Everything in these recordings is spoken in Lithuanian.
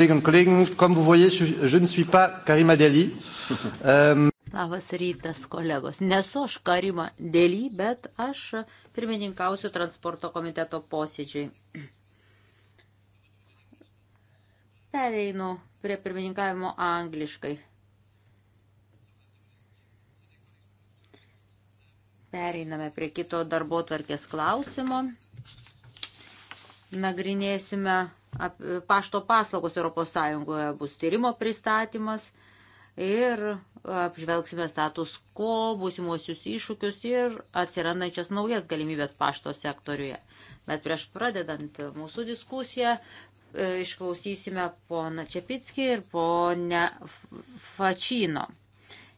Kolegom, kolegom, kom vous voyez, je, je ne suis pas Karima Deli. Um... Labas rytas, kolegos. Nesu aš Karima Deli, bet aš pirmininkausiu transporto komiteto posėdžiai. Pereinu prie pirmininkavimo angliškai. Pereiname prie kito darbo tvarkės klausimo. Nagrinėsime pašto paslaugos ES bus tyrimo pristatymas ir apžvelgsime status quo, būsimuosius iššūkius ir atsirandančias naujas galimybės pašto sektoriuje. Bet prieš pradedant mūsų diskusiją, e, išklausysime poną Čepitskį ir ponę Fačino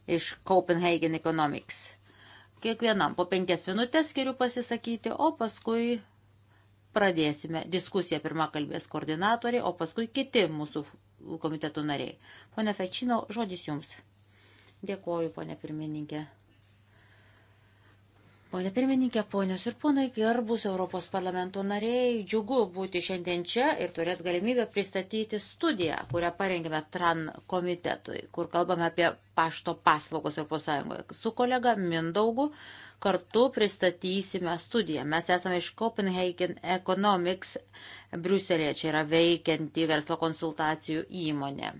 iš Copenhagen Economics. Kiekvienam po penkias minutės skiriu pasisakyti, o paskui pradėsime diskusiją. Pirmą kalbės koordinatoriai, o paskui kiti mūsų komiteto nariai. Pone Fečino, žodis jums. Dėkoju, ponė pirmininkė. Pone pirmininkė, ponios ir ponai, gerbus Europos parlamento nariai, džiugu būti šiandien čia ir turėti galimybę pristatyti studiją, kurią parengėme TRAN komitetui, kur kalbame apie pašto paslaugos Europos Sąjungoje. Su kolega Mindaugu kartu pristatysime studiją. Mes esame iš Copenhagen Economics, Briuselėje čia yra veikianti verslo konsultacijų įmonė.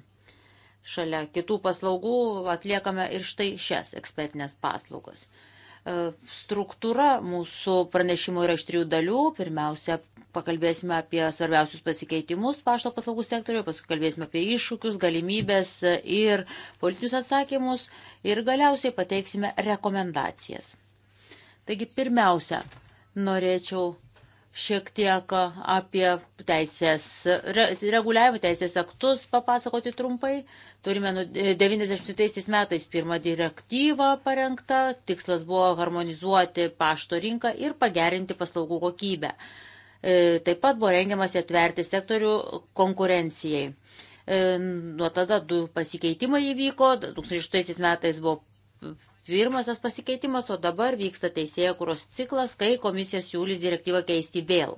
Šalia kitų paslaugų atliekame ir štai šias ekspertinės paslaugas. E, struktūra mūsų pranešimo yra iš trijų dalių. Pirmiausia, pakalbėsime apie svarbiausius pasikeitimus pašto paslaugų sektoriuje, paskui kalbėsime apie iššūkius, galimybės ir politinius atsakymus ir galiausiai pateiksime rekomendacijas. Taigi pirmiausia, norėčiau šiek tiek apie teisės, re, reguliavimo teisės aktus papasakoti trumpai. Turime 97 nu, e, metais pirmą direktyvą parengtą, tikslas buvo harmonizuoti pašto rinką ir pagerinti paslaugų kokybę. E, taip pat buvo rengiamas atverti sektorių konkurencijai. E, nuo tada du pasikeitimai įvyko, 2006 metais buvo pirmas tas pasikeitimas, o dabar vyksta teisėja kuros ciklas, kai komisija siūlys direktyvą keisti vėl.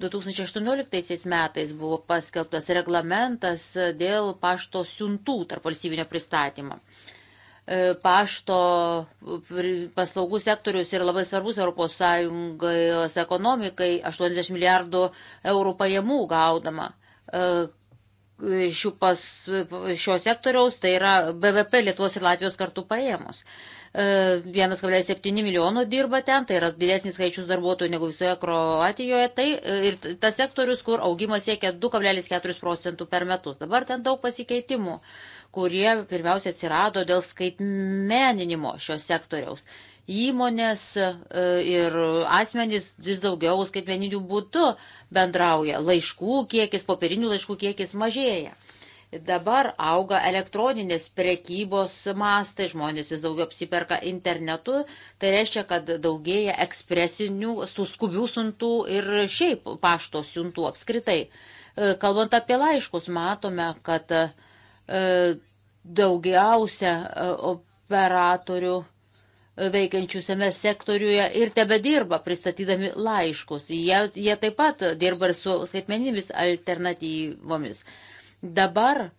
2018 metais buvo paskelbtas reglamentas dėl pašto siuntų tarp valstybinio pristatymo. E, pašto paslaugų sektorius yra labai svarbus ES ekonomikai, 80 milijardų eurų pajamų gaudama e, pas, šio sektoriaus, tai yra BVP Lietuvos ir Latvijos kartu paėmus. 1,7 e, milijono dirba ten, tai yra didesnis skaičius darbuotojų negu visoje Kroatijoje, tai e, ir tas sektorius, kur augimas siekia 2,4 procentų per metus. Dabar ten daug pasikeitimų, kurie pirmiausia atsirado dėl skaitmeninimo šio sektoriaus. Įmonės e, ir asmenys vis daugiau skaitmeninių būdų bendrauja. Laiškų kiekis, popierinių laiškų kiekis mažėja. Dabar auga elektroninės prekybos mastai, žmonės vis daugiau apsiperka internetu, tai reiškia, kad daugėja ekspresinių, suskubių siuntų ir šiaip pašto siuntų apskritai. E, kalbant apie laiškus, matome, kad e, daugiausia operatorių veikiančių šiame sektoriuje ir tebe dirba pristatydami laiškus. Jie, jie taip pat dirba ir su skaitmeninėmis alternatyvomis. Dabar e,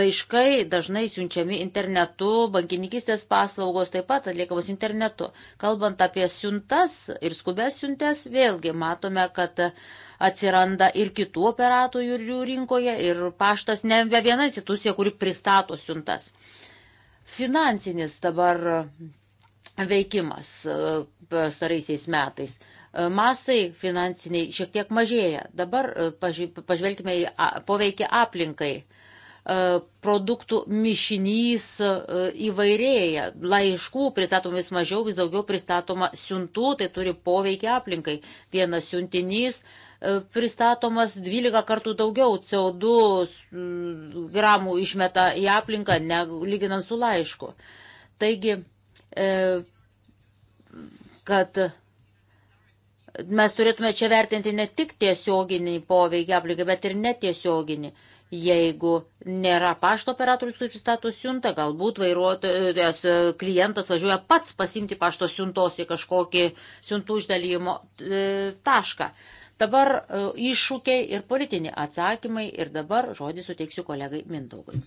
laiškai dažnai siunčiami internetu, bankininkistės paslaugos taip pat atliekamos internetu. Kalbant apie siuntas ir skubės siuntes, vėlgi matome, kad atsiranda ir kitų operatorių rinkoje ir paštas ne be viena institucija, kuri pristato siuntas. Uh, finansinis dabar veikimas e, pasaraisiais metais. E, mastai finansiniai šiek tiek mažėja. Dabar e, pažvelkime į poveikį aplinkai produktų mišinys įvairėja. Laiškų pristatoma vis mažiau, vis daugiau pristatoma siuntų, tai turi poveikį aplinkai. Vienas siuntinys E, pristatomas 12 kartų daugiau CO2 gramų išmeta į aplinką, ne, lyginant su laišku. Taigi, e, kad mes turėtume čia vertinti ne tik tiesioginį poveikį aplinkai, bet ir netiesioginį. Jeigu nėra pašto operatorius, kuris pristato siuntą, galbūt vairuotojas, e, klientas važiuoja pats pasimti pašto siuntos į kažkokį siuntų išdalymo tašką. Dabar e, iššūkiai ir politiniai atsakymai ir dabar žodį suteiksiu kolegai Mindaugui.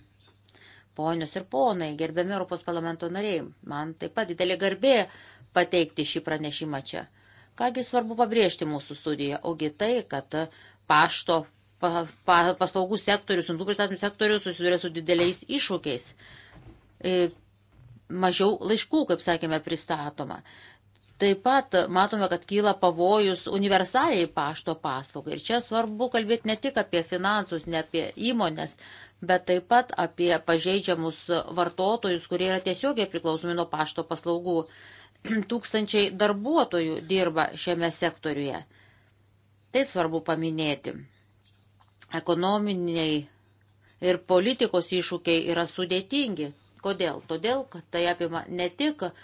Ponios ir ponai, gerbiami Europos parlamento nariai, man taip pat didelė garbė pateikti šį pranešimą čia. Kągi svarbu pabrėžti mūsų studiją, ogi tai, kad pašto pa, pa, paslaugų sektorius, siuntų pristatymų sektorius susiduria su dideliais iššūkiais. E, mažiau laiškų, kaip sakėme, pristatoma. Taip pat matome, kad kyla pavojus universaliai pašto paslaugai. Ir čia svarbu kalbėti ne tik apie finansus, ne apie įmonės, bet taip pat apie pažeidžiamus vartotojus, kurie yra tiesiogiai priklausomi nuo pašto paslaugų. Tūkstančiai darbuotojų dirba šiame sektoriuje. Tai svarbu paminėti. Ekonominiai ir politikos iššūkiai yra sudėtingi. Kodėl? Todėl, kad tai apima ne tik uh,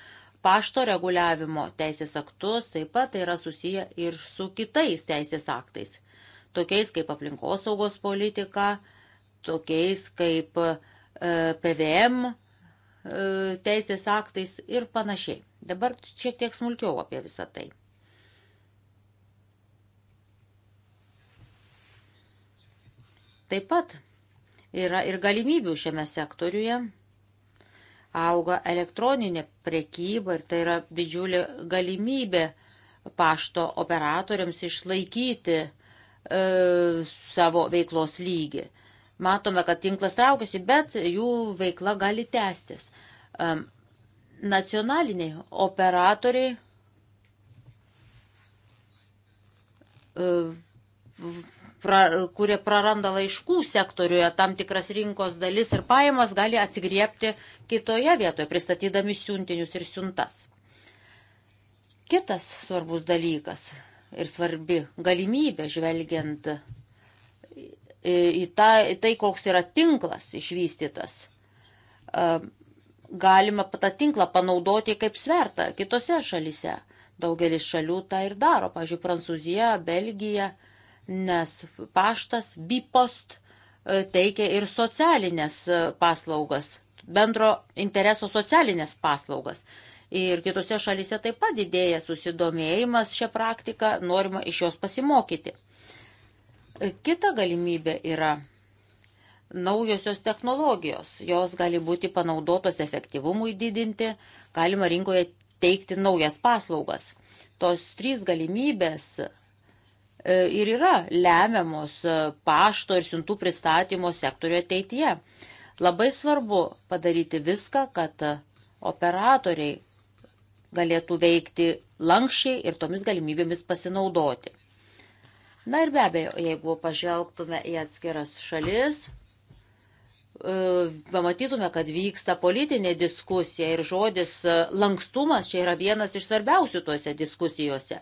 pašto reguliavimo teisės aktus, taip pat tai yra susiję ir su kitais teisės aktais, tokiais kaip aplinkosaugos politika, tokiais kaip e, PVM e, teisės aktais ir panašiai. Dabar šiek tiek smulkiau apie visą tai. Taip pat yra ir galimybių šiame sektoriuje auga elektroninė prekyba ir tai yra didžiulė galimybė pašto operatoriams išlaikyti e, savo veiklos lygį. Matome, kad tinklas traukiasi, bet jų veikla gali tęstis. E, nacionaliniai operatoriai e, pra, kurie praranda laiškų sektoriuje tam tikras rinkos dalis ir pajamas, gali atsigriepti kitoje vietoje, pristatydami siuntinius ir siuntas. Kitas svarbus dalykas ir svarbi galimybė žvelgiant į tai, tai koks yra tinklas išvystytas. Galima tą tinklą panaudoti kaip svertą kitose šalise. Daugelis šalių tą ir daro, pavyzdžiui, Prancūzija, Belgija – nes paštas bipost e, teikia ir socialinės e, paslaugas, bendro intereso socialinės paslaugas. Ir kitose šalise taip pat didėja susidomėjimas šią praktiką, norima iš jos pasimokyti. E, kita galimybė yra naujosios technologijos. Jos gali būti panaudotos efektyvumui didinti, galima rinkoje teikti naujas paslaugas. Tos trys galimybės E, ir yra lemiamos e, pašto ir siuntų pristatymo sektoriuje ateityje. Labai svarbu padaryti viską, kad e, operatoriai galėtų veikti lankščiai ir tomis galimybėmis pasinaudoti. Na ir be abejo, jeigu pažvelgtume į atskiras šalis, pamatytume, kad vyksta politinė diskusija ir žodis lankstumas čia yra vienas iš svarbiausių tuose diskusijose.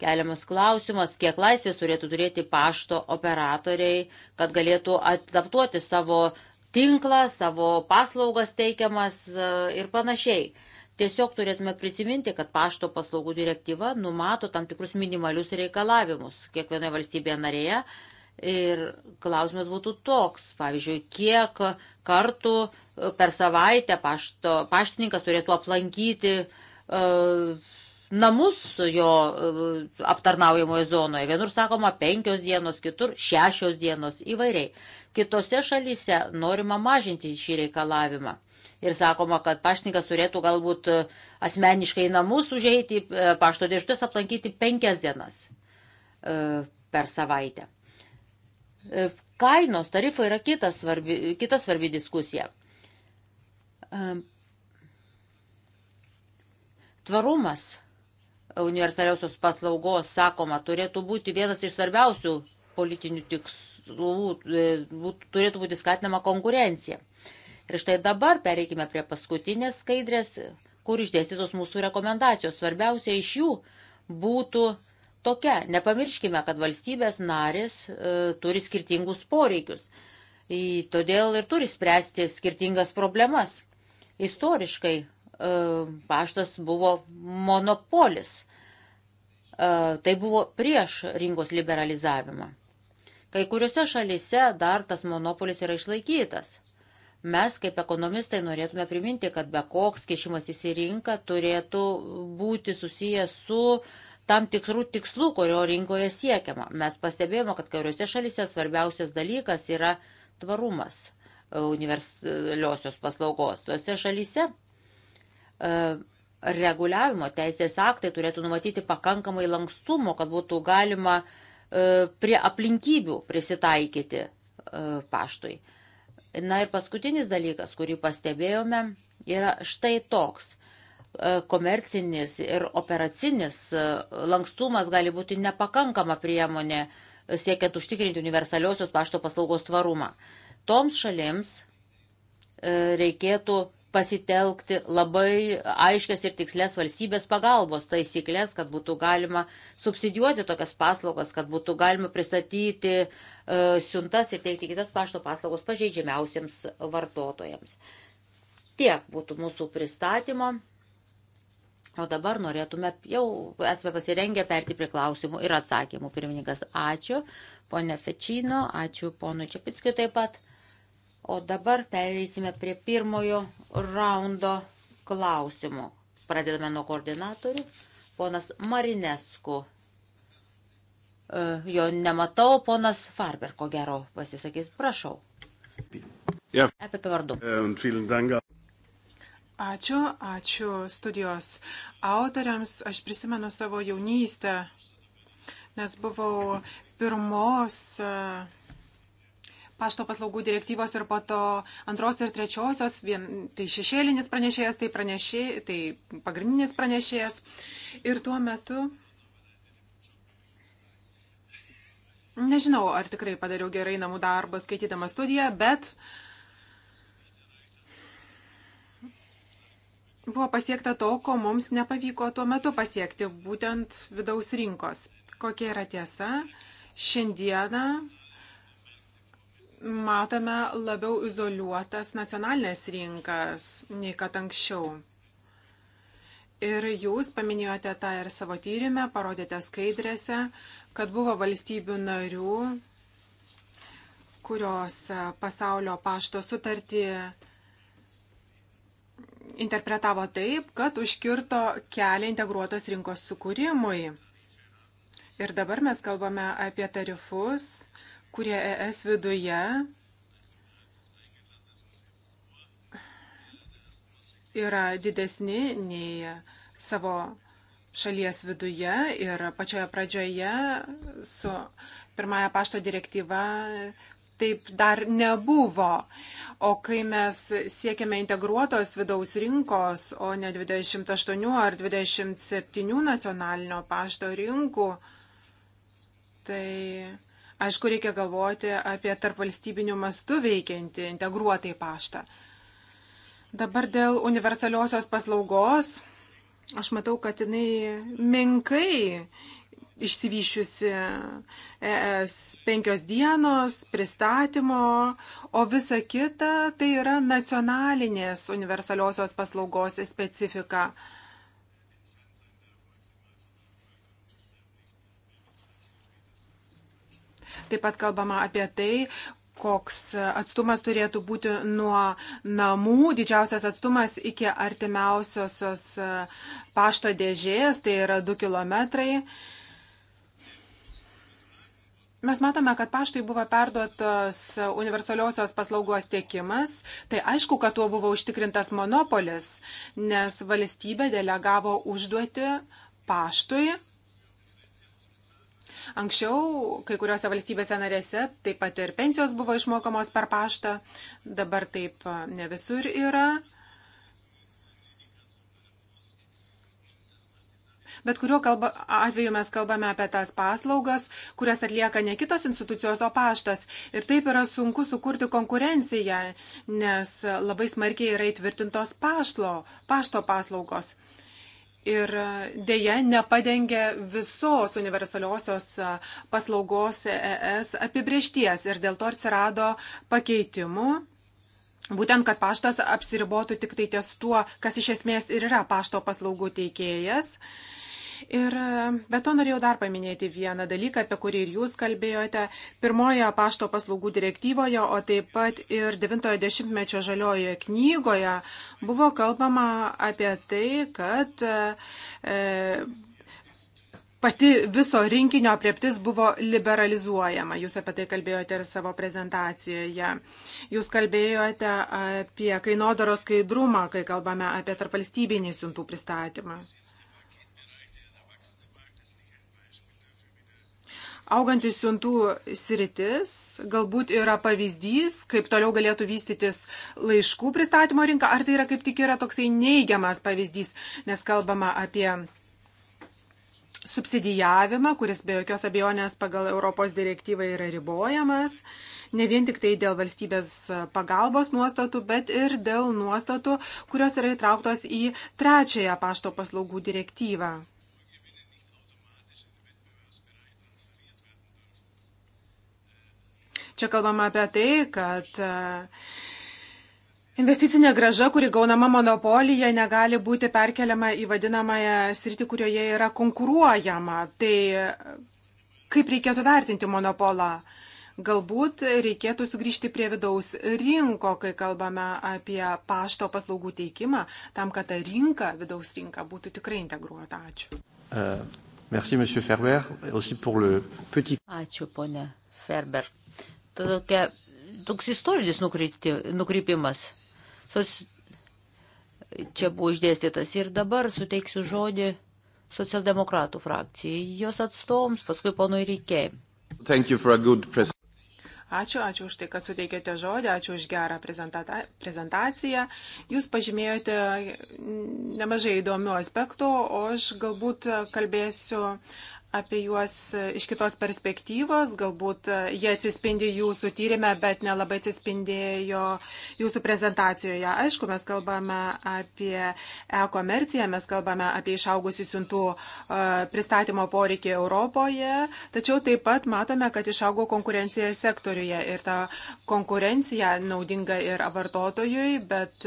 Keliamas klausimas, kiek laisvės turėtų turėti pašto operatoriai, kad galėtų adaptuoti savo tinklą, savo paslaugas teikiamas e, ir panašiai. Tiesiog turėtume prisiminti, kad pašto paslaugų direktyva numato tam tikrus minimalius reikalavimus kiekvienoje valstybėje narėje. Ir klausimas būtų toks, pavyzdžiui, kiek kartų e, per savaitę pašto, paštininkas turėtų aplankyti uh, namus jo e, aptarnaujamoje zonoje. Vienur sakoma penkios dienos, kitur šešios dienos įvairiai. Kitose šalyse norima mažinti šį reikalavimą. Ir sakoma, kad paštininkas turėtų galbūt e, asmeniškai į namus užeiti, e, pašto dėžutės aplankyti penkias dienas per savaitę. Kainos tarifai yra kita svarbi, kita svarbi diskusija tvarumas universaliausios paslaugos, sakoma, turėtų būti vienas iš svarbiausių politinių tikslų, e, turėtų būti skatinama konkurencija. Ir štai dabar pereikime prie paskutinės skaidrės, kur išdėstytos mūsų rekomendacijos. Svarbiausia iš jų būtų tokia. Nepamirškime, kad valstybės narės e, turi skirtingus poreikius. Į, todėl ir turi spręsti skirtingas problemas. Istoriškai E, paštas buvo monopolis. E, tai buvo prieš rinkos liberalizavimą. Kai kuriuose šalise dar tas monopolis yra išlaikytas. Mes kaip ekonomistai norėtume priminti, kad be koks kišimas į rinką turėtų būti susijęs su tam tikrų tikslų, kurio rinkoje siekiama. Mes pastebėjome, kad kuriuose šalise svarbiausias dalykas yra tvarumas e, universaliosios paslaugos. Tuose šalise E, reguliavimo teisės aktai turėtų numatyti pakankamai lankstumo, kad būtų galima e, prie aplinkybių prisitaikyti e, paštui. Na ir paskutinis dalykas, kurį pastebėjome, yra štai toks. Komercinis ir operacinis lankstumas gali būti nepakankama priemonė siekiant užtikrinti universaliosios pašto paslaugos tvarumą. Toms šalims reikėtų pasitelkti labai aiškias ir tikslės valstybės pagalbos taisyklės, kad būtų galima subsidijuoti tokias paslaugas, kad būtų galima pristatyti e, siuntas ir teikti kitas pašto paslaugos pažeidžiamiausiems vartotojams. Tiek būtų mūsų pristatymo. O dabar norėtume, jau esame pasirengę perti prie klausimų ir atsakymų. Pirmininkas, ačiū. Pone Fečino, ačiū ponui Čiapitskiu taip pat. O dabar pereisime prie pirmojo raundo klausimų. Pradedame nuo koordinatorių. Ponas Marinesku. E, jo nematau, ponas Farber, ko gero pasisakys, prašau. Ja. Apie pavardų. E, ačiū, ačiū studijos autoriams. Aš prisimenu savo jaunystę, nes buvau pirmos. Uh, pašto paslaugų direktyvos ir po to antros ir trečiosios, vien, tai šešėlinis pranešėjas, tai, pranešė, tai pagrindinis pranešėjas. Ir tuo metu nežinau, ar tikrai padariau gerai namų darbą skaitydama studiją, bet buvo pasiekta to, ko mums nepavyko tuo metu pasiekti, būtent vidaus rinkos. Kokia yra tiesa? Šiandieną matome labiau izoliuotas nacionalinės rinkas nei kad anksčiau. Ir jūs paminėjote tą ir savo tyrimę, parodėte skaidrėse, kad buvo valstybių narių, kurios pasaulio pašto sutartį interpretavo taip, kad užkirto kelią integruotos rinkos sukūrimui. Ir dabar mes kalbame apie tarifus kurie ES viduje yra didesni nei savo šalies viduje ir pačioje pradžioje su pirmąją pašto direktyva taip dar nebuvo. O kai mes siekiame integruotos vidaus rinkos, o ne 28 ar 27 nacionalinio pašto rinkų, tai Aišku, reikia galvoti apie tarp valstybinių mastų veikiantį integruotai paštą. Dabar dėl universaliosios paslaugos, aš matau, kad jinai menkai išsivyšiusi ES penkios dienos, pristatymo, o visa kita tai yra nacionalinės universaliosios paslaugos specifika. Taip pat kalbama apie tai, koks atstumas turėtų būti nuo namų, didžiausias atstumas iki artimiausiosios pašto dėžės, tai yra 2 kilometrai. Mes matome, kad paštui buvo perduotas universaliosios paslaugos tiekimas. Tai aišku, kad tuo buvo užtikrintas monopolis, nes valstybė delegavo užduoti paštui Anksčiau kai kuriuose valstybėse narėse taip pat ir pensijos buvo išmokamos per paštą, dabar taip e, ne visur yra. Bet kuriuo kalba, atveju mes kalbame apie tas paslaugas, kurias atlieka ne kitos institucijos, o paštas. Ir taip yra sunku sukurti konkurenciją, nes labai smarkiai yra įtvirtintos pašto, pašto paslaugos ir e, dėja nepadengia visos universaliosios e, paslaugos ES e apibriešties ir dėl to atsirado pakeitimų. Būtent, kad paštas apsiribotų tik tai ties tuo, kas iš esmės ir yra pašto paslaugų teikėjas. Uh, Ir e, be to norėjau dar paminėti vieną dalyką, apie kurį ir jūs kalbėjote. Pirmoje pašto paslaugų direktyvoje, o taip pat ir 90-mečio žaliojoje knygoje buvo kalbama apie tai, kad e, e, pati viso rinkinio apreptis buvo liberalizuojama. Jūs apie tai kalbėjote ir savo prezentacijoje. Jūs kalbėjote apie kainodaro skaidrumą, kai kalbame apie tarpvalstybinį siuntų pristatymą. augantis siuntų sritis galbūt yra pavyzdys, kaip toliau galėtų vystytis laiškų pristatymo rinka, ar tai yra kaip tik yra toksai neigiamas pavyzdys, nes kalbama apie subsidijavimą, kuris be jokios abejonės pagal Europos direktyvą yra ribojamas, ne vien tik tai dėl valstybės pagalbos nuostatų, bet ir dėl nuostatų, kurios yra įtrauktos į trečiąją pašto paslaugų direktyvą. Čia kalbama apie tai, kad e, investicinė graža, kuri gaunama monopolija, negali būti perkeliama į vadinamąją sritį, kurioje yra konkuruojama. Tai e, kaip reikėtų vertinti monopolą? Galbūt reikėtų sugrįžti prie vidaus rinko, kai kalbame apie pašto paslaugų teikimą, tam, kad ta rinka, vidaus rinka būtų tikrai integruota. Ačiū. Uh, merci, Ferber, le petit... Ačiū, ponė Ferber tokia, toks istorinis nukrypti, nukrypimas. Sos, čia buvo išdėstytas ir dabar suteiksiu žodį socialdemokratų frakcijai, jos atstovams, paskui ponui Reikėjai. Ačiū, ačiū už tai, kad suteikėte žodį, ačiū už gerą prezentaciją. Jūs pažymėjote nemažai įdomių aspektų, o aš galbūt kalbėsiu apie juos e, iš kitos perspektyvos, galbūt e, jie atsispindi jūsų tyrimę, bet nelabai atsispindėjo jūsų prezentacijoje. Aišku, mes kalbame apie e-komerciją, mes kalbame apie išaugusį siuntų e, pristatymo poreikį Europoje, tačiau taip pat matome, kad išaugo konkurencija sektoriuje ir ta konkurencija naudinga ir vartotojui, bet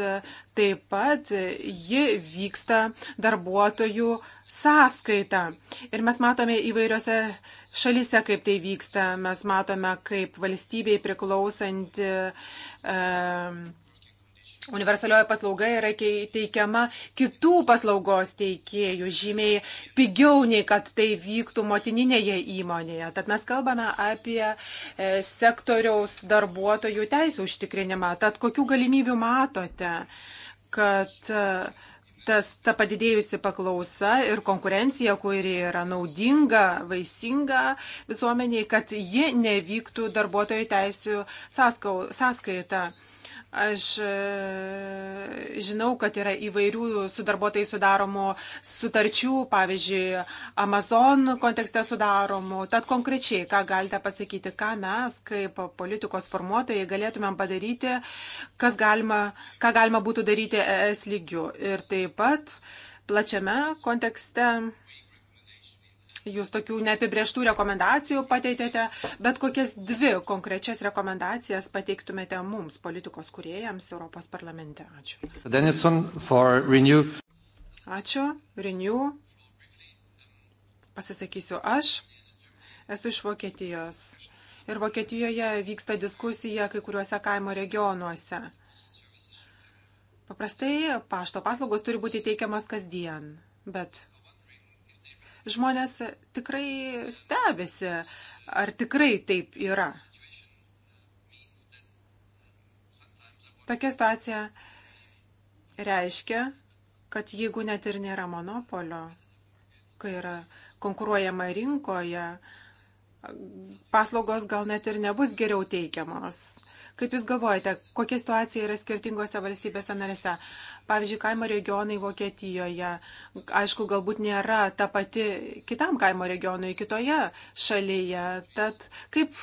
taip pat ji vyksta darbuotojų sąskaitą. Ir mes matome įvairiose šalise, kaip tai vyksta. Mes matome, kaip valstybei priklausanti. Um, Universalioji paslauga yra teikiama kitų paslaugos teikėjų žymiai pigiau nei kad tai vyktų motininėje įmonėje. Tad mes kalbame apie e, sektoriaus darbuotojų teisų užtikrinimą. Tad kokių galimybių matote, kad uh, tas, ta padidėjusi paklausa ir konkurencija, kuri yra naudinga, vaisinga visuomeniai, kad ji nevyktų darbuotojų teisų sąskaita. Aš e, žinau, kad yra įvairių su darbuotojai sudaromų sutarčių, pavyzdžiui, Amazon kontekste sudaromų. Tad konkrečiai, ką galite pasakyti, ką mes kaip politikos formuotojai galėtumėm padaryti, kas galima, ką galima būtų daryti ES lygiu. Ir taip pat plačiame kontekste jūs tokių neapibrieštų rekomendacijų pateikėte, bet kokias dvi konkrečias rekomendacijas pateiktumėte mums, politikos kuriejams Europos parlamente. Ačiū. Denison for Renew. Ačiū, Renew. Pasisakysiu aš. Esu iš Vokietijos. Ir Vokietijoje vyksta diskusija kai kuriuose kaimo regionuose. Paprastai pašto paslaugos turi būti teikiamas kasdien, bet žmonės tikrai stebisi, ar tikrai taip yra. Tokia situacija reiškia, kad jeigu net ir nėra monopolio, kai yra konkuruojama rinkoje, paslaugos gal net ir nebus geriau teikiamos. Kaip Jūs galvojate, kokia situacija yra skirtingose valstybėse narėse? Pavyzdžiui, kaimo regionai Vokietijoje, aišku, galbūt nėra ta pati kitam kaimo regionui kitoje šalyje. Tad kaip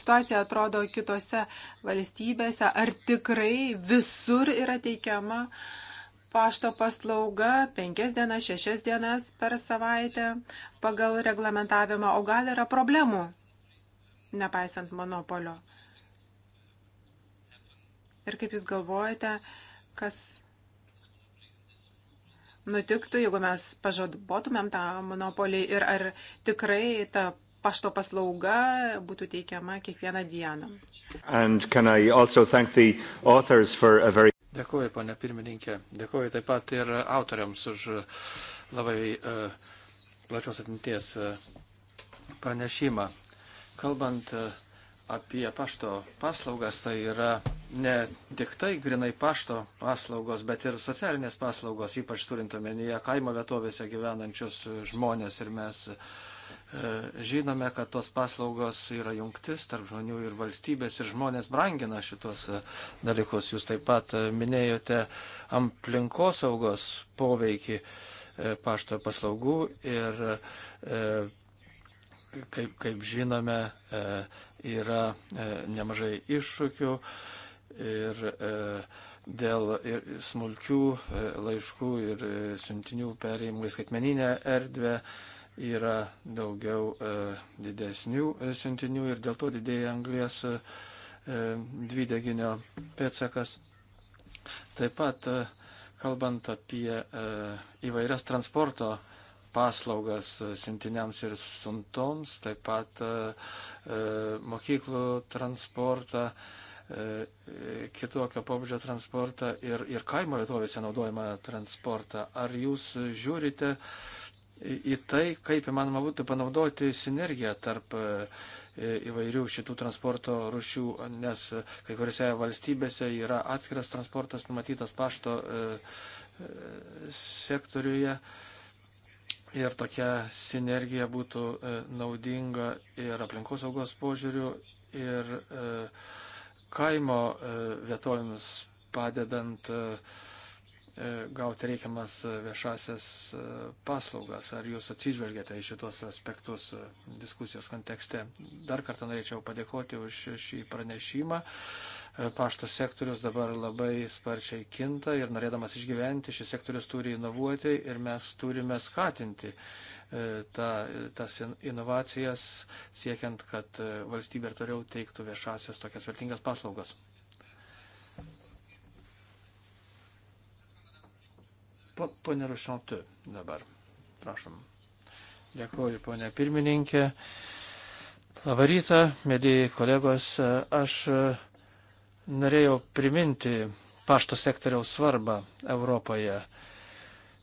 situacija atrodo kitose valstybėse? Ar tikrai visur yra teikiama? pašto paslauga penkias dienas, šešias dienas per savaitę pagal reglamentavimą, o gal yra problemų, nepaisant monopolio. Ir kaip Jūs galvojate, kas nutiktų, jeigu mes pažadotumėm tą monopolį ir ar tikrai ta pašto paslauga būtų teikiama kiekvieną dieną. Very... Dėkuoju, ponia pirmininkė. Dėkuoju taip pat ir autoriams už e, labai uh, plačios apimties uh, pranešimą. Kalbant uh, apie pašto paslaugas, tai yra uh, ne tik tai grinai pašto paslaugos, bet ir socialinės paslaugos, ypač turint omenyje kaimo vietovėse gyvenančius žmonės. Ir mes e, žinome, kad tos paslaugos yra jungtis tarp žmonių ir valstybės ir žmonės brangina šitos e, dalykus. Jūs taip pat e, minėjote aplinkosaugos poveikį e, pašto paslaugų ir e, kaip, kaip žinome, e, yra nemažai iššūkių ir e, dėl ir smulkių e, laiškų ir e, siuntinių perėjimų į skaitmeninę erdvę yra daugiau didesnių siuntinių ir dėl to didėja anglės dvideginio pėtsakas. Taip pat, kalbant apie įvairias transporto paslaugas siuntiniams ir siuntoms, taip pat mokyklų transportą, E, kitokio pobūdžio transportą ir, ir kaimo vietovėse naudojamą transportą. Ar jūs žiūrite į tai, kaip įmanoma būtų panaudoti sinergiją tarp e, įvairių šitų transporto rušių, nes kai kuriuose valstybėse yra atskiras transportas numatytas pašto e, sektoriuje ir tokia sinergija būtų naudinga ir aplinkosaugos požiūrių ir uh, kaimo e, vietovėms padedant e, e, gauti reikiamas viešasias paslaugas. Ar jūs atsižvelgėte į šitos aspektus diskusijos kontekste? Dar kartą norėčiau padėkoti už šį pranešimą. Pašto sektorius dabar labai sparčiai kinta ir norėdamas išgyventi, šis sektorius turi inovuoti ir mes turime skatinti E, ta, tas inovacijas, siekiant, kad e, valstybė ir toliau teiktų viešasias tokias vertingas paslaugas. Pone Rušantu dabar, prašom. Dėkuoju, ponė pirmininkė. Labą rytą, mėlyje kolegos. E, aš norėjau priminti pašto sektoriaus svarbą Europoje.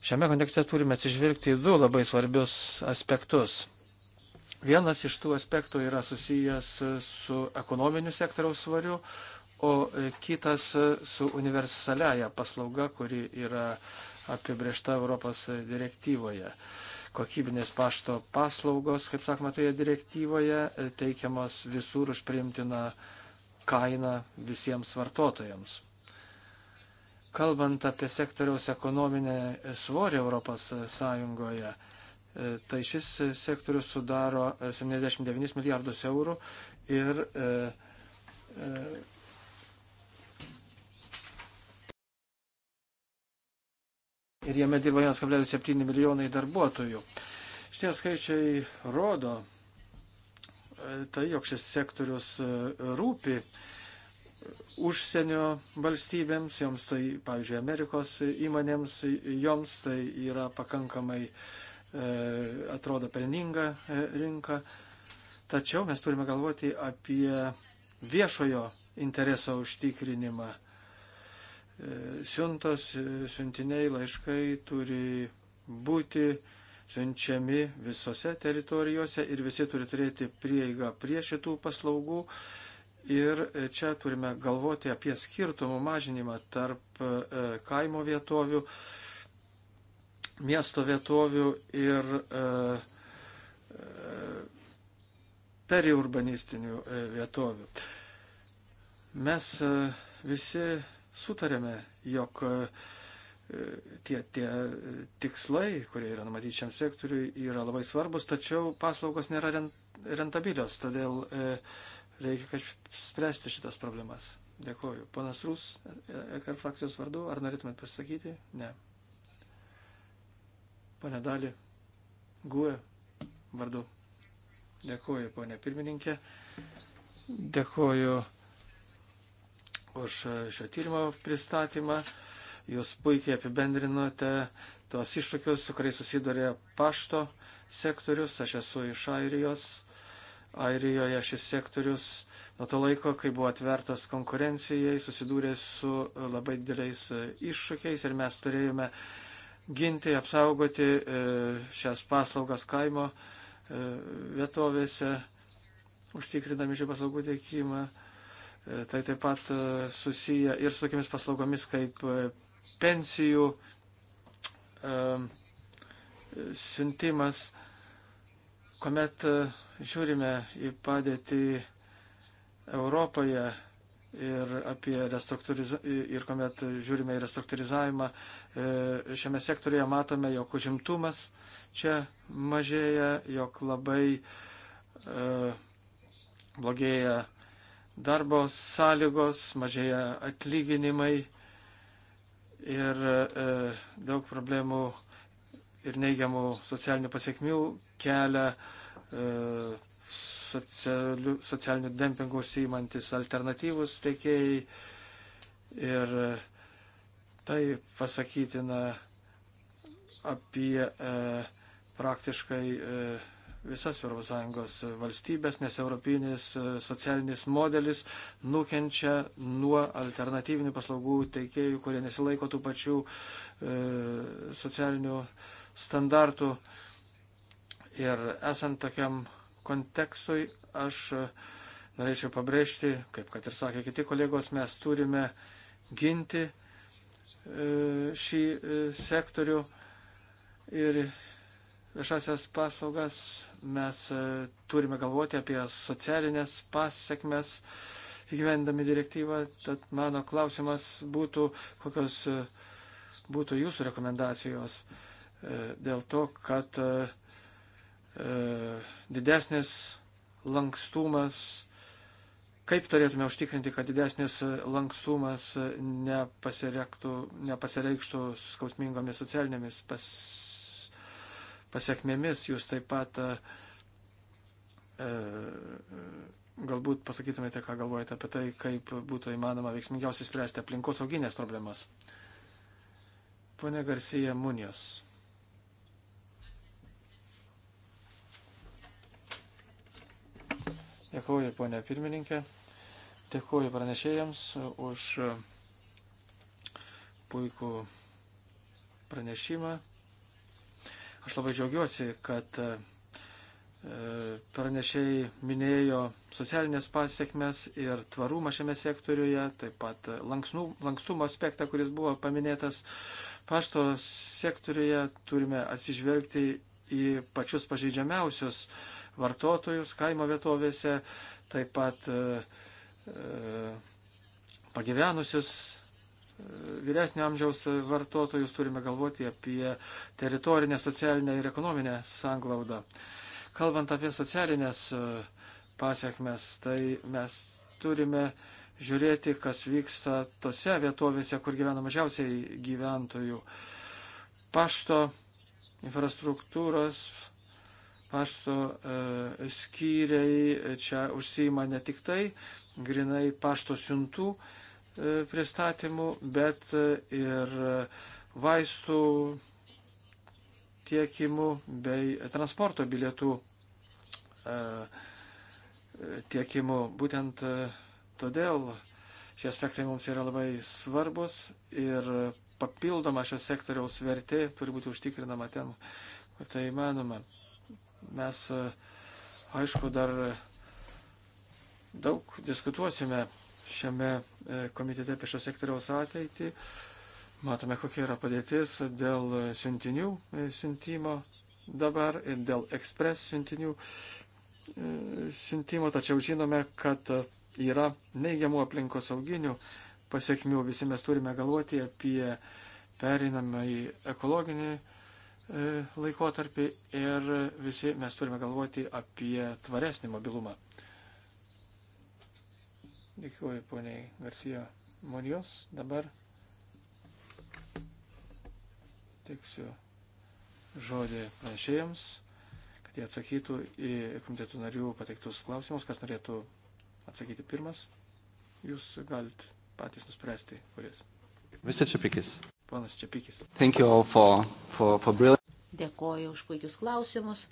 Šiame kontekste turime atsižvelgti į du labai svarbius aspektus. Vienas iš tų aspektų yra susijęs su ekonominiu sektoriaus svariu, o kitas su universaliaja paslauga, kuri yra apibriešta Europos direktyvoje. Kokybinės pašto paslaugos, kaip sakoma, toje direktyvoje teikiamos visur už priimtiną kainą visiems vartotojams. Kalbant apie sektoriaus ekonominę svorį Europos Sąjungoje, e, tai šis sektorius sudaro 79 milijardus eurų ir e, e, ir jame dirba 1,7 milijonai darbuotojų. Šitie skaičiai rodo, e, tai jog šis sektorius e, rūpi užsienio valstybėms, joms tai, pavyzdžiui, Amerikos įmonėms, joms tai yra pakankamai, e, atrodo, pelninga e, rinka. Tačiau mes turime galvoti apie viešojo intereso užtikrinimą. E, siuntos, siuntiniai, laiškai turi būti siunčiami visose teritorijose ir visi turi turėti prieigą prie šitų paslaugų. E, Ir čia turime galvoti apie skirtumų mažinimą tarp e, kaimo vietovių, miesto vietovių ir e, e, periurbanistinių vietovių. Mes visi sutarėme, jog tie, tie tikslai, kurie yra numatyti šiam sektoriui, yra labai svarbus, tačiau paslaugos nėra rentabilios. Todėl Reikia kažkaip spręsti šitas problemas. Dėkuoju. Ponas Rus, EKR frakcijos vardu, ar norėtumėt pasakyti? Ne. Pane Dali, Guė vardu. Dėkuoju, ponė pirmininkė. Dėkuoju už šio tyrimo pristatymą. Jūs puikiai apibendrinote tuos iššūkius, su kuriais susiduria pašto sektorius. Aš esu iš Airijos Airijoje šis sektorius nuo to laiko, kai buvo atvertas konkurencijai, susidūrė su labai dideliais e, iššūkiais ir mes turėjome ginti, apsaugoti e, šias paslaugas kaimo e, vietovėse, užtikrinami šių paslaugų teikimą. Tai taip pat susiję ir su tokiamis paslaugomis kaip pensijų siuntimas Komet e, žiūrime į padėtį Europoje ir apie ir kuomet žiūrime į restruktūrizavimą, e, šiame sektorėje matome, jog užimtumas čia mažėja, jog labai e, blogėja darbo sąlygos, mažėja atlyginimai ir daug problemų ir neigiamų socialinių pasiekmių kelia e, socialiu, socialiniu dempingu užsiimantis alternatyvus teikėjai. Ir tai pasakytina apie e, praktiškai e, visas ES valstybės, nes europinis e, socialinis modelis nukenčia nuo alternatyvinių paslaugų teikėjų, kurie nesilaiko tų pačių e, socialinių e, standartų. Ir esant tokiam kontekstui, aš e, norėčiau pabrėžti, kaip kad ir sakė kiti kolegos, mes turime ginti e, šį e, sektorių ir viešasias paslaugas. Mes turime galvoti apie socialinės pasiekmes įgyvendami direktyvą. Tad mano klausimas būtų, kokios būtų jūsų rekomendacijos E, dėl to, kad e, e, didesnis lankstumas, kaip turėtume užtikrinti, kad didesnis lankstumas nepasireikštų skausmingomis socialinėmis pas, pasiekmėmis. Jūs taip pat galbūt pasakytumėte, ką galvojate apie tai, kaip būtų įmanoma veiksmingiausiai spręsti aplinkos auginės problemas. Pone Garcija Munijos. Dėkuoju, ponė pirmininkė. Dėkuoju pranešėjams už puikų pranešimą. Aš labai džiaugiuosi, kad e, pranešėjai minėjo socialinės pasiekmes ir tvarumą šiame sektoriuje, taip pat lankstumo aspektą, kuris buvo paminėtas. Pašto sektoriuje turime atsižvelgti į pačius pažeidžiamiausius uh, vartotojus kaimo vietovėse, taip pat e, e, pagyvenusius e, vyresnio amžiaus vartotojus, turime galvoti apie teritorinę, socialinę ir ekonominę sanglaudą. Kalbant apie socialinės pasiekmes, tai mes turime žiūrėti, kas vyksta tose vietovėse, kur gyvena mažiausiai gyventojų. Pašto infrastruktūros pašto e, skyriai čia užsima ne tik tai grinai pašto siuntų e, pristatymų, bet e, ir vaistų tiekimų bei transporto bilietų e, tiekimų. Būtent e, todėl šie aspektai mums yra labai svarbus ir papildoma šio sektoriaus vertė turi būti užtikrinama ten, kur tai įmanoma. Mes, e, aišku, dar daug diskutuosime šiame e, komitete apie šio sektoriaus ateitį. Matome, kokia yra padėtis dėl siuntinių e, siuntimo dabar ir dėl ekspres siuntinių siuntimo, tačiau žinome, kad yra neigiamų aplinkos auginių pasiekmių. Visi mes turime galvoti apie pereinamą į ekologinį E, laikotarpį ir visi mes turime galvoti apie tvaresnį mobilumą. Dėkuoju poniai Garcijo Monijos. Dabar teiksiu žodį pranešėjams, kad jie atsakytų į komitetų narių pateiktus klausimus, kas norėtų atsakyti pirmas. Jūs galite patys nuspręsti, kuris. Visi čia pikis. Ponas Čiapikis. For, for, for brilliant... Dėkoju už puikius klausimus.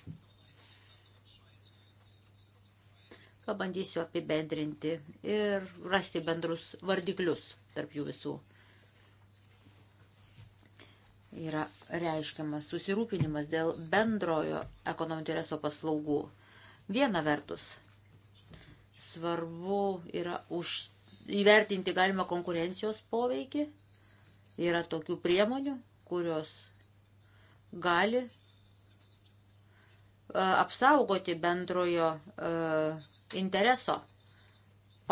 Pabandysiu apibendrinti ir rasti bendrus vardiklius tarp jų visų. Yra reiškiamas susirūpinimas dėl bendrojo ekonominio intereso paslaugų. Viena vertus, svarbu yra už, įvertinti galima konkurencijos poveikį Yra tokių priemonių, kurios gali e, apsaugoti bendrojo e, intereso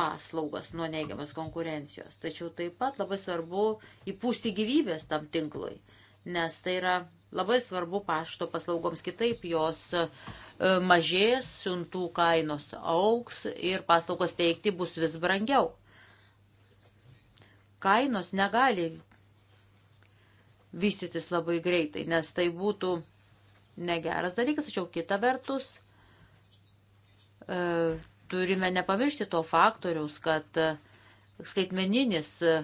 paslaugas nuo neigiamas konkurencijos. Tačiau taip pat labai svarbu įpūsti gyvybės tam tinklui, nes tai yra labai svarbu pašto paslaugoms kitaip jos e, mažės, siuntų kainos auks ir paslaugos teikti bus vis brangiau. Kainos negali vystytis labai greitai, nes tai būtų negeras dalykas, tačiau kita vertus e, turime nepamiršti to faktoriaus, kad e, skaitmeninis e,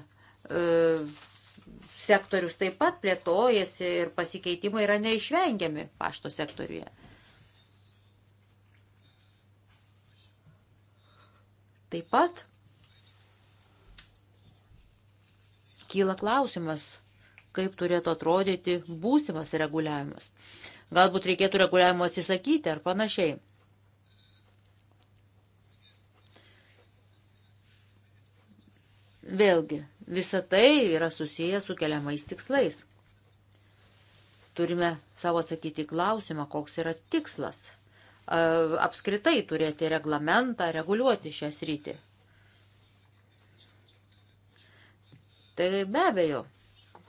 sektorius taip pat plėtojasi ir pasikeitimai yra neišvengiami pašto sektoriuje. Taip pat kyla klausimas, kaip turėtų atrodyti būsimas reguliavimas. Galbūt reikėtų reguliavimo atsisakyti ar panašiai. Vėlgi, visa tai yra susiję su keliamais tikslais. Turime savo atsakyti klausimą, koks yra tikslas apskritai turėti reglamentą, reguliuoti šią sritį. Tai be abejo,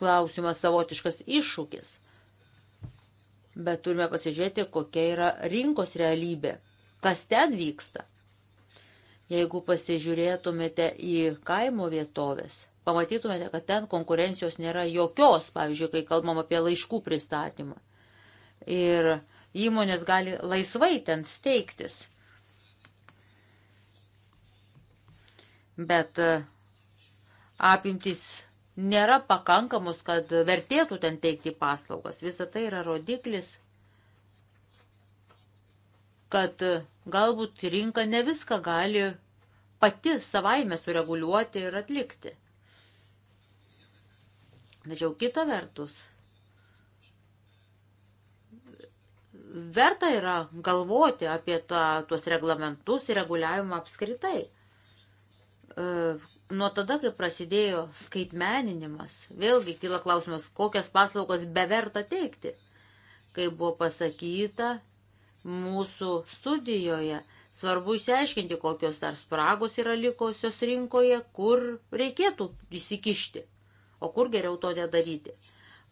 klausimas savotiškas iššūkis. Bet turime pasižiūrėti, kokia yra rinkos realybė, kas ten vyksta. Jeigu pasižiūrėtumėte į kaimo vietovės, pamatytumėte, kad ten konkurencijos nėra jokios, pavyzdžiui, kai kalbam apie laiškų pristatymą. Ir įmonės gali laisvai ten steigtis. Bet e, apimtis nėra pakankamos, kad vertėtų ten teikti paslaugas. Visa tai yra rodiklis, kad galbūt rinka ne viską gali pati savaime sureguliuoti ir atlikti. Tačiau kita vertus, verta yra galvoti apie ta, tuos reglamentus ir reguliavimą apskritai e, Nuo tada, kai prasidėjo skaitmeninimas, vėlgi kyla klausimas, kokias paslaugas beverta teikti. Kai buvo pasakyta mūsų studijoje, svarbu įsiaiškinti, kokios dar spragos yra likusios rinkoje, kur reikėtų įsikišti, o kur geriau to nedaryti.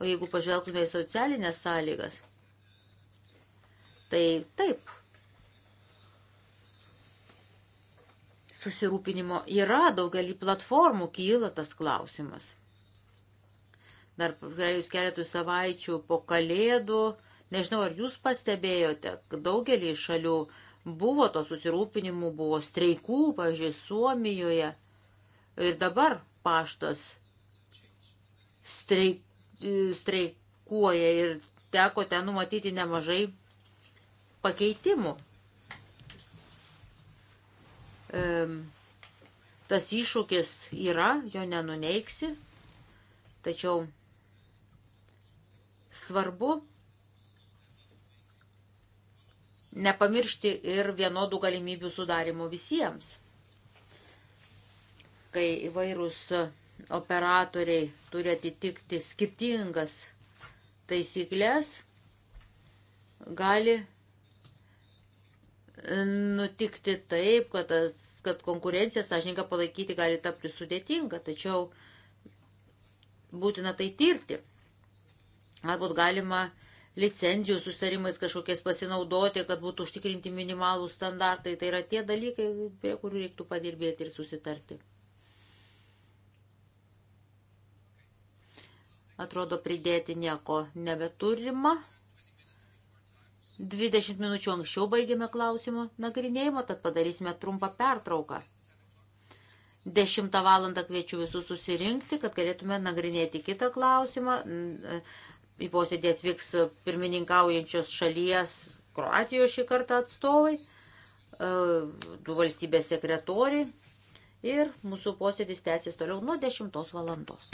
O jeigu pažvelgtume į socialinės sąlygas, tai taip, susirūpinimo yra daugelį platformų kyla tas klausimas. Dar praėjus keletų savaičių po kalėdų, nežinau ar jūs pastebėjote, daugelį šalių buvo to susirūpinimų, buvo streikų, pažiūrėjau, Suomijoje. Ir dabar paštas streik, streikuoja ir teko ten numatyti nemažai pakeitimų tas iššūkis yra, jo nenuneiksi, tačiau svarbu nepamiršti ir vienodų galimybių sudarimo visiems, kai įvairūs operatoriai turi atitikti skirtingas taisyklės, gali nutikti taip, kad, tas, kad konkurenciją sąžininką palaikyti gali tapti sudėtinga, tačiau būtina tai tirti. Galbūt galima licenzijų sustarimais kažkokiais pasinaudoti, kad būtų užtikrinti minimalų standartai. Tai yra tie dalykai, prie kurių reiktų padirbėti ir susitarti. Atrodo, pridėti nieko nebeturima. 20 minučių anksčiau baigėme klausimų nagrinėjimo, tad padarysime trumpą pertrauką. 10 val. kviečiu visus susirinkti, kad galėtume nagrinėti kitą klausimą. Į posėdį atvyks pirmininkaujančios šalies Kroatijos šį kartą atstovai, du valstybės sekretoriai ir mūsų posėdis tęsis toliau nuo 10 valandos.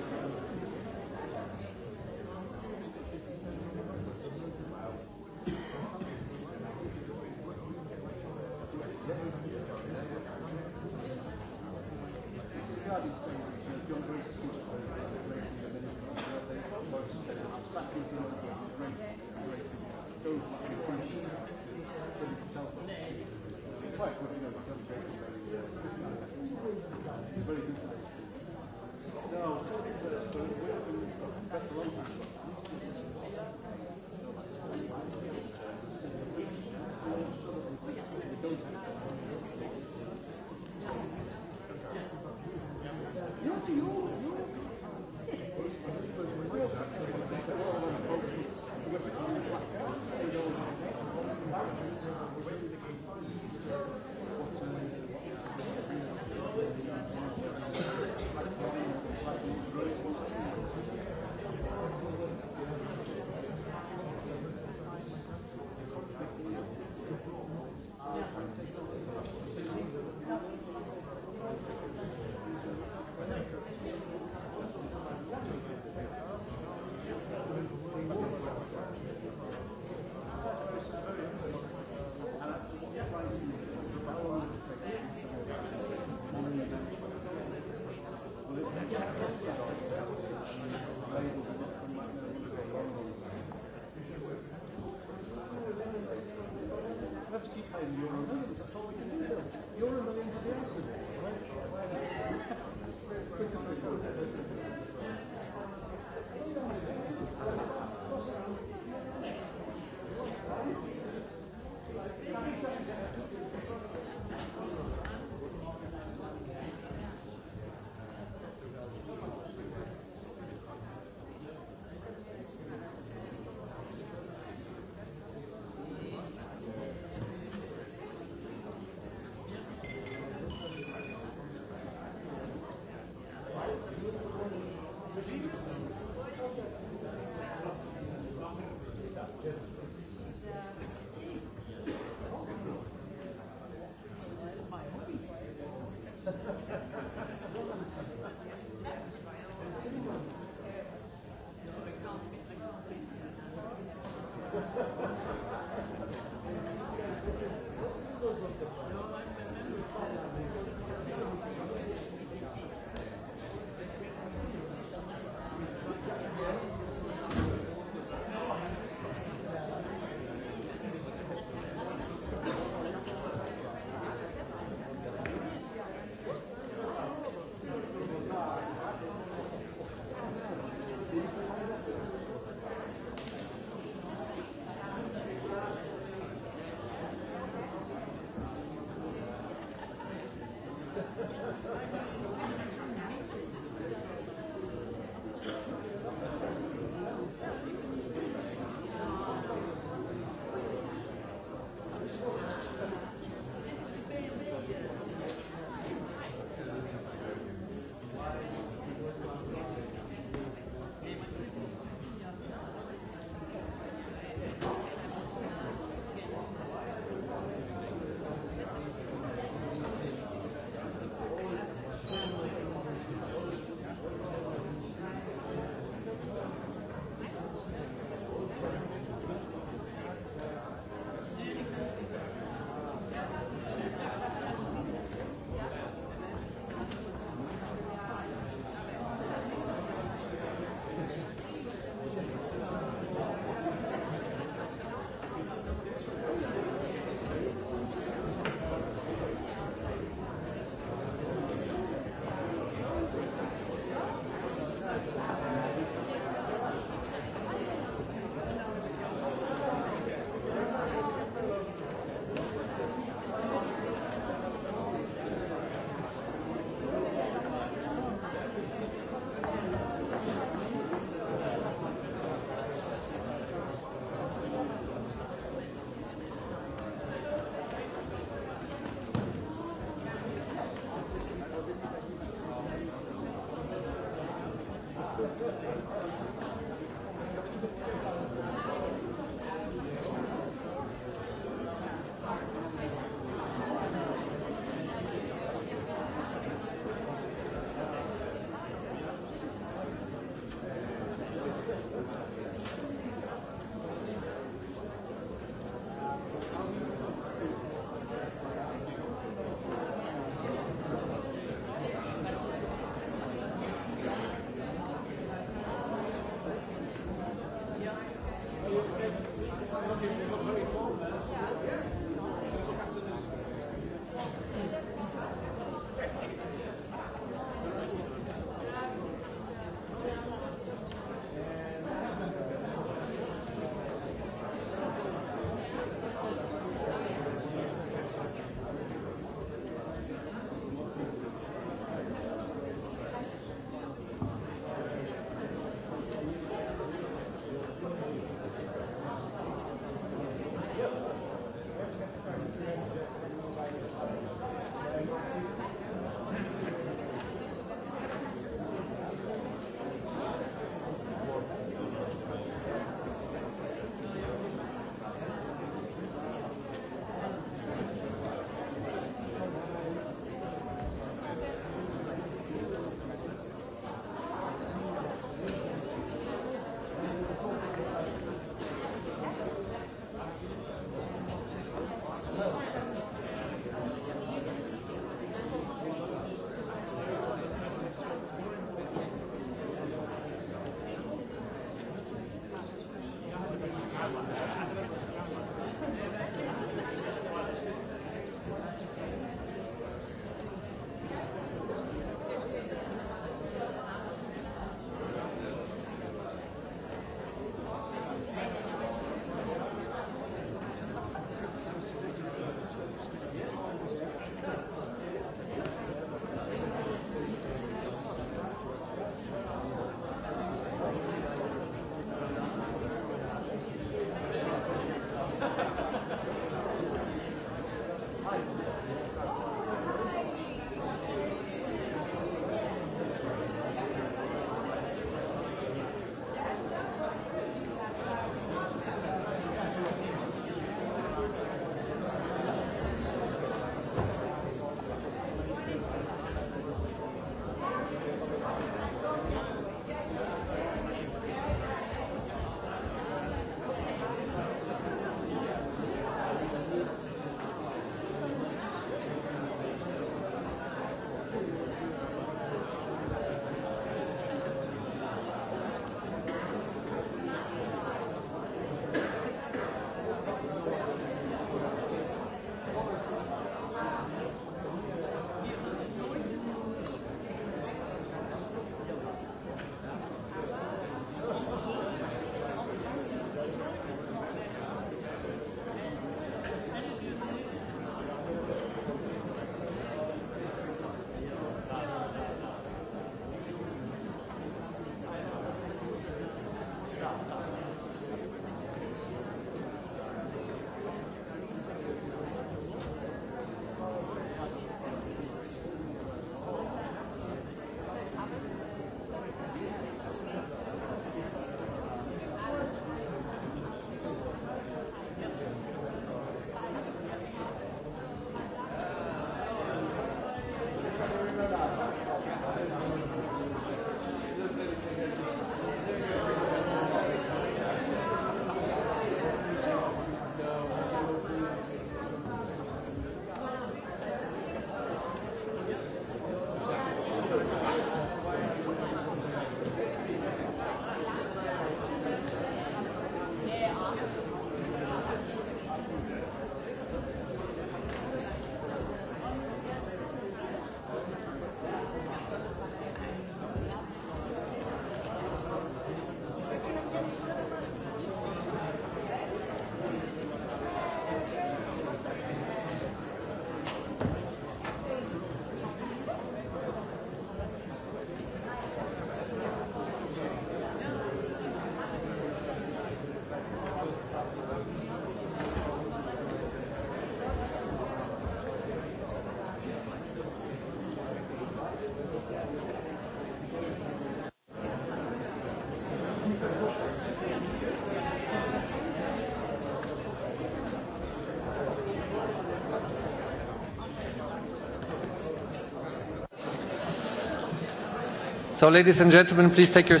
So, ladies and gentlemen, please take your...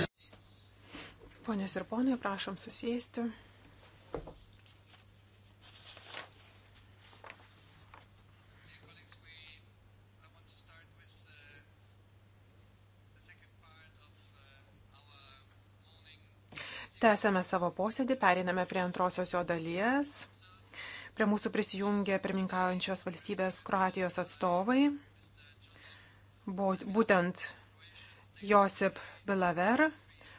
Ponios ir ponai, prašom susėsti. Tęsėme savo posėdį, periname prie antrosios jo dalies. Prie mūsų prisijungė pirmininkaujančios valstybės Kroatijos atstovai. Būtent Josip Bilaver,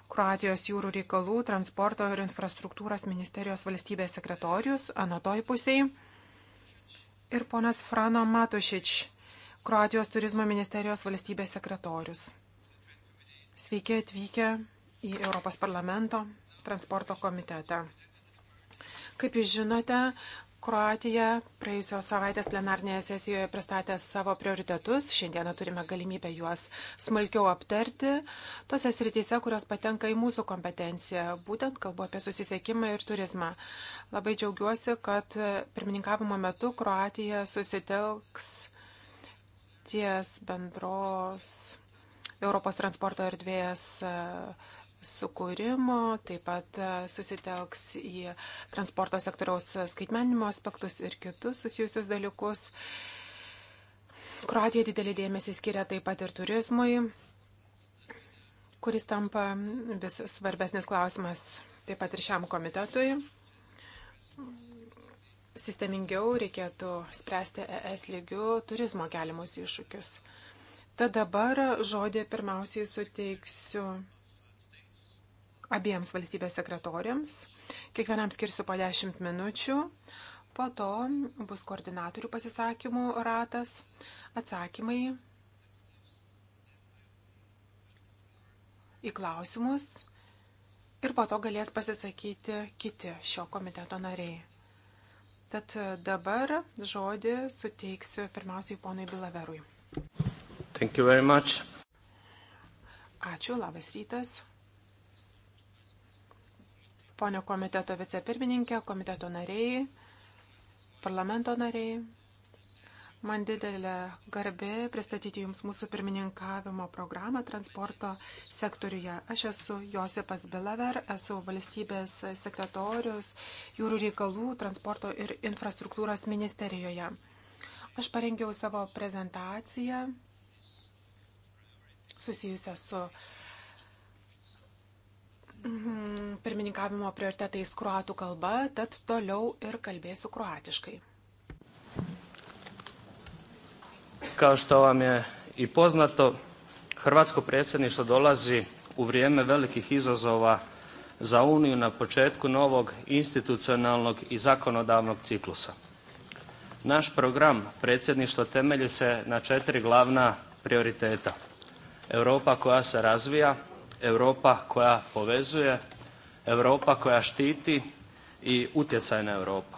Kroatijos jūrų reikalų, transporto ir infrastruktūros ministerijos valstybės sekretorius, anatoj pusiai, ir ponas Frano Matušič, Kroatijos turizmo ministerijos valstybės sekretorius. Sveiki atvykę į Europos parlamento transporto komitetą. Kaip jūs žinote, Kroatija praėjusios savaitės plenarnėje sesijoje pristatė savo prioritetus. Šiandieną turime galimybę juos smulkiau aptarti. Tose srityse, kurios patenka į mūsų kompetenciją, būtent kalbu apie susisiekimą ir turizmą. Labai džiaugiuosi, kad pirmininkavimo metu Kroatija susitelks ties bendros Europos transporto erdvės sukūrimo, taip pat e, susitelks į transporto sektoriaus skaitmenimo aspektus ir kitus susijusius dalykus. Kroatija didelį dėmesį skiria taip pat ir turizmui, kuris tampa vis svarbesnis klausimas taip pat ir šiam komitetui. Sistemingiau reikėtų spręsti ES lygių turizmo keliamus iššūkius. Tad dabar žodį pirmiausiai suteiksiu abiems valstybės sekretoriams. Kiekvienam skirsiu po 10 minučių. Po to bus koordinatorių pasisakymų ratas, atsakymai į klausimus ir po to galės pasisakyti kiti šio komiteto nariai. Tad dabar žodį suteiksiu pirmiausiai ponui Bilaverui. Ačiū, labas rytas ponio komiteto vicepirmininkė, komiteto nariai, parlamento nariai. Man didelė garbė pristatyti Jums mūsų pirmininkavimo programą transporto sektoriuje. Aš esu Josipas Bilaver, esu valstybės sekretorius jūrų reikalų, transporto ir infrastruktūros ministerijoje. Aš parengiau savo prezentaciją susijusią su uh, Mhm, pirmininkavimo prioritetais kruatų kalba, tad toliau ir kalbėsiu kruatiškai. Kao što vam je i poznato, Hrvatsko predsjedništvo dolazi u vrijeme velikih izazova za Uniju na početku novog institucionalnog i zakonodavnog ciklusa. Naš program predsjedništva temelji se na četiri glavna prioriteta. Europa koja se razvija, Europa koja povezuje, Europa koja štiti i utjecajna Europa.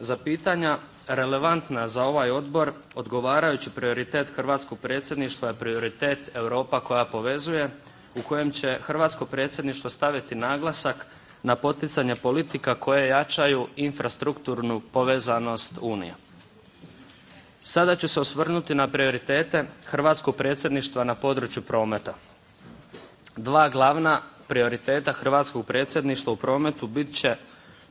Za pitanja relevantna za ovaj odbor odgovarajući prioritet hrvatskog predsjedništva je prioritet Europa koja povezuje u kojem će hrvatsko predsjedništvo staviti naglasak na poticanje politika koje jačaju infrastrukturnu povezanost Unije. Sada ću se osvrnuti na prioritete hrvatskog predsjedništva na području prometa dva glavna prioriteta hrvatskog predsjedništva u prometu bit će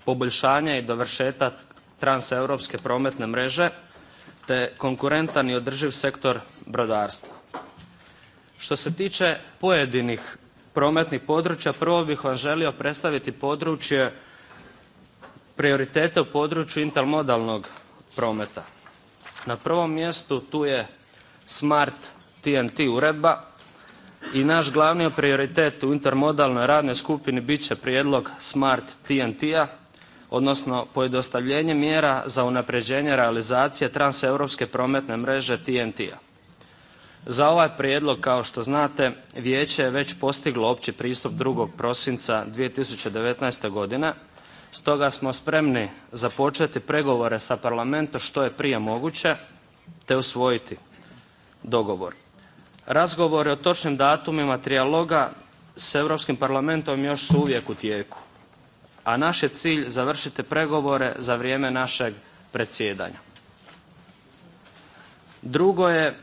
poboljšanje i dovršetak transeuropske prometne mreže te konkurentan i održiv sektor brodarstva. Što se tiče pojedinih prometnih područja, prvo bih vam želio predstaviti područje prioritete u području intermodalnog prometa. Na prvom mjestu tu je Smart TNT uredba i naš glavni prioritet u intermodalnoj radnoj skupini bit će prijedlog Smart TNT-a, odnosno pojednostavljenje mjera za unapređenje realizacije transeuropske prometne mreže TNT-a. Za ovaj prijedlog, kao što znate, Vijeće je već postiglo opći pristup 2. prosinca 2019. godine, stoga smo spremni započeti pregovore sa parlamentom što je prije moguće te usvojiti dogovor. Razgovori o točnim datumima trijaloga s Europskim parlamentom još su uvijek u tijeku, a naš je cilj završiti pregovore za vrijeme našeg predsjedanja. Drugo je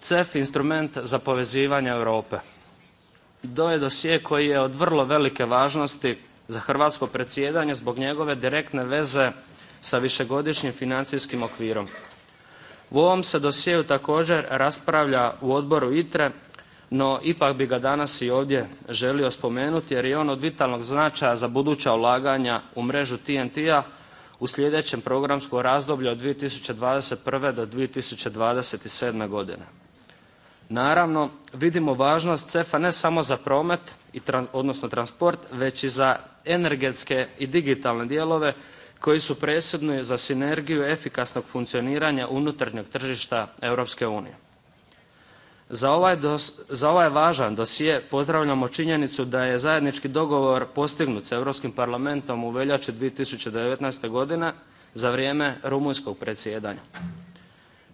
CEF instrument za povezivanje Europe. To je dosje koji je od vrlo velike važnosti za hrvatsko predsjedanje zbog njegove direktne veze sa višegodišnjim financijskim okvirom. U ovom se dosjeu također raspravlja u odboru ITRE, no ipak bi ga danas i ovdje želio spomenuti jer je on od vitalnog značaja za buduća ulaganja u mrežu TEN-T-a u sljedećem programskom razdoblju od 2021. do 2027. godine. Naravno, vidimo važnost CEF-a ne samo za promet, odnosno transport, već i za energetske i digitalne dijelove koji su presudni za sinergiju efikasnog funkcioniranja unutarnjeg tržišta Europske unije. Za ovaj važan dosije pozdravljamo činjenicu da je zajednički dogovor postignut s Europskim parlamentom u veljači 2019. godine za vrijeme rumunjskog predsjedanja.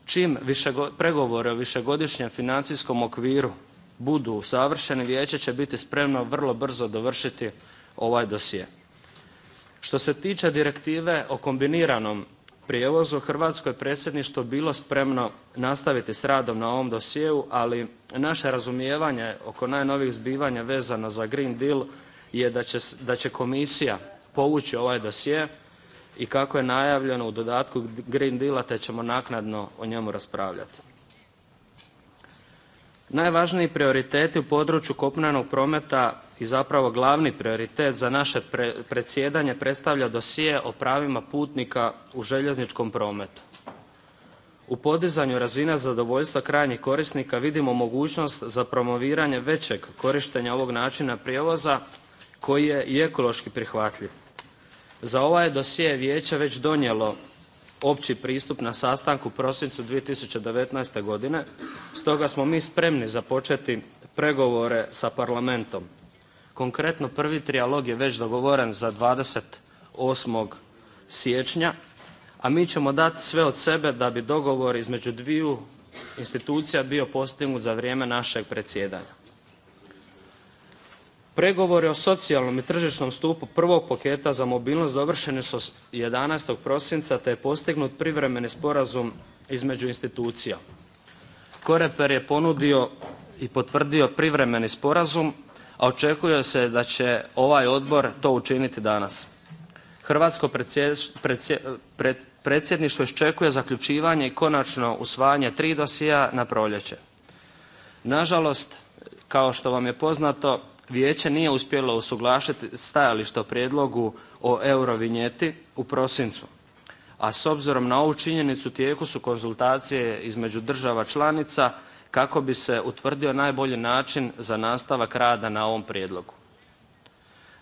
Čim pregovore o višegodišnjem financijskom okviru budu usavršeni, vijeće će biti spremno vrlo brzo dovršiti ovaj dosije. Što se tiče direktive o kombiniranom prijevozu, Hrvatsko je predsjedništvo bilo spremno nastaviti s radom na ovom dosjeu, ali naše razumijevanje oko najnovijih zbivanja vezano za Green Deal je da će komisija povući ovaj dosje i kako je najavljeno u dodatku Green Deala te ćemo naknadno o njemu raspravljati. Najvažniji prioriteti u području kopnenog prometa i zapravo glavni prioritet za naše predsjedanje predstavlja dosje o pravima putnika u željezničkom prometu. U podizanju razine zadovoljstva krajnjih korisnika vidimo mogućnost za promoviranje većeg korištenja ovog načina prijevoza koji je i ekološki prihvatljiv. Za ovaj je dosje vijeće već donijelo opći pristup na sastanku u prosincu 2019. godine, stoga smo mi spremni započeti pregovore sa parlamentom. Konkretno prvi trijalog je već dogovoren za 28. siječnja, a mi ćemo dati sve od sebe da bi dogovor između dviju institucija bio postignut za vrijeme našeg predsjedanja. Pregovori o socijalnom i tržišnom stupu prvog paketa za mobilnost završeni su 11. prosinca te je postignut privremeni sporazum između institucija. Koreper je ponudio i potvrdio privremeni sporazum a očekuje se da će ovaj odbor to učiniti danas. Hrvatsko predsjedništvo iščekuje zaključivanje i konačno usvajanje tri dosjea na proljeće. Nažalost, kao što vam je poznato, Vijeće nije uspjelo usuglašiti stajalište o prijedlogu o eurovinjeti u prosincu, a s obzirom na ovu činjenicu u tijeku su konzultacije između država članica kako bi se utvrdio najbolji način za nastavak rada na ovom prijedlogu.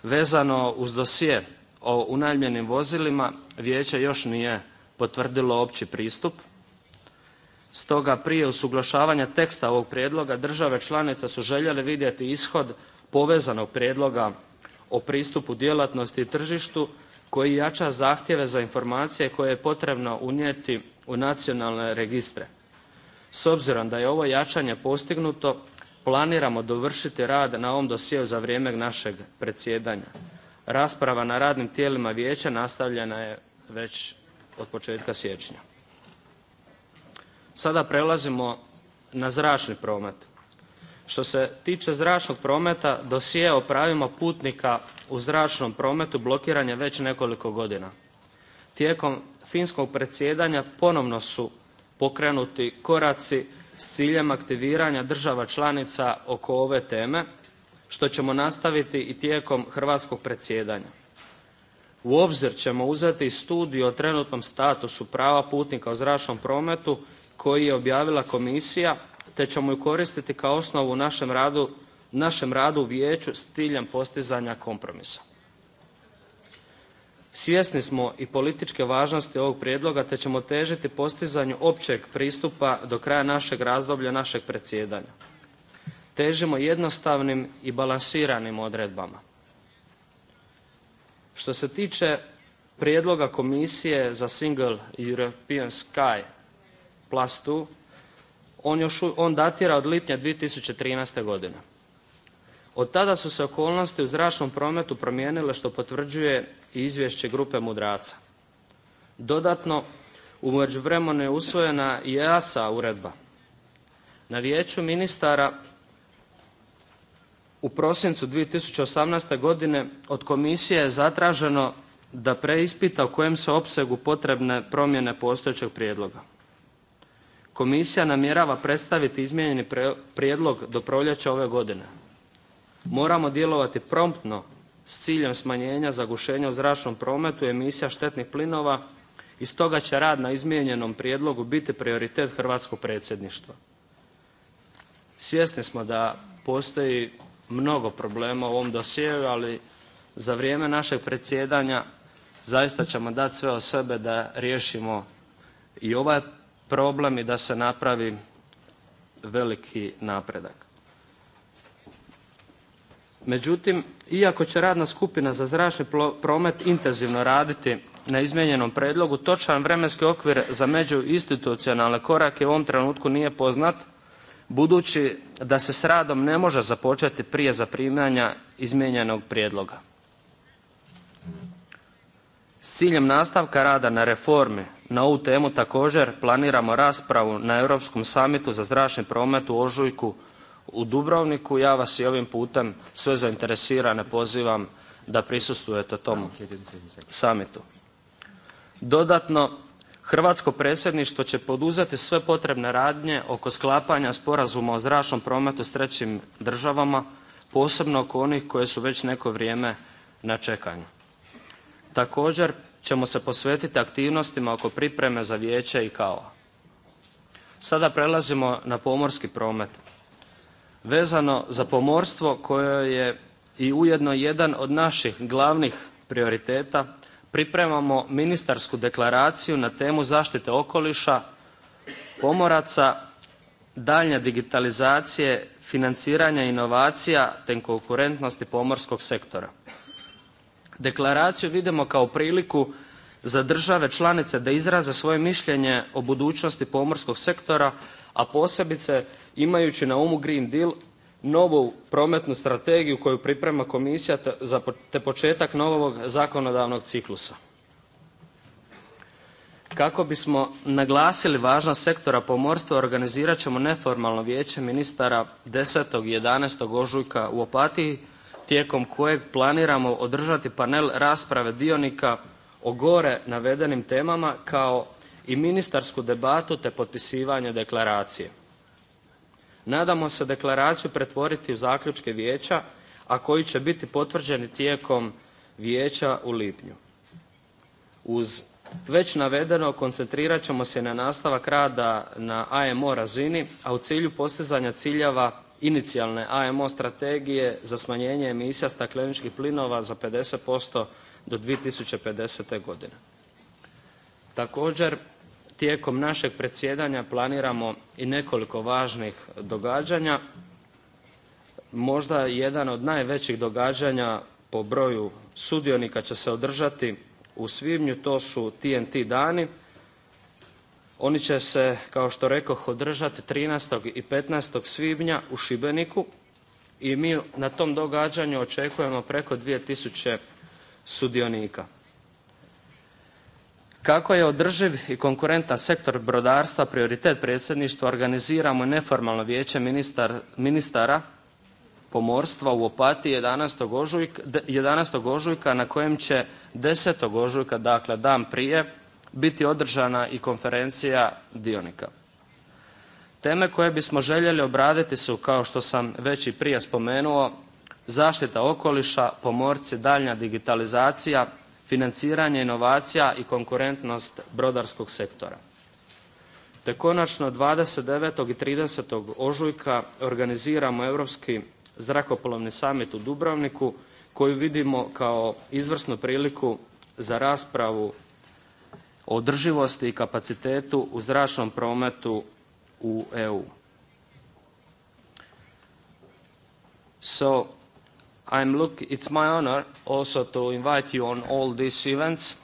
Vezano uz dosije o unajmljenim vozilima vijeće još nije potvrdilo opći pristup. Stoga prije usuglašavanja teksta ovog prijedloga države članice su željele vidjeti ishod povezanog prijedloga o pristupu djelatnosti i tržištu koji jača zahtjeve za informacije koje je potrebno unijeti u nacionalne registre. S obzirom da je ovo jačanje postignuto, planiramo dovršiti rad na ovom dosjeu za vrijeme našeg predsjedanja. Rasprava na radnim tijelima vijeća nastavljena je već od početka siječnja. Sada prelazimo na zračni promet. Što se tiče zračnog prometa, dosije o pravima putnika u zračnom prometu blokiran je već nekoliko godina. Tijekom finskog predsjedanja ponovno su pokrenuti koraci s ciljem aktiviranja država članica oko ove teme što ćemo nastaviti i tijekom hrvatskog predsjedanja. U obzir ćemo uzeti studiju o trenutnom statusu prava putnika u zračnom prometu koji je objavila komisija te ćemo ju koristiti kao osnovu u našem radu u vijeću s ciljem postizanja kompromisa. Svjesni smo i političke važnosti ovog prijedloga te ćemo težiti postizanju općeg pristupa do kraja našeg razdoblja, našeg predsjedanja. Težimo jednostavnim i balansiranim odredbama. Što se tiče prijedloga komisije za Single European Sky Plus 2, on, još, on datira od lipnja 2013. godine. Od tada su se okolnosti u zračnom prometu promijenile što potvrđuje i izvješće grupe mudraca. Dodatno, u međuvremenu je usvojena i EASA uredba. Na vijeću ministara u prosincu 2018. godine od komisije je zatraženo da preispita u kojem su opsegu potrebne promjene postojećeg prijedloga. Komisija namjerava predstaviti izmijenjeni prijedlog do proljeća ove godine. Moramo djelovati promptno s ciljem smanjenja zagušenja u zračnom prometu emisija štetnih plinova i stoga će rad na izmijenjenom prijedlogu biti prioritet hrvatskog predsjedništva. Svjesni smo da postoji mnogo problema u ovom dosjeu, ali za vrijeme našeg predsjedanja zaista ćemo dati sve od sebe da riješimo i ovaj problem i da se napravi veliki napredak. Međutim, iako će radna skupina za zračni promet intenzivno raditi na izmijenjenom predlogu, točan vremenski okvir za međuinstitucionalne korake u ovom trenutku nije poznat budući da se s radom ne može započeti prije zaprimanja izmijenjenog prijedloga. S ciljem nastavka rada na reformi na ovu temu također planiramo raspravu na Europskom samitu za zračni promet u ožujku u Dubrovniku. Ja vas i ovim putem sve zainteresirane pozivam da prisustvujete tom summitu. Dodatno, hrvatsko predsjedništvo će poduzeti sve potrebne radnje oko sklapanja sporazuma o zračnom prometu s trećim državama, posebno oko onih koje su već neko vrijeme na čekanju. Također ćemo se posvetiti aktivnostima oko pripreme za Vijeće ICAO-a. Sada prelazimo na pomorski promet vezano za pomorstvo koje je i ujedno jedan od naših glavnih prioriteta pripremamo ministarsku deklaraciju na temu zaštite okoliša, pomoraca, daljnje digitalizacije, financiranja inovacija te konkurentnosti pomorskog sektora. Deklaraciju vidimo kao priliku za države članice da izraze svoje mišljenje o budućnosti pomorskog sektora a posebice imajući na umu Green Deal, novu prometnu strategiju koju priprema komisija te, za, te početak novog zakonodavnog ciklusa. Kako bismo naglasili važnost sektora pomorstva, organizirat ćemo neformalno vijeće ministara 10. i 11. ožujka u Opatiji, tijekom kojeg planiramo održati panel rasprave dionika o gore navedenim temama kao i ministarsku debatu te potpisivanje deklaracije. Nadamo se deklaraciju pretvoriti u zaključke vijeća, a koji će biti potvrđeni tijekom vijeća u lipnju. Uz već navedeno koncentrirat ćemo se na nastavak rada na AMO razini, a u cilju postizanja ciljeva inicijalne AMO strategije za smanjenje emisija stakleničkih plinova za 50% do 2050. godine. Također, tijekom našeg predsjedanja planiramo i nekoliko važnih događanja. Možda jedan od najvećih događanja po broju sudionika će se održati u svibnju, to su TNT dani. Oni će se, kao što rekoh, održati 13. i 15. svibnja u Šibeniku i mi na tom događanju očekujemo preko 2000 sudionika. Kako je održiv i konkurentan sektor brodarstva prioritet predsjedništva organiziramo neformalno Vijeće ministara pomorstva u Opatiji 11. ožujka na kojem će 10. ožujka, dakle dan prije biti održana i konferencija dionika. Teme koje bismo željeli obraditi su kao što sam već i prije spomenuo zaštita okoliša, pomorci, daljnja digitalizacija, financiranje inovacija i konkurentnost brodarskog sektora. Te konačno 29. i 30. ožujka organiziramo Europski zrakoplovni samit u Dubrovniku koju vidimo kao izvrsnu priliku za raspravu o održivosti i kapacitetu u zračnom prometu u EU. So I'm look, it's my honor also to invite you on all these events,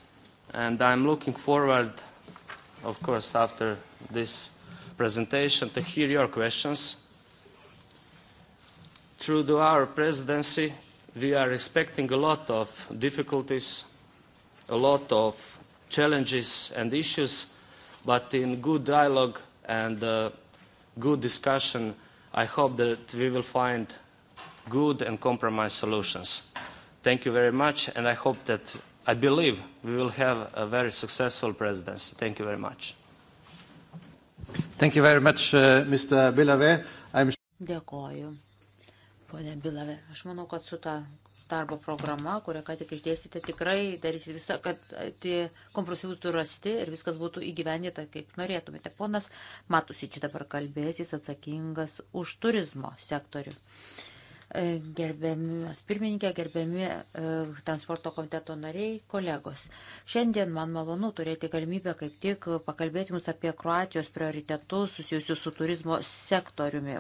and I'm looking forward, of course, after this presentation, to hear your questions. Through the, our presidency, we are expecting a lot of difficulties, a lot of challenges and issues, but in good dialogue and uh, good discussion, I hope that we will find good and compromise solutions. Thank you very much, and I hope that, I believe, we will have a very successful presidency. Thank you very much. Thank you very much, uh, Mr. Bilave. I'm... Dėkoju, ponė Bilave. Aš manau, kad su ta darbo programa, kurią ką tik išdėstėte, tikrai darys visą, kad tie kompromisai būtų rasti ir viskas būtų įgyvendita, kaip norėtumėte. Ponas Matusič dabar kalbės, jis atsakingas už turizmo sektorių. Uh, E, gerbiamas pirmininkė, gerbiami e, transporto komiteto nariai, kolegos. Šiandien man malonu turėti galimybę kaip tik pakalbėti jums apie Kroatijos prioritetus susijusius su turizmo sektoriumi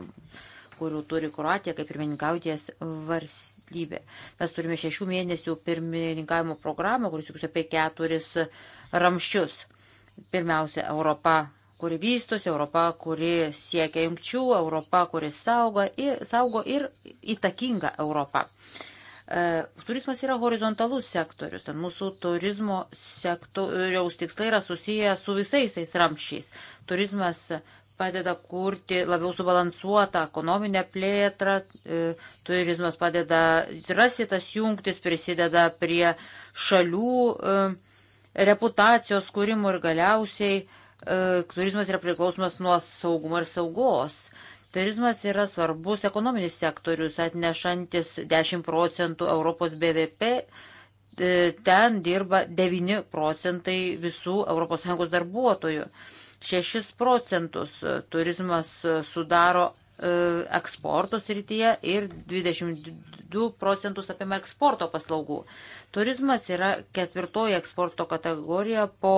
kurių turi Kroatija kaip pirmininkauties varslybė. Mes turime šešių mėnesių pirmininkavimo programą, kuris jums apie keturis ramščius. Pirmiausia, Europa kuri vystosi, Europa, kuri siekia jungčių, Europa, kuri saugo ir, saugo ir įtakinga Europa. E, turizmas yra horizontalus sektorius, ten mūsų turizmo sektoriaus tikslai yra susiję su visais tais ramšiais. Turizmas padeda kurti labiau subalansuotą ekonominę plėtrą, e, turizmas padeda rasti tas jungtis, prisideda prie šalių e, reputacijos kūrimo ir galiausiai E, turizmas yra priklausomas nuo saugumo ir saugos. Turizmas yra svarbus ekonominis sektorius, atnešantis 10 procentų Europos BVP. E, ten dirba 9 procentai visų ES darbuotojų. 6 procentus turizmas sudaro E, eksporto srityje ir 22 procentus apima eksporto paslaugų. Turizmas yra ketvirtoji eksporto kategorija po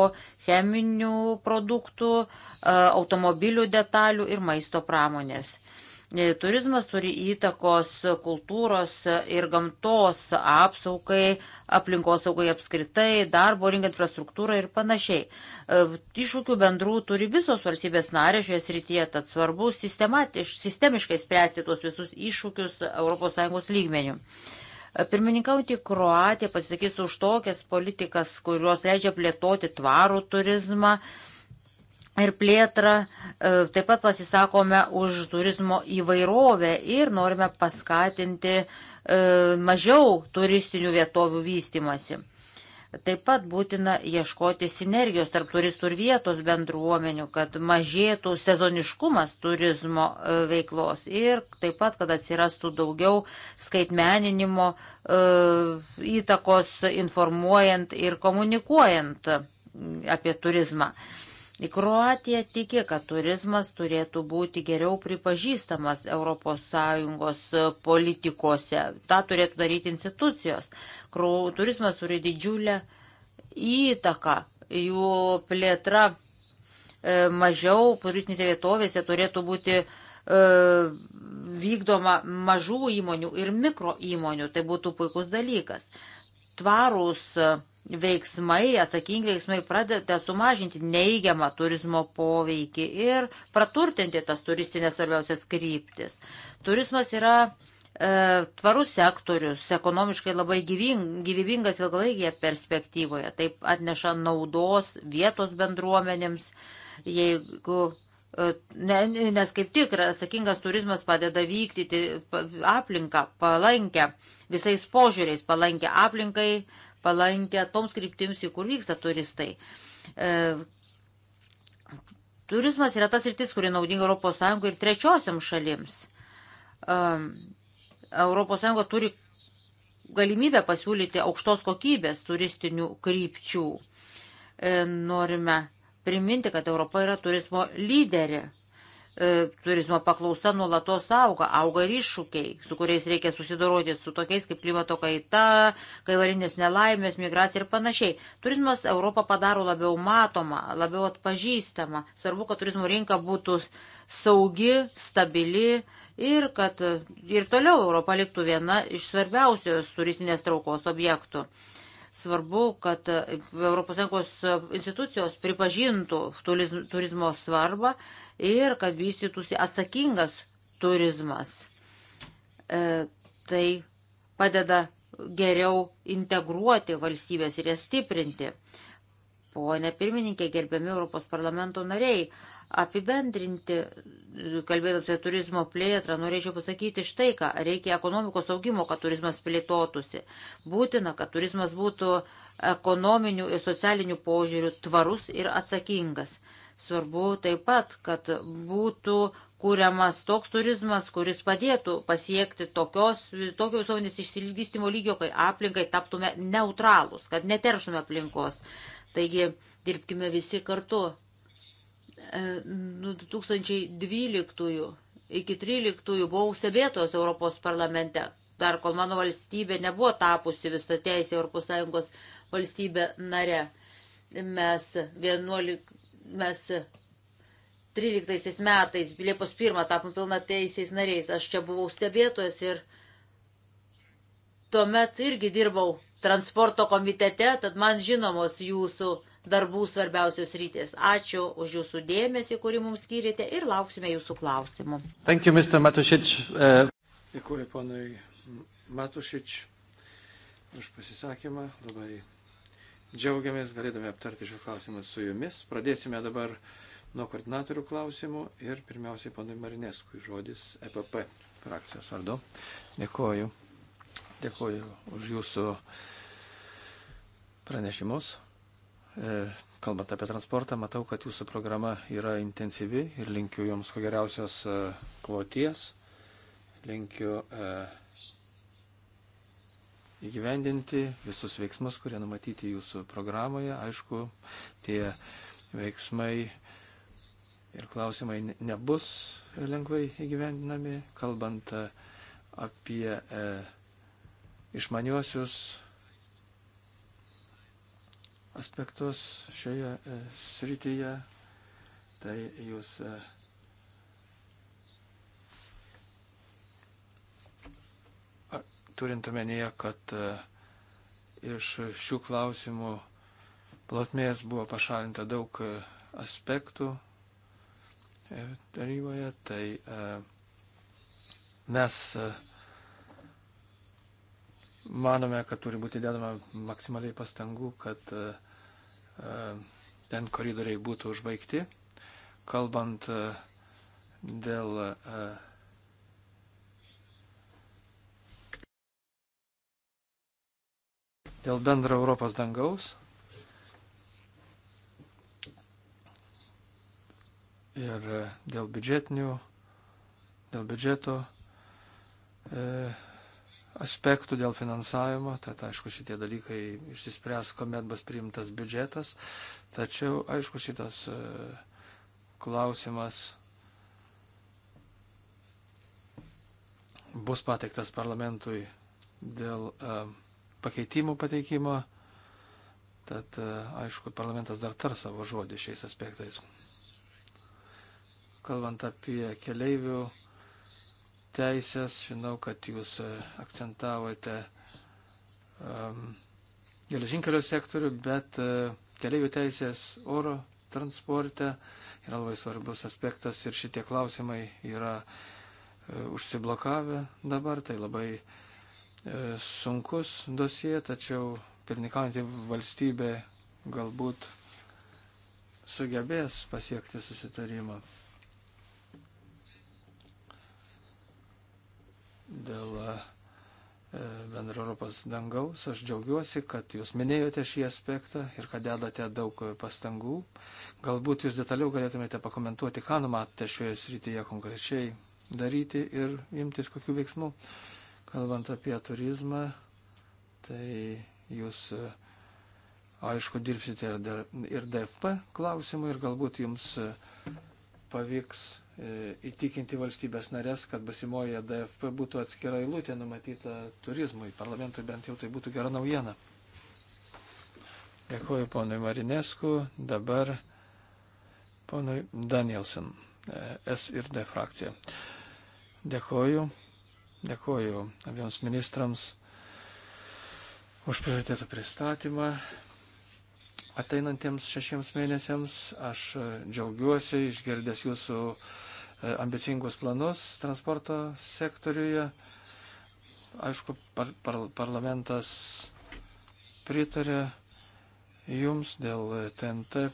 cheminių produktų, e, automobilių detalių ir maisto pramonės. E, turizmas turi įtakos kultūros ir gamtos apsaugai, aplinkosaugai apskritai, darbo rinkai infrastruktūrai ir panašiai. E, iššūkių bendrų turi visos valstybės narės šioje srityje, tad svarbu sistemiškai spręsti tuos visus iššūkius ES lygmenių. E, pirmininkauti Kroatija pasisakys už tokias politikas, kurios leidžia plėtoti tvarų turizmą ir plėtrą. E, taip pat pasisakome už turizmo įvairovę ir norime paskatinti e, mažiau turistinių vietovių vystimasi. Taip pat būtina ieškoti sinergijos tarp turistų ir vietos bendruomenių, kad mažėtų sezoniškumas turizmo e, veiklos ir taip pat, kad atsirastų daugiau skaitmeninimo įtakos informuojant ir komunikuojant apie turizmą. Į Kroatiją tiki, kad turizmas turėtų būti geriau pripažįstamas ES e, politikose. Ta turėtų daryti institucijos. Turizmas turi didžiulę įtaką. Jų plėtra e, mažiau turistinėse vietovėse turėtų būti e, vykdoma mažų įmonių ir mikro įmonių. Tai būtų puikus dalykas. Tvarūs veiksmai, atsakingi veiksmai pradeda sumažinti neigiamą turizmo poveikį ir praturtinti tas turistinės svarbiausias kryptis. Turizmas yra e, tvarus sektorius, ekonomiškai labai gyvybingas ilgalaikėje perspektyvoje, taip atneša naudos vietos bendruomenėms, jeigu e, Ne, nes kaip tik atsakingas turizmas padeda vykdyti aplinką palankę, visais požiūriais palankę aplinkai, palankę toms kryptims, į kur vyksta turistai. E, turizmas yra tas rytis, kuri naudinga ES ir trečiosiam šalims. E, ES turi galimybę pasiūlyti aukštos kokybės turistinių krypčių. E, norime priminti, kad Europa yra turizmo lyderė. E, turizmo paklausa nuolatos auga, auga ir iššūkiai, su kuriais reikia susidoroti, su tokiais kaip klimato kaita, kaivarinės nelaimės, migracija ir panašiai. Turizmas Europą padaro labiau matomą, labiau atpažįstamą. Svarbu, kad turizmo rinka būtų saugi, stabili. Ir kad ir toliau Europa liktų viena iš svarbiausios turistinės traukos objektų svarbu, kad ES institucijos pripažintų turizmo svarbą ir kad vystytųsi atsakingas turizmas. E, tai padeda geriau integruoti valstybės ir jas stiprinti. Pone pirmininkė, gerbiami Europos parlamento nariai, apibendrinti, kalbėdams apie turizmo plėtrą, norėčiau pasakyti štai ką. Reikia ekonomikos augimo, kad turizmas plėtotųsi. Būtina, kad turizmas būtų ekonominių ir socialinių požiūrių tvarus ir atsakingas. Svarbu taip pat, kad būtų kūriamas toks turizmas, kuris padėtų pasiekti tokios, tokio visuomenės išsilvystimo lygio, kai aplinkai taptume neutralūs, kad neterštume aplinkos. Taigi dirbkime visi kartu. E, nuo 2012 iki 2013 buvau stebėtojas Europos parlamente, dar kol mano valstybė nebuvo tapusi visą teisę ES valstybę nare. Mes 11 mes 13 metais, Liepos 1 tapom pilnateisiais nariais. Aš čia buvau stebėtojas ir tuomet irgi dirbau transporto komitete, tad man žinomos jūsų darbų svarbiausios rytis. Ačiū už jūsų dėmesį, kurį mums skyrėte ir lauksime jūsų klausimų. Thank you, Mr. Matušič. Dėkuoju, uh... ponai Matušič, už pasisakymą. Labai Džiaugiamės galėdami aptarti šios klausimus su jumis. Pradėsime dabar nuo koordinatorių klausimų ir pirmiausiai panui Marineskui žodis EPP frakcijos vardu. Dėkoju. Dėkoju už jūsų pranešimus. E, kalbant apie transportą, matau, kad jūsų programa yra intensyvi ir linkiu jums ko geriausios e, kloties. Linkiu. E, įgyvendinti visus veiksmus, kurie numatyti jūsų programoje. Aišku, tie veiksmai ir klausimai nebus lengvai įgyvendinami, kalbant e, apie e, išmaniosius aspektus šioje e, srityje. Tai jūs e, turint omenyje, kad e, iš šių klausimų plotmės buvo pašalinta daug e, aspektų e, taryboje, tai mes manome, kad turi būti dedama maksimaliai pastangų, kad ten koridoriai būtų užbaigti. Kalbant dėl dėl bendro Europos dangaus. Ir e, dėl biudžetinių, dėl biudžeto e, aspektų, dėl finansavimo. Tad, aišku, šitie dalykai išsispręs, kuomet bus priimtas biudžetas. Tačiau, aišku, šitas e, klausimas bus pateiktas parlamentui dėl e, pakeitimų pateikimo. Tad, e, aišku, parlamentas dar tar savo žodį šiais aspektais. Kalbant apie keleivių teisės, žinau, kad jūs e, akcentavote um, geležinkelio sektorių, bet uh, keleivių teisės oro transporte yra labai svarbus aspektas ir šitie klausimai yra uh, užsiblokavę dabar. Tai labai uh, E, sunkus dosie, tačiau pirmininkaujantį valstybę galbūt sugebės pasiekti susitarimą dėl e, bendro Europos dangaus. Aš džiaugiuosi, kad jūs minėjote šį aspektą ir kad dedate daug pastangų. Galbūt jūs detaliau galėtumėte pakomentuoti, ką numatote šioje srityje konkrečiai daryti ir imtis kokių veiksmų. Uh, Kalbant apie turizmą, tai jūs aišku dirbsite ir DFP klausimų ir galbūt jums e, pavyks e, įtikinti valstybės narės, kad basimoje DFP būtų atskira eilutė numatyta turizmui. Parlamentui bent jau tai būtų gera naujiena. Dėkuoju ponui Marinesku. Dabar ponui Danielson, e, S ir D frakcija. Dėkuoju. Dėkuoju abiems ministrams už prioritėtų pristatymą. Ateinantiems šešiems mėnesiams aš džiaugiuosi išgirdęs jūsų e, ambicingus planus transporto sektoriuje. Aišku, par, par, parlamentas pritarė jums dėl TNT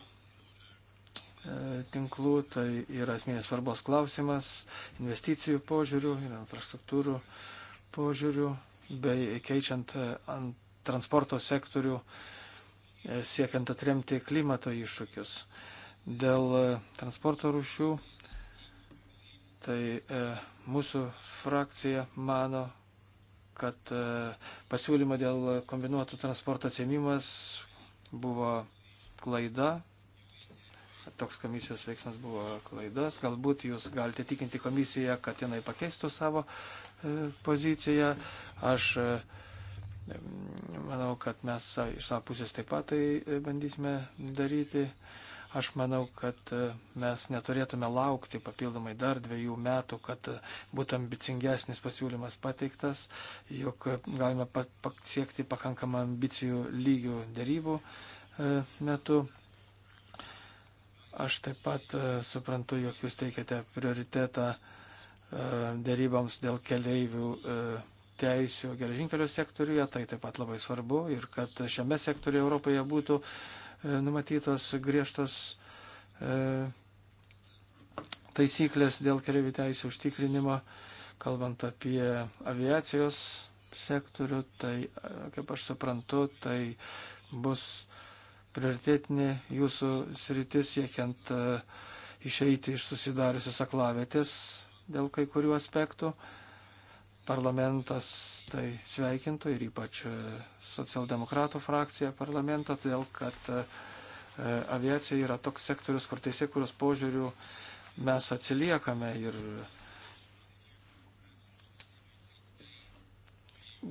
E, tinklų, tai yra esminės svarbos klausimas investicijų požiūrių ir infrastruktūrų požiūrių, bei keičiant e, ant transporto sektorių, e, siekiant atremti klimato iššūkius. Dėl transporto rūšių, tai mūsų frakcija mano, kad pasiūlymo dėl kombinuotų transporto atsėmimas buvo klaida, toks komisijos veiksmas buvo klaidas. Galbūt jūs galite tikinti komisiją, kad jinai pakeistų savo e, poziciją. Aš e, manau, kad mes iš savo pusės taip pat tai e, bandysime daryti. Aš manau, kad mes neturėtume laukti papildomai dar dviejų metų, kad būtų ambicingesnis pasiūlymas pateiktas, jog galime pasiekti pakankamą ambicijų lygių dėrybų metu. Aš taip pat e, suprantu, jog jūs teikiate prioritetą e, dėryboms dėl keleivių e, teisių geležinkelio sektoriuje, tai taip pat labai svarbu ir kad šiame sektoriuje Europoje būtų numatytos griežtos taisyklės dėl keliaivių teisų užtikrinimo, kalbant apie aviacijos sektorių, tai, kaip aš suprantu, tai bus uh, prioritetinė jūsų sritis siekiant e, išeiti iš susidariusios aklavėtės dėl kai kurių aspektų. Parlamentas tai sveikintų ir ypač e, socialdemokratų frakcija parlamento, todėl kad e, aviacija yra toks sektorius, kur teisėkuros požiūrių mes atsiliekame ir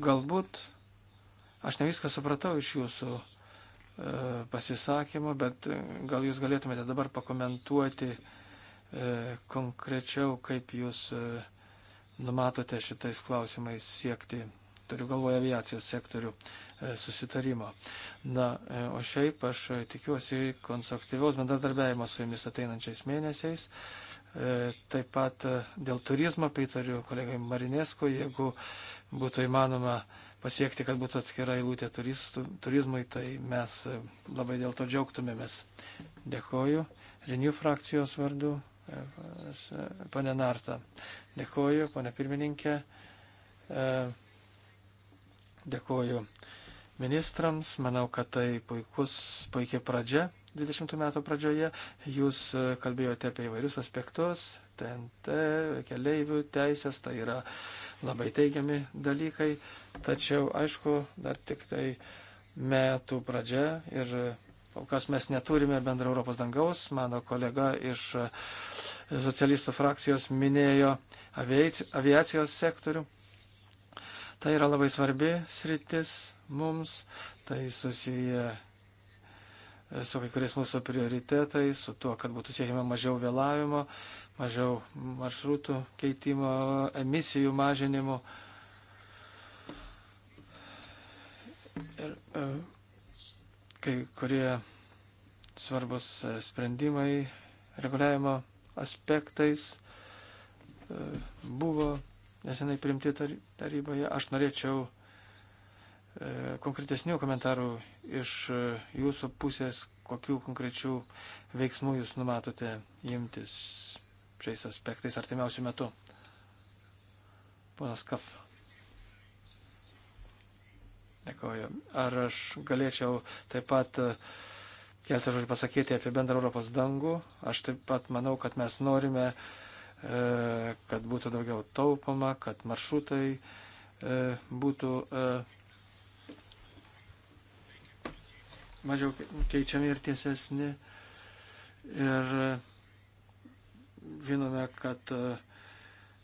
galbūt aš ne viską supratau iš jūsų pasisakymo, bet gal jūs galėtumėte dabar pakomentuoti e, konkrečiau, kaip jūs e, numatote šitais klausimais siekti, turiu galvoje aviacijos sektorių e, susitarimo. Na, o šiaip aš tikiuosi konstruktyviaus bendradarbiavimo su jumis ateinančiais mėnesiais. Taip pat dėl turizmo pritariu kolegai Marinesko, jeigu būtų įmanoma uh, pasiekti, kad būtų atskira eilutė turistų, turizmui, tai mes labai dėl to džiaugtumėmės. Dėkoju. Žinių frakcijos vardu, pane Narta. Dėkoju, pane pirmininkė. E, dėkoju ministrams. Manau, kad tai puikus, puikia pradžia 20 metų pradžioje. Jūs kalbėjote apie įvairius aspektus, TNT, keleivių teisės, tai yra labai teigiami dalykai, tačiau aišku, dar tik tai metų pradžia ir kol kas mes neturime bendro Europos dangaus. Mano kolega iš socialistų frakcijos minėjo aviacijos sektorių. Tai yra labai svarbi sritis mums, tai susiję su kai kuriais mūsų prioritetais, su tuo, kad būtų siekiama mažiau vėlavimo, mažiau maršrutų keitimo, emisijų mažinimo. Ir e, kai kurie svarbus e, sprendimai reguliavimo aspektais e, buvo nesenai primti taryboje. Aš norėčiau konkretesnių komentarų iš jūsų pusės, kokių konkrečių veiksmų jūs numatote imtis šiais aspektais artimiausių metų. Ponas Kaf. Dėkoju. Ar aš galėčiau taip pat e, keltą žodžių pasakyti apie bendrą Europos dangų? Aš taip pat manau, kad mes norime, e, kad būtų daugiau taupoma, kad maršrutai e, būtų mažiau keičiami ir tiesesni. Ir žinome, kad e,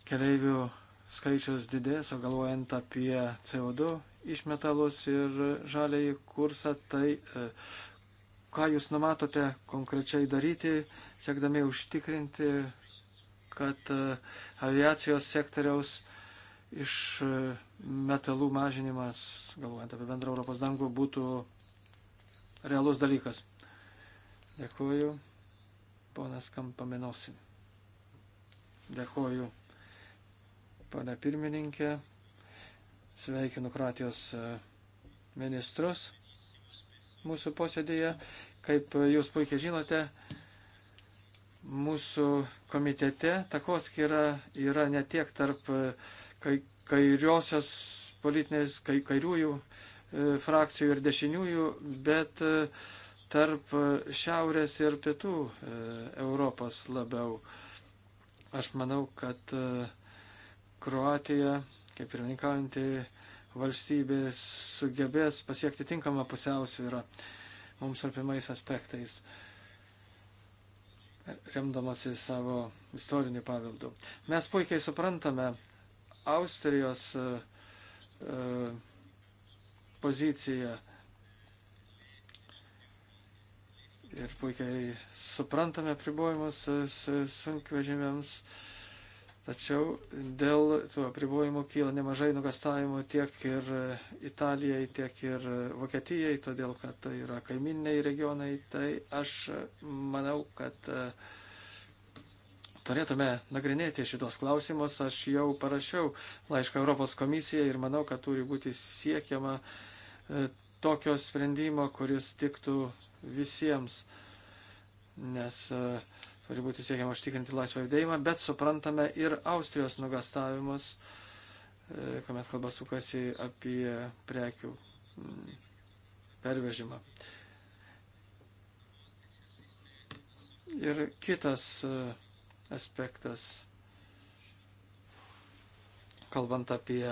keleivių skaičius didės, o galvojant apie CO2 išmetalus ir žaliai kursą, tai e, ką jūs numatote konkrečiai daryti, siekdami užtikrinti, kad e, aviacijos sektoriaus iš metalų mažinimas, galvojant apie bendrą Europos dangų, būtų realus dalykas. Dėkuoju, ponas Kampamenosi. Dėkuoju, ponė pirmininkė. Sveikinu Kroatijos e, ministrus mūsų posėdėje. Kaip jūs puikiai žinote, mūsų komitete takoskira yra ne tiek tarp e, kairiosios politinės, kai, kairiųjų E, frakcijų ir dešiniųjų, bet e, tarp šiaurės ir pietų e, Europos labiau. Aš manau, kad Kroatija, kaip ir minkaujantį valstybė, sugebės pasiekti tinkamą pusiausvyrą mums arpimais aspektais remdamasi savo istoriniu paveldu. Mes puikiai suprantame Austrijos uh, uh, poziciją. ir puikiai suprantame pribojimus e, sunkvežimiams, tačiau dėl tų apribojimų kyla nemažai nugastavimų tiek ir e, Italijai, tiek ir e, Vokietijai, todėl kad tai yra kaiminiai regionai, tai aš manau, kad Turėtume nagrinėti šitos klausimus. Aš jau parašiau laišką Europos komisijai ir manau, kad turi būti siekiama uh, E, tokio sprendimo, kuris tiktų visiems, nes e, turi būti siekiama užtikrinti laisvą judėjimą, bet suprantame ir Austrijos nugastavimus, e, kuomet kalba sukasi apie prekių pervežimą. Ir kitas aspektas, kalbant apie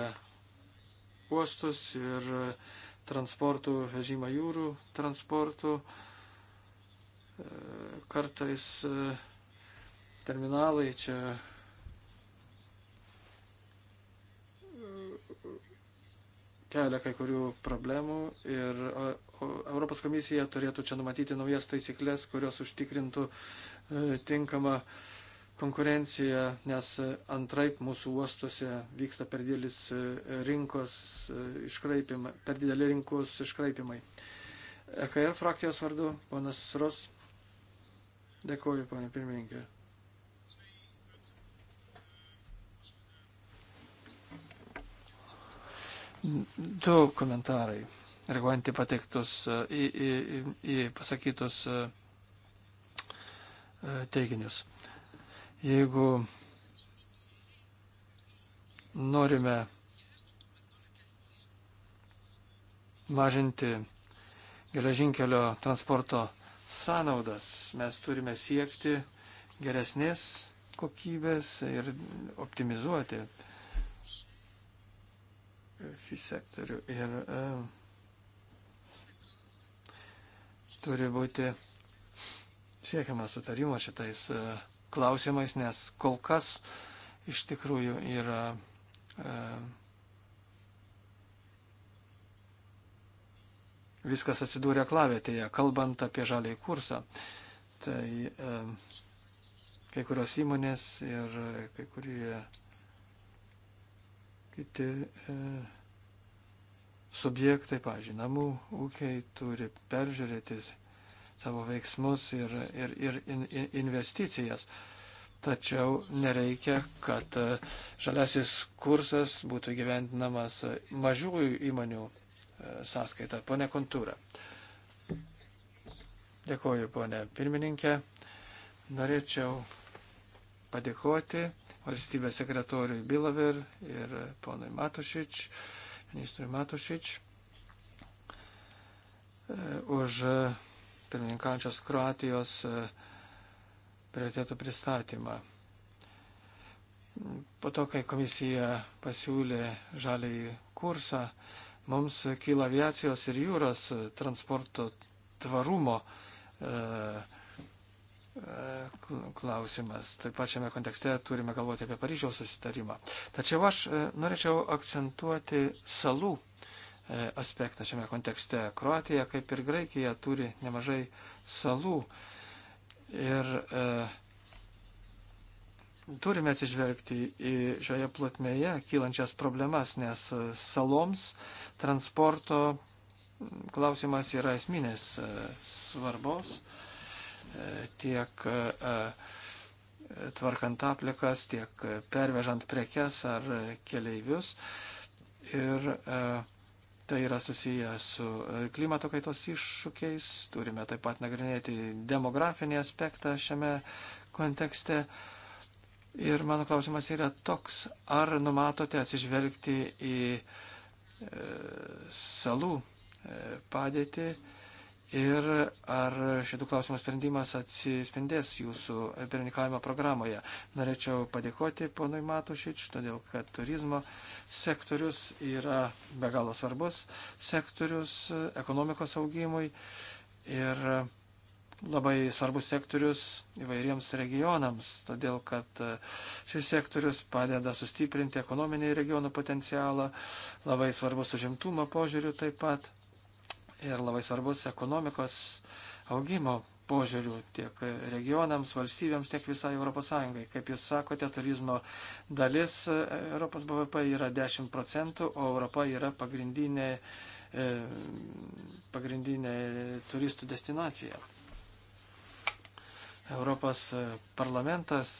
uostus ir uh, transportų vežimą jūrų transportų. E, kartais e, terminalai čia e, kelia kai kurių problemų ir Europos komisija turėtų čia numatyti naujas taisyklės, kurios užtikrintų tinkamą uh, konkurencija, nes antraip mūsų uostuose vyksta per didelis e, e, rinkos iškraipimai, per didelį rinkos iškraipimai. EKR frakcijos vardu, ponas Ros. Dėkuoju, ponė pirmininkė. Du komentarai, reaguojant į pateiktus, į, į, į pasakytus e, teiginius. Jeigu norime mažinti geležinkelio transporto sąnaudas, mes turime siekti geresnės kokybės ir optimizuoti šį sektorių. Ir e, turi būti siekiama sutarimo šitais e, klausimais, nes kol kas iš tikrųjų yra e, viskas atsidūrė klavėtėje, kalbant apie žaliai kursą. Tai e, kai kurios įmonės ir kai kurie kiti e, subjektai, pažiūrėjau, namų ūkiai turi peržiūrėtis savo veiksmus ir, ir, ir in, in, investicijas. Tačiau nereikia, kad e, žaliasis kursas būtų gyventinamas mažųjų įmonių e, sąskaita. Pone Kontūra. Dėkuoju, ponė pirmininkė. Norėčiau padėkoti valstybės sekretoriui Bilaver ir ponui Matušič, ministrui Matušič, e, už pirmininkančios Kroatijos e, prioritėtų pristatymą. Po to, kai komisija pasiūlė žaliai kursą, mums kyla aviacijos ir jūros transporto tvarumo e, e, klausimas. Taip pat šiame kontekste turime galvoti apie Paryžiaus susitarimą. Tačiau aš e, norėčiau akcentuoti salų E, aspektą šiame kontekste. Kroatija, kaip ir Graikija, turi nemažai salų ir e, turime atsižvelgti į šioje plotmėje kylančias problemas, nes saloms transporto klausimas yra esminės e, svarbos e, tiek e, e tvarkant aplikas, tiek pervežant prekes ar keleivius. Ir e, Tai yra susiję su e, klimato kaitos iššūkiais, turime taip pat nagrinėti demografinį aspektą šiame kontekste. Ir mano klausimas yra toks, ar numatote atsižvelgti į e, salų e, padėtį ir ar šitų klausimų sprendimas atsispindės jūsų pirmininkavimo programoje. Norėčiau padėkoti ponui Matušič, todėl kad turizmo sektorius yra be galo svarbus sektorius ekonomikos augimui ir labai svarbus sektorius įvairiems regionams, todėl kad šis sektorius padeda sustiprinti ekonominį regionų potencialą, labai svarbus užimtumo požiūrių taip pat ir labai svarbus ekonomikos augimo požiūrių tiek regionams, valstybėms, tiek visai ES. Kaip jūs sakote, turizmo dalis e, Europos BVP yra 10 procentų, o Europa yra pagrindinė, e, pagrindinė turistų destinacija. Europos parlamentas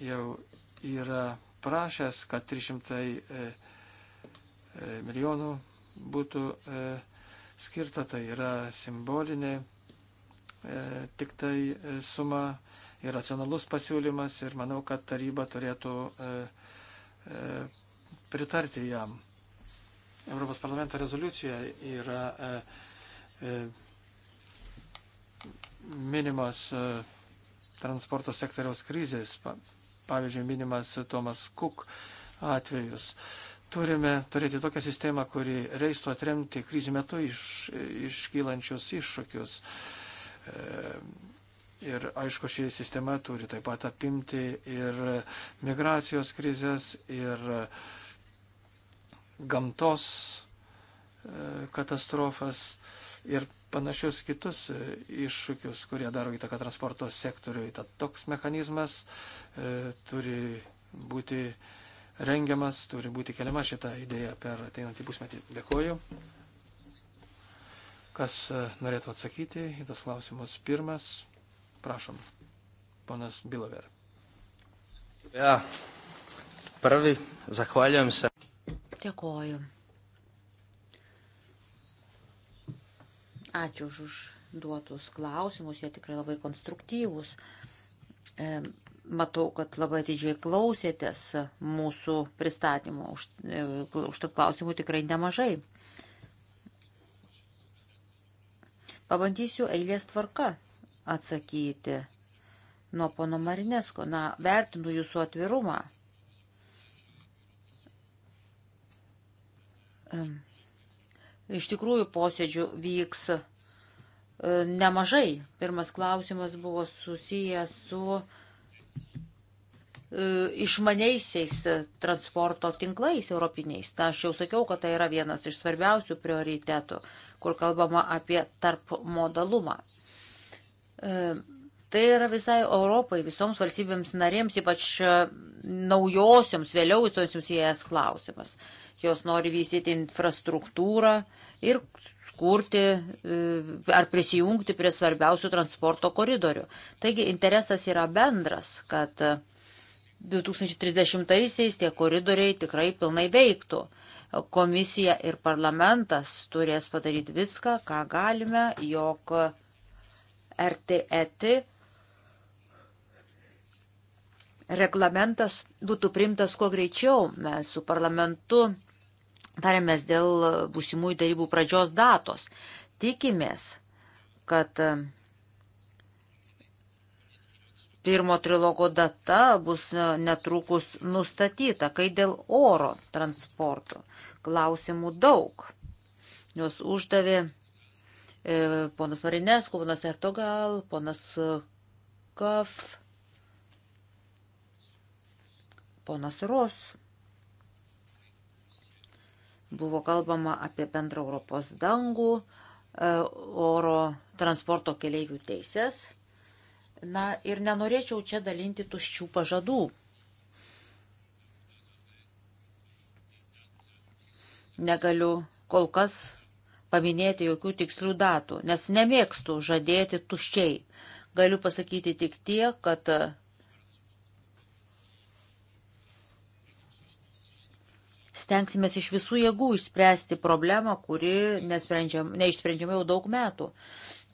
jau yra prašęs, kad 300 e, milijonų būtų e, skirta, tai yra simbolinė e, tik tai e, suma ir racionalus pasiūlymas ir manau, kad taryba turėtų e, e, pritarti jam. Europos parlamento rezoliucija yra e, e, minimas e, transporto sektoriaus krizės, pa, pavyzdžiui, minimas Tomas Cook atvejus. E, Turime turėti tokią sistemą, kuri reistų atremti krizių metu iš, iškylančius iššūkius. E, ir aišku, ši sistema turi taip pat apimti ir migracijos krizės, ir gamtos e, katastrofas ir panašius kitus e, iššūkius, kurie daro įtaką transporto sektoriui. Tad toks mechanizmas turi būti rengiamas, turi būti keliama šita idėja per ateinantį pusmetį. Dėkuoju. Kas e, norėtų atsakyti į tos klausimus pirmas? Prašom, ponas Bilover. Ja, prvi, zahvaljujem se. Dėkuoju. Ačiū už užduotus klausimus, jie tikrai labai konstruktyvūs. Matau, kad labai atidžiai klausėtės mūsų pristatymų. Už, e, už tų klausimų tikrai nemažai. Pabandysiu eilės tvarka atsakyti nuo pono Marinesko. Na, vertinu jūsų atvirumą. Iš tikrųjų, posėdžių vyks e, nemažai. Pirmas klausimas buvo susijęs su E, išmaniaisiais transporto tinklais europiniais. Na, aš jau sakiau, kad tai yra vienas iš svarbiausių prioritetų, kur kalbama apie tarp modalumą. E, tai yra visai Europai, visoms valstybėms narėms, ypač e, naujosioms, vėliau įstojusiams į ES klausimas. Jos nori vystyti infrastruktūrą ir atkurti e, ar prisijungti prie svarbiausių transporto koridorių. Taigi interesas yra bendras, kad 2030-aisiais tie koridoriai tikrai pilnai veiktų. Komisija ir parlamentas turės padaryti viską, ką galime, jog RTET e reglamentas būtų primtas kuo greičiau. Mes su parlamentu tarėmės dėl būsimųjų darybų pradžios datos. Tikimės, kad e, pirmo trilogo data bus e, netrukus nustatyta, kai dėl oro transporto klausimų daug. Jos uždavė e, ponas Marinesko, ponas Ertogal, ponas e, Kaf, ponas Ros. Buvo kalbama apie bendrą Europos dangų, e, oro transporto keliaivių teises. Na ir nenorėčiau čia dalinti tuščių pažadų. Negaliu kol kas paminėti jokių tikslių datų, nes nemėgstu žadėti tuščiai. Galiu pasakyti tik tie, kad stengsime iš visų jėgų išspręsti problemą, kuri neišsprendžiama jau daug metų.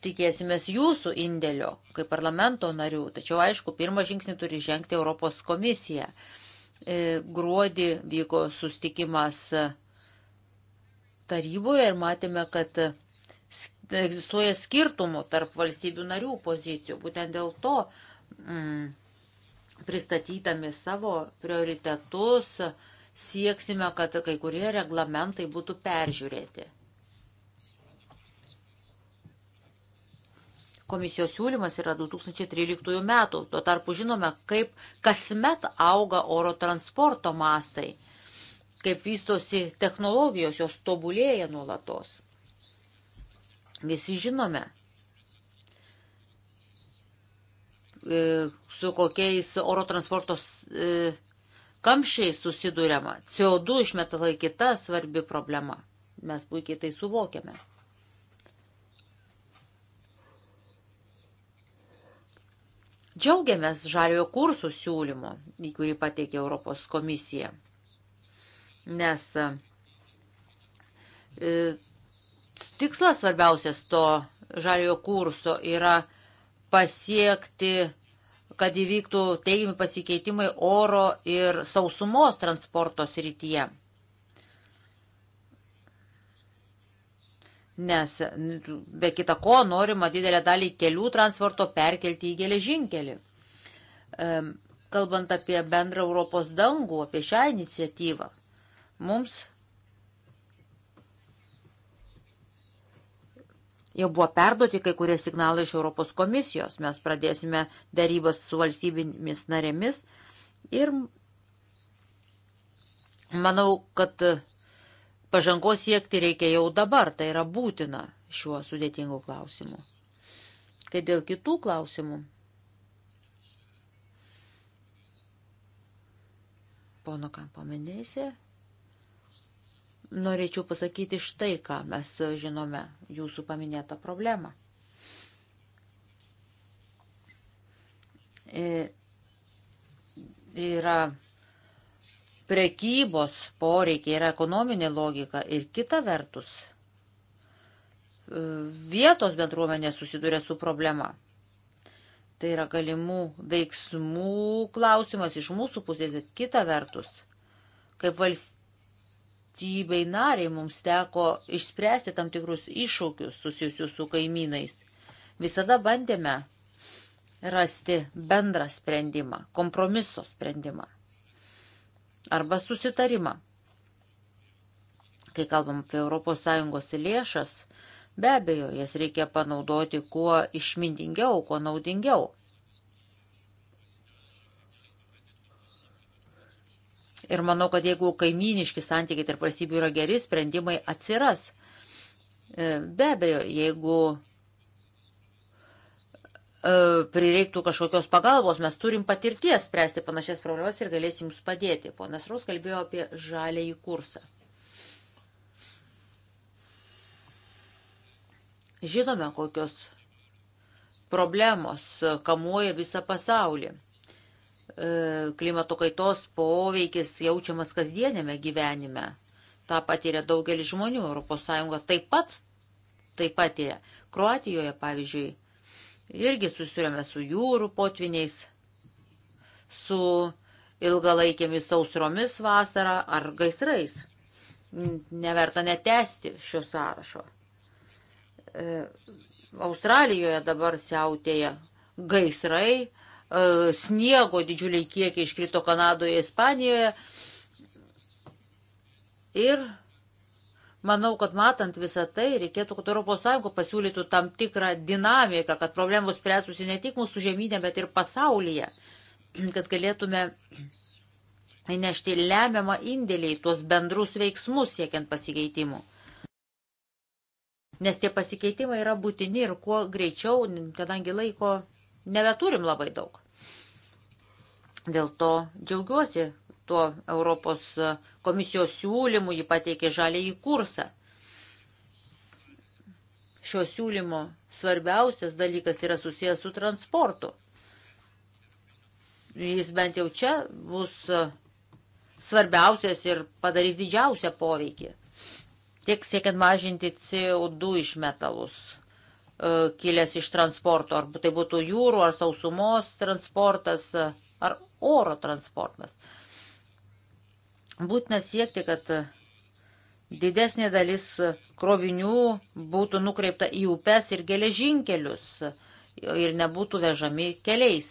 Tikėsime jūsų indėlio kaip parlamento narių, tačiau aišku, pirmą žingsnį turi žengti Europos komisija. E, gruodį vyko sustikimas taryboje ir matėme, kad egzistuoja skirtumų tarp valstybių narių pozicijų. Būtent dėl to mm, pristatydami savo prioritetus, sieksime, kad kai kurie reglamentai būtų peržiūrėti. Komisijos siūlymas yra 2013 metų. Tuo tarpu žinome, kaip kasmet auga oro transporto mastai, kaip vystosi technologijos, jos tobulėja nuolatos. Visi žinome, e, su kokiais oro transportos e, kamščiais susidūrėma. CO2 išmetalai kita svarbi problema. Mes puikiai tai suvokiame. Džiaugiamės žaliojo kursų siūlymu, į kurį pateikė Europos komisija. Nes e, tikslas svarbiausias to žaliojo kurso yra pasiekti kad įvyktų teigiami pasikeitimai oro ir sausumos transporto srityje. Nes be kita ko norima didelę dalį kelių transporto perkelti į geležinkelį. Kalbant apie bendrą Europos dangų, apie šią iniciatyvą, mums Jau buvo perduoti kai kurie signalai iš Europos komisijos. Mes pradėsime darybas su valstybėmis narėmis. Ir manau, kad pažangos siekti reikia jau dabar. Tai yra būtina šiuo sudėtingu klausimu. Kai dėl kitų klausimų. Pono Kampo Menėse norėčiau pasakyti štai ką mes žinome jūsų paminėtą problemą. E, yra prekybos poreikiai, yra ekonominė logika ir kita vertus e, vietos bendruomenė susiduria su problema. Tai yra galimų veiksmų klausimas iš mūsų pusės, bet kita vertus, kaip valstybė valstybei nariai mums teko išspręsti tam tikrus iššūkius susijusius su kaimynais. Visada bandėme rasti bendrą sprendimą, kompromiso sprendimą arba susitarimą. Kai kalbam apie ES lėšas, be abejo, jas reikia panaudoti kuo išmintingiau, kuo naudingiau. Ir manau, kad jeigu kaimyniški santykiai tarp valstybių yra geri, sprendimai atsiras. E, be abejo, jeigu e, prireiktų kažkokios pagalbos, mes turim patirties spręsti panašias problemas ir galėsim jums padėti. Ponas Rus kalbėjo apie žalėjį kursą. Žinome, kokios problemos kamuoja visą pasaulį. E, klimato kaitos poveikis jaučiamas kasdienėme gyvenime. Ta patiria daugelis žmonių, ES taip pat tai patiria. Kroatijoje, pavyzdžiui, irgi susiriame su jūrų potviniais, su ilgalaikėmis sausromis vasarą ar gaisrais. Neverta netesti šio sąrašo. E, Australijoje dabar siautėja gaisrai, E, sniego didžiuliai kiekiai iškrito Kanadoje, Ispanijoje. Ir manau, kad matant visą tai, reikėtų, kad ES pasiūlytų tam tikrą dinamiką, kad problemos spręstųsi ne tik mūsų žemynė, bet ir pasaulyje, kad galėtume įnešti lemiamą indėlį į tuos bendrus veiksmus siekiant pasikeitimų. Nes tie pasikeitimai yra būtini ir kuo greičiau, kadangi laiko nebeturim labai daug. Dėl to džiaugiuosi tuo Europos komisijos siūlymu, jį pateikė žalį į kursą. Šio siūlymo svarbiausias dalykas yra susijęs su transportu. Jis bent jau čia bus svarbiausias ir padarys didžiausią poveikį. Tiek siekiant mažinti CO2 išmetalus E, kilęs iš transporto, ar tai būtų jūrų ar sausumos transportas e, ar oro transportas. Būtina siekti, kad didesnė dalis krovinių būtų nukreipta į upes ir geležinkelius ir nebūtų vežami keliais.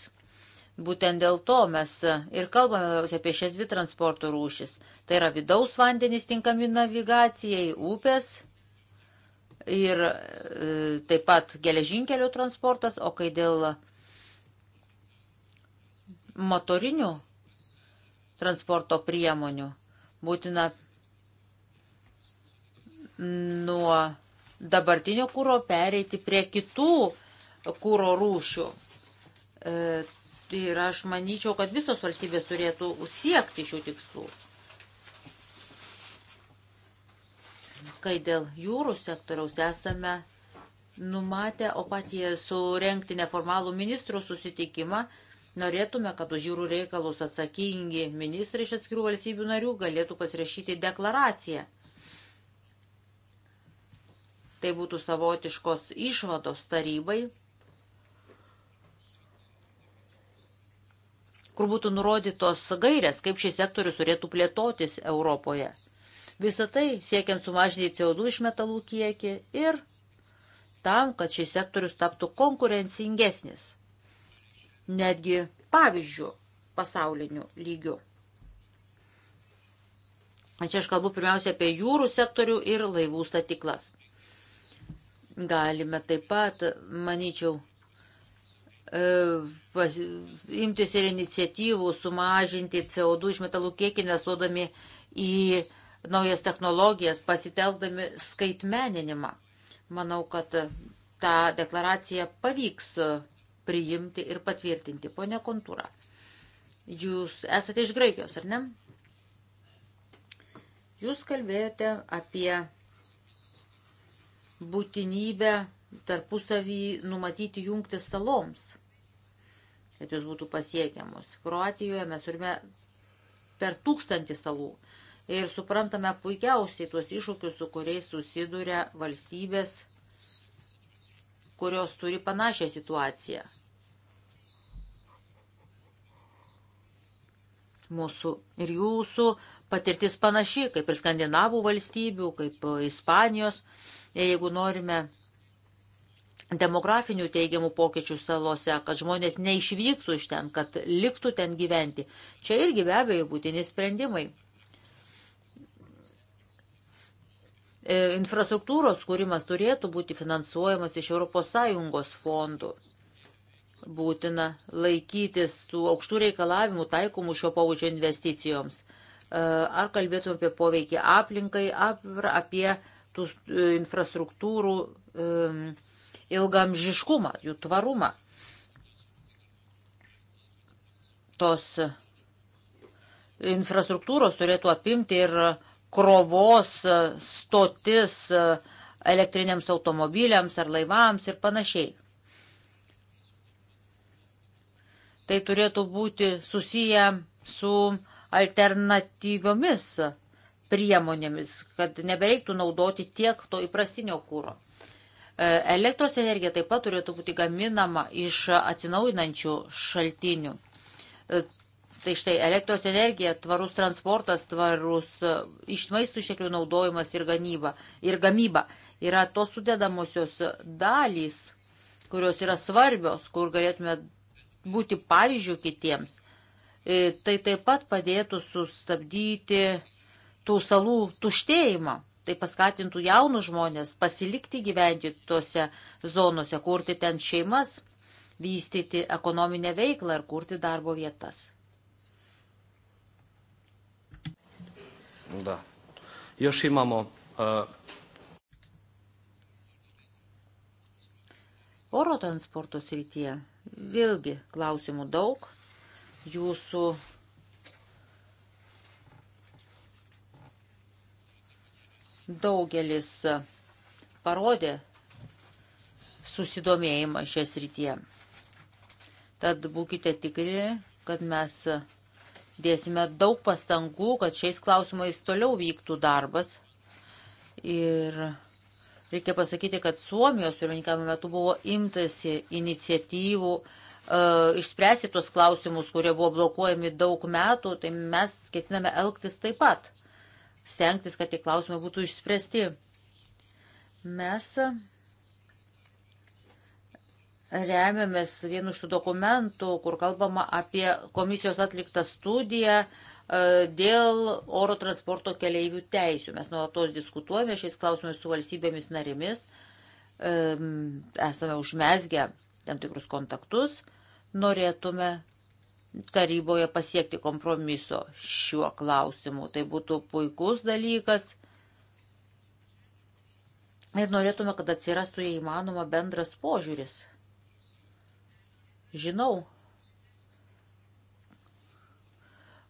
Būtent dėl to mes ir kalbame apie šias dvi transporto rūšis. Tai yra vidaus vandenys tinkami navigacijai, upės ir e, taip pat geležinkelių transportas, o kai dėl motorinių transporto priemonių būtina nuo dabartinio kūro pereiti prie kitų kūro rūšių. E, ir aš manyčiau, kad visos valstybės turėtų siekti šių tikslų. kai dėl jūrų sektoriaus esame numatę opatiją surenkti neformalų ministrų susitikimą. Norėtume, kad už jūrų reikalus atsakingi ministrai iš atskirų valstybių narių galėtų pasirašyti deklaraciją. Tai būtų savotiškos išvados tarybai, kur būtų nurodytos gairės, kaip šis sektorius turėtų plėtotis Europoje. Visą tai siekiant sumažinti CO2 išmetalų kiekį ir tam, kad šis sektorius taptų konkurencingesnis, netgi pavyzdžių pasauliniu lygiu. Čia aš kalbu pirmiausia apie jūrų sektorių ir laivų statiklas. Galime taip pat, manyčiau, e, pas, imtis ir iniciatyvų sumažinti CO2 išmetalų kiekį, nesuodami į naujas technologijas, pasitelkdami skaitmeninimą. Manau, kad tą deklaraciją pavyks priimti ir patvirtinti. Pone Kontūra, jūs esate iš Graikijos, ar ne? Jūs kalbėjote apie būtinybę tarpusavį numatyti jungti saloms, kad jūs būtų pasiekiamos. Kroatijoje mes turime per tūkstantį salų ir suprantame puikiausiai tuos iššūkius, su kuriais susiduria valstybės, kurios turi panašią situaciją. Mūsų ir jūsų patirtis panaši, kaip ir skandinavų valstybių, kaip Ispanijos. Ir jeigu norime demografinių teigiamų pokyčių salose, kad žmonės neišvyktų iš ten, kad liktų ten gyventi, čia irgi be abejo būtini sprendimai. E, infrastruktūros kūrimas turėtų būti finansuojamas iš ES fondų. Būtina laikytis tų aukštų reikalavimų taikomų šio pavyzdžio investicijoms. E, ar kalbėtume apie poveikį aplinkai, apie tų e, infrastruktūrų ilgamžiškumą, jų tvarumą. Tos infrastruktūros turėtų apimti ir uh, krovos e, stotis e, elektriniams automobiliams ar laivams ir panašiai. Tai turėtų būti susiję su alternatyviomis priemonėmis, kad nebereiktų naudoti tiek to įprastinio kūro. E, elektros energija taip pat turėtų būti gaminama iš atsinaujinančių šaltinių. Tai štai elektros energija, tvarus transportas, tvarus e, iš maisto išteklių naudojimas ir, ganyba, ir gamyba yra tos sudėdamosios dalys, kurios yra svarbios, kur galėtume būti pavyzdžių kitiems. E, tai taip pat padėtų sustabdyti tų salų tuštėjimą. Tai paskatintų jaunus žmonės pasilikti gyventi tose zonose, kurti ten šeimas, vystyti ekonominę veiklą ir kurti darbo vietas. Da. Još imamo... Uh... Oro transporto srityje vėlgi klausimų daug. Jūsų daugelis parodė susidomėjimą šią srityje. Tad būkite tikri, kad mes Dėsime daug pastangų, kad šiais klausimais toliau vyktų darbas. Ir reikia pasakyti, kad Suomijos pirmininkavimo metu buvo imtasi iniciatyvų e, išspręsti tuos klausimus, kurie buvo blokuojami daug metų, tai mes ketiname elgtis taip pat, stengtis, kad tie klausimai būtų išspręsti. Mes remiamės vienu iš tų dokumentų, kur kalbama apie komisijos atliktą studiją e, dėl oro transporto keleivių teisių. Mes nuolatos diskutuojame šiais klausimais su valstybėmis narimis, esame užmesgę tam tikrus kontaktus, norėtume taryboje pasiekti kompromiso šiuo klausimu. Tai būtų puikus dalykas. Ir norėtume, kad atsirastų, jei įmanoma, bendras požiūris Žinau,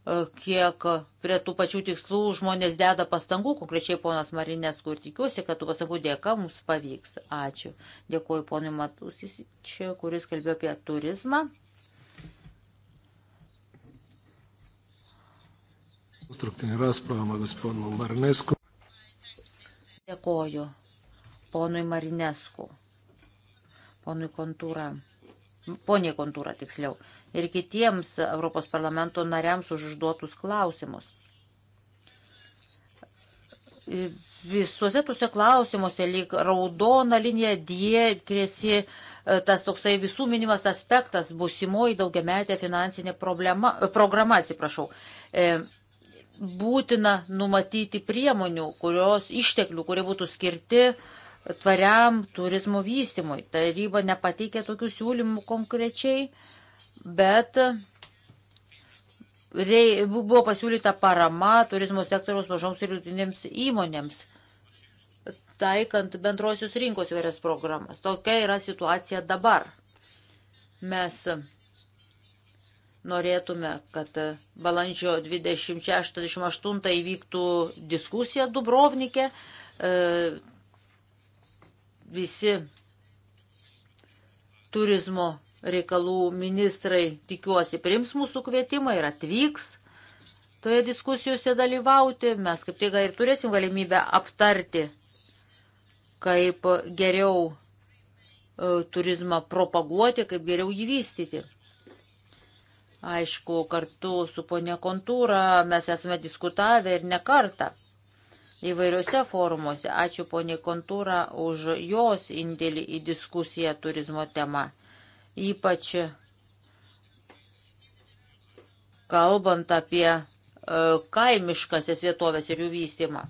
e, kiek prie tų pačių tikslų žmonės deda pastangų, konkrečiai ponas Marinės, kur tikiuosi, kad tų pasakų dėka mums pavyks. Ačiū. Dėkuoju ponui Matusis, čia, kuris kalbėjo apie turizmą. konstruktivnim raspravama gospodinu Marinesku. Dėkoju ponui Marinesku, ponui Kontūra ponė kontūra tiksliau, ir kitiems Europos parlamento nariams už užduotus klausimus. Visuose tuose klausimuose lyg raudona linija dėkėsi e, tas toksai visų minimas aspektas busimoji daugiametė finansinė problema, e, programa, atsiprašau. E, būtina numatyti priemonių, kurios išteklių, kurie būtų skirti uh, tvariam turizmo vystimui. Taryba nepateikė tokių siūlymų konkrečiai, bet rei, buvo pasiūlyta parama turizmo sektoriaus mažoms ir jūtinėms įmonėms, taikant bendrosios rinkos vėrės programas. Tokia yra situacija dabar. Mes norėtume, kad balandžio 26-28 įvyktų diskusija Dubrovnikė. E, visi turizmo reikalų ministrai, tikiuosi, prims mūsų kvietimą ir atvyks toje diskusijose dalyvauti. Mes kaip tik ir turėsim galimybę aptarti, kaip geriau e, turizmą propaguoti, kaip geriau jį vystyti. Aišku, kartu su ponė Kontūra mes esame diskutavę ir ne kartą įvairiuose forumuose. Ačiū poniai Kontūra už jos indėlį į diskusiją turizmo tema. Ypač kalbant apie e, kaimiškasias vietovės ir jų vystimą.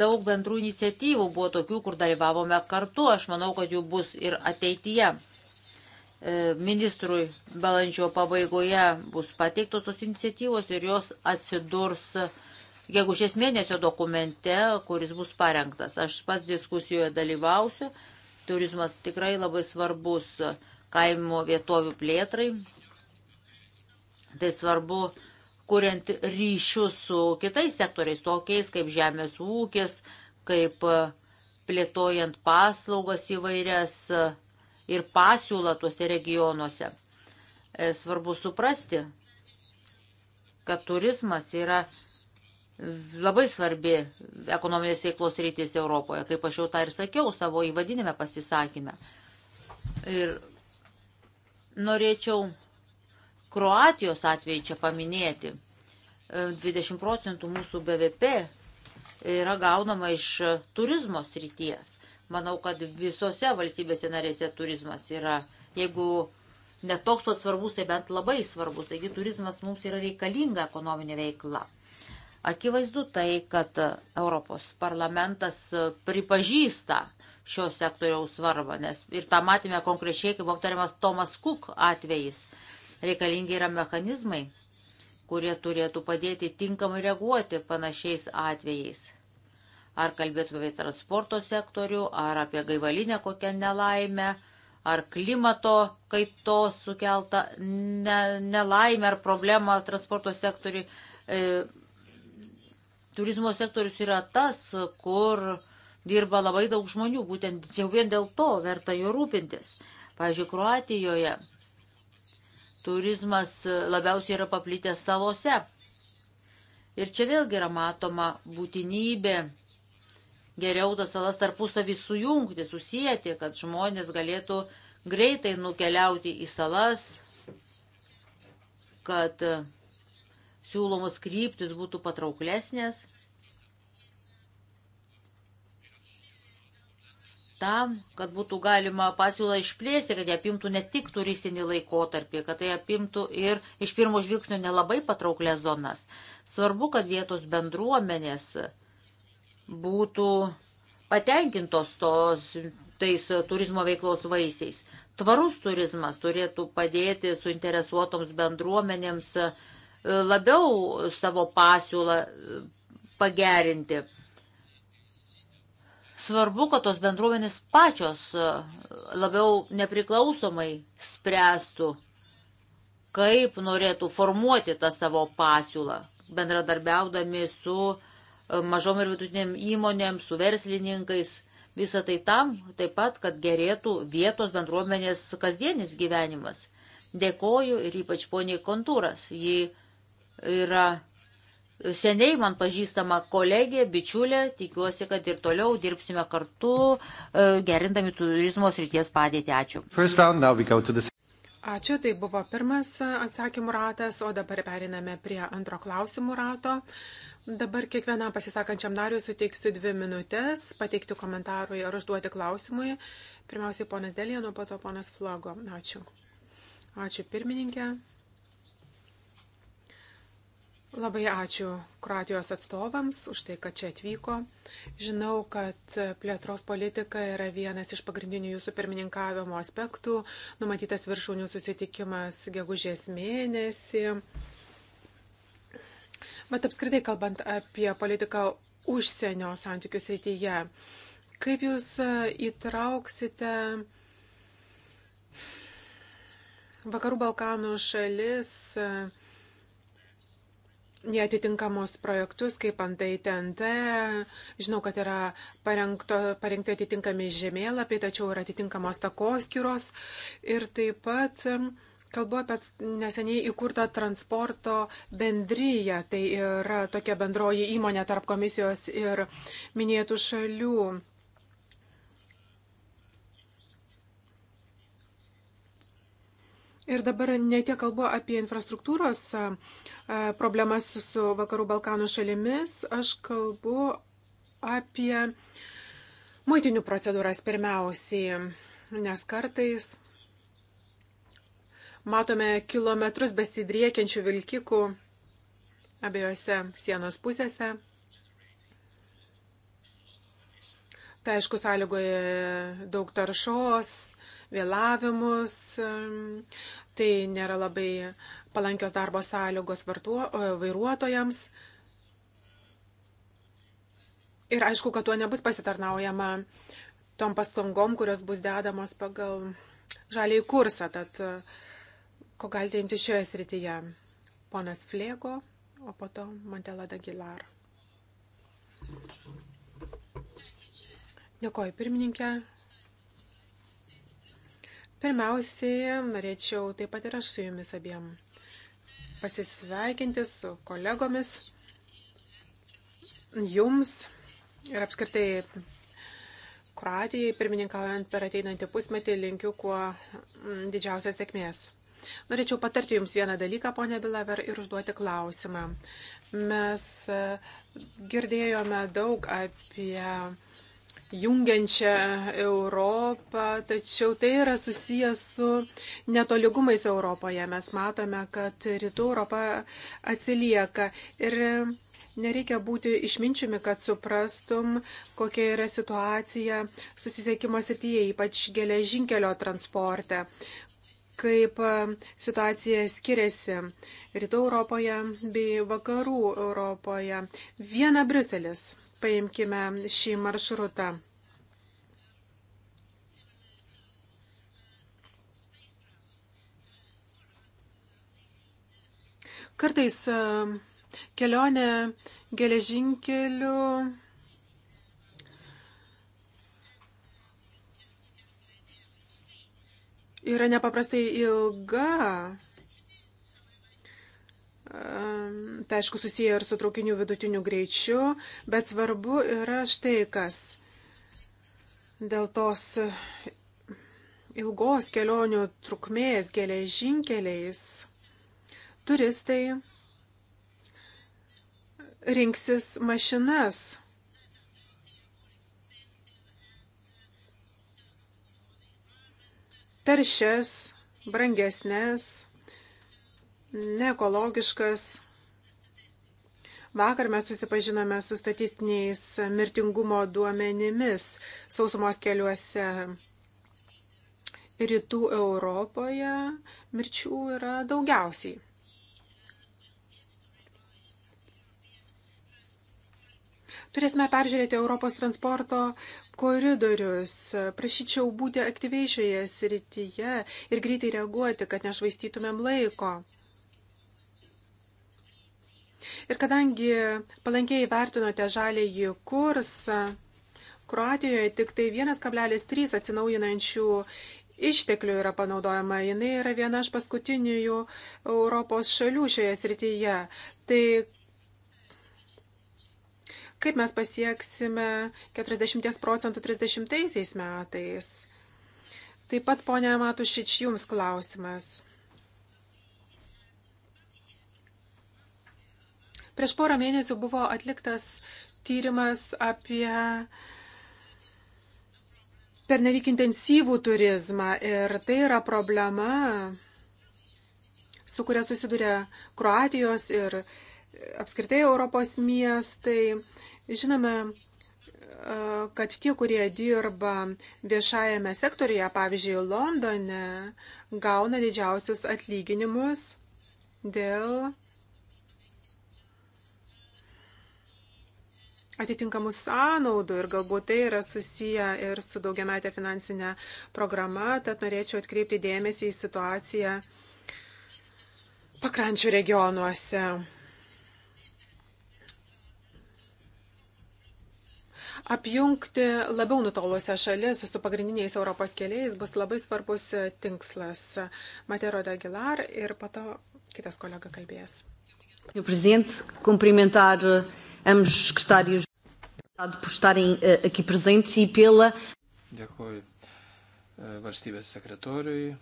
Daug bendrų iniciatyvų buvo tokių, kur dalyvavome kartu. Aš manau, kad jų bus ir ateityje. E, ministrui balandžio pabaigoje bus pateiktos tos iniciatyvos ir jos atsidurs uh, gegužės mėnesio dokumente, kuris bus parengtas. Aš pats diskusijoje dalyvausiu. Turizmas tikrai labai svarbus kaimo vietovių plėtrai. Tai svarbu, kuriant ryšius su kitais sektoriais, tokiais kaip žemės ūkis, kaip plėtojant paslaugas įvairias ir pasiūlą tuose regionuose. E, svarbu suprasti, kad turizmas yra labai svarbi ekonominės veiklos rytis Europoje, kaip aš jau tą ir sakiau savo įvadinėme pasisakymę. Ir norėčiau Kroatijos atvejį čia paminėti. 20 e, procentų mūsų BVP yra gaunama iš turizmo srities. Manau, kad visose valstybėse narėse turizmas yra, jeigu netoks to svarbus, tai bent labai svarbus. Taigi turizmas mums yra reikalinga ekonominė veikla. Akivaizdu tai, kad Europos parlamentas pripažįsta šio sektoriaus svarbą, nes ir tą matėme konkrečiai, kaip aptariamas Tomas Cook atvejis. Reikalingi yra mechanizmai, kurie turėtų padėti tinkamai reaguoti panašiais atvejais. Ar kalbėtume apie transporto sektorių, ar apie gaivalinę kokią nelaimę, ar klimato kaitos sukeltą nelaimę ar problemą transporto sektoriui. E, turizmo sektorius yra tas, kur dirba labai daug žmonių, būtent jau vien dėl to verta jo rūpintis. Pavyzdžiui, Kroatijoje turizmas labiausiai yra paplitęs salose. Ir čia vėlgi yra matoma būtinybė geriau tas salas tarpusavį sujungti, susijęti, kad žmonės galėtų greitai nukeliauti į salas, kad siūlomos kryptis būtų patrauklesnės. tam, kad būtų galima pasiūlą išplėsti, kad jie apimtų ne tik turistinį laikotarpį, kad tai apimtų ir iš pirmo žvilgsnio nelabai patrauklės zonas. Svarbu, kad vietos bendruomenės būtų patenkintos tos, tais turizmo veiklos vaisiais. Tvarus turizmas turėtų padėti suinteresuotoms bendruomenėms e, labiau savo pasiūlą e, pagerinti Svarbu, kad tos bendruomenės pačios e, labiau nepriklausomai spręstų, kaip norėtų formuoti tą savo pasiūlą, bendradarbiaudami su e, mažom ir vidutiniam įmonėm, su verslininkais. Visą tai tam taip pat, kad gerėtų vietos bendruomenės kasdienis gyvenimas. Dėkoju ir ypač poniai Kontūras. Ji yra seniai man pažįstama kolegė, bičiulė, tikiuosi, kad ir toliau dirbsime kartu, e, gerindami turizmo srities padėtį. Ačiū. Ačiū, tai buvo pirmas atsakymų ratas, o dabar periname prie antro klausimų rato. Dabar kiekvienam pasisakančiam nariui suteiksiu dvi minutės pateikti komentarui ar užduoti klausimui. Pirmiausiai ponas Delė, nuo pato ponas Flago. Ačiū. Ačiū pirmininkė. Labai ačiū Kroatijos atstovams už tai, kad čia atvyko. Žinau, kad plėtros politika yra vienas iš pagrindinių jūsų pirmininkavimo aspektų. Numatytas viršūnių susitikimas gegužės mėnesį. Bet apskritai kalbant apie politiką užsienio santykių srityje, kaip jūs įtrauksite Vakarų Balkanų šalis? neatitinkamos projektus, kaip antai TNT. Žinau, kad yra parengto, parengti atitinkami žemėlapiai, tačiau yra atitinkamos takoskiros. Ir taip pat kalbu apie neseniai įkurtą transporto bendryją. Tai yra tokia bendroji įmonė tarp komisijos ir minėtų šalių. Ir dabar ne tiek kalbu apie infrastruktūros problemas su Vakarų Balkanų šalimis, aš kalbu apie muitinių procedūras pirmiausiai, nes kartais matome kilometrus besidriekiančių vilkikų abiejose sienos pusėse, Tai aišku, sąlygoje daug taršos, vėlavimus, Tai nėra labai palankios darbo sąlygos vartuo, e, vairuotojams. Ir aišku, kad tuo nebus pasitarnaujama tom pastangom, kurios bus dedamos pagal žaliai kursą. Tad e, ko galite imti šioje srityje? Ponas Flėgo, o po to Mantela Dagilar. Dėkoju, pirmininkė. Pirmiausiai, norėčiau taip pat ir aš su jumis abiem pasisveikinti su kolegomis, jums ir apskritai Kroatijai, pirmininkaujant per ateinantį pusmetį, linkiu kuo didžiausios sėkmės. Norėčiau patarti Jums vieną dalyką, ponė Bilaver, ir užduoti klausimą. Mes e, girdėjome daug apie jungiančią Europą, tačiau tai yra susijęs su netolygumais Europoje. Mes matome, kad rytų Europa atsilieka ir nereikia būti išminčiumi, kad suprastum, kokia yra situacija susisiekimo srityje, ypač geležinkelio transporte kaip situacija skiriasi rytų Europoje bei vakarų Europoje. Viena Briuselis Paimkime šį maršrutą. Kartais e, kelionė geležinkeliu yra nepaprastai ilga tai aišku susiję ir su traukiniu vidutiniu greičiu, bet svarbu yra štai kas. Dėl tos ilgos kelionių trukmės geležinkeliais turistai rinksis mašinas. Taršias, brangesnės neekologiškas. Vakar mes susipažinome su statistiniais mirtingumo duomenimis sausumos keliuose. Rytų Europoje mirčių yra daugiausiai. Turėsime peržiūrėti Europos transporto koridorius. Prašyčiau būti aktyviai šioje srityje ir greitai reaguoti, kad nešvaistytumėm laiko. Ir kadangi palankiai vertinote žalėjį kursą, Kroatijoje tik tai 1,3 atsinaujinančių išteklių yra panaudojama. Jis yra viena iš paskutinių Europos šalių šioje srityje. Tai kaip mes pasieksime 40 procentų 30 metais? Taip pat, ponia Matušič, jums klausimas. Prieš porą mėnesių buvo atliktas tyrimas apie pernelyg intensyvų turizmą ir tai yra problema, su kuria susiduria Kroatijos ir apskritai Europos miestai. Žinome, e, kad tie, kurie dirba viešajame sektorija, pavyzdžiui, Londone, gauna didžiausius atlyginimus dėl atitinkamų sąnaudų ir galbūt tai yra susiję ir su daugiametė finansinė programa, tad norėčiau atkreipti dėmesį į situaciją pakrančių regionuose. Apjungti labiau nutolusią šalis su pagrindiniais Europos keliais bus labai svarbus tinkslas. Matero Dagilar ir pato kitas kolega kalbėjęs. Senhor Presidente, cumprimentar ambos secretários por estarem eh, aqui presentes e pela. Dėkuoju eh, valstybės sekretoriui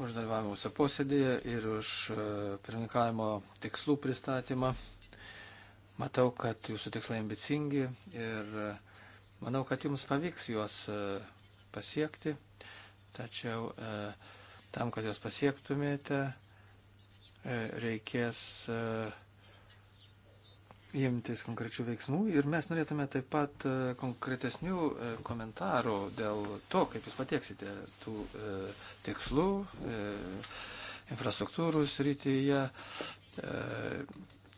už dalyvavimuose posėdėje eh, ir už pirmininkavimo tikslų pristatymą. Matau, kad jūsų tikslai ambicingi ir manau, kad jums pavyks juos pasiekti. Tačiau tam, kad juos pasiektumėte, reikės imtis konkrečių veiksmų ir mes norėtume taip pat e, konkretesnių e, komentarų dėl to, kaip jūs patieksite tų e, tikslų e, infrastruktūrų srityje, e,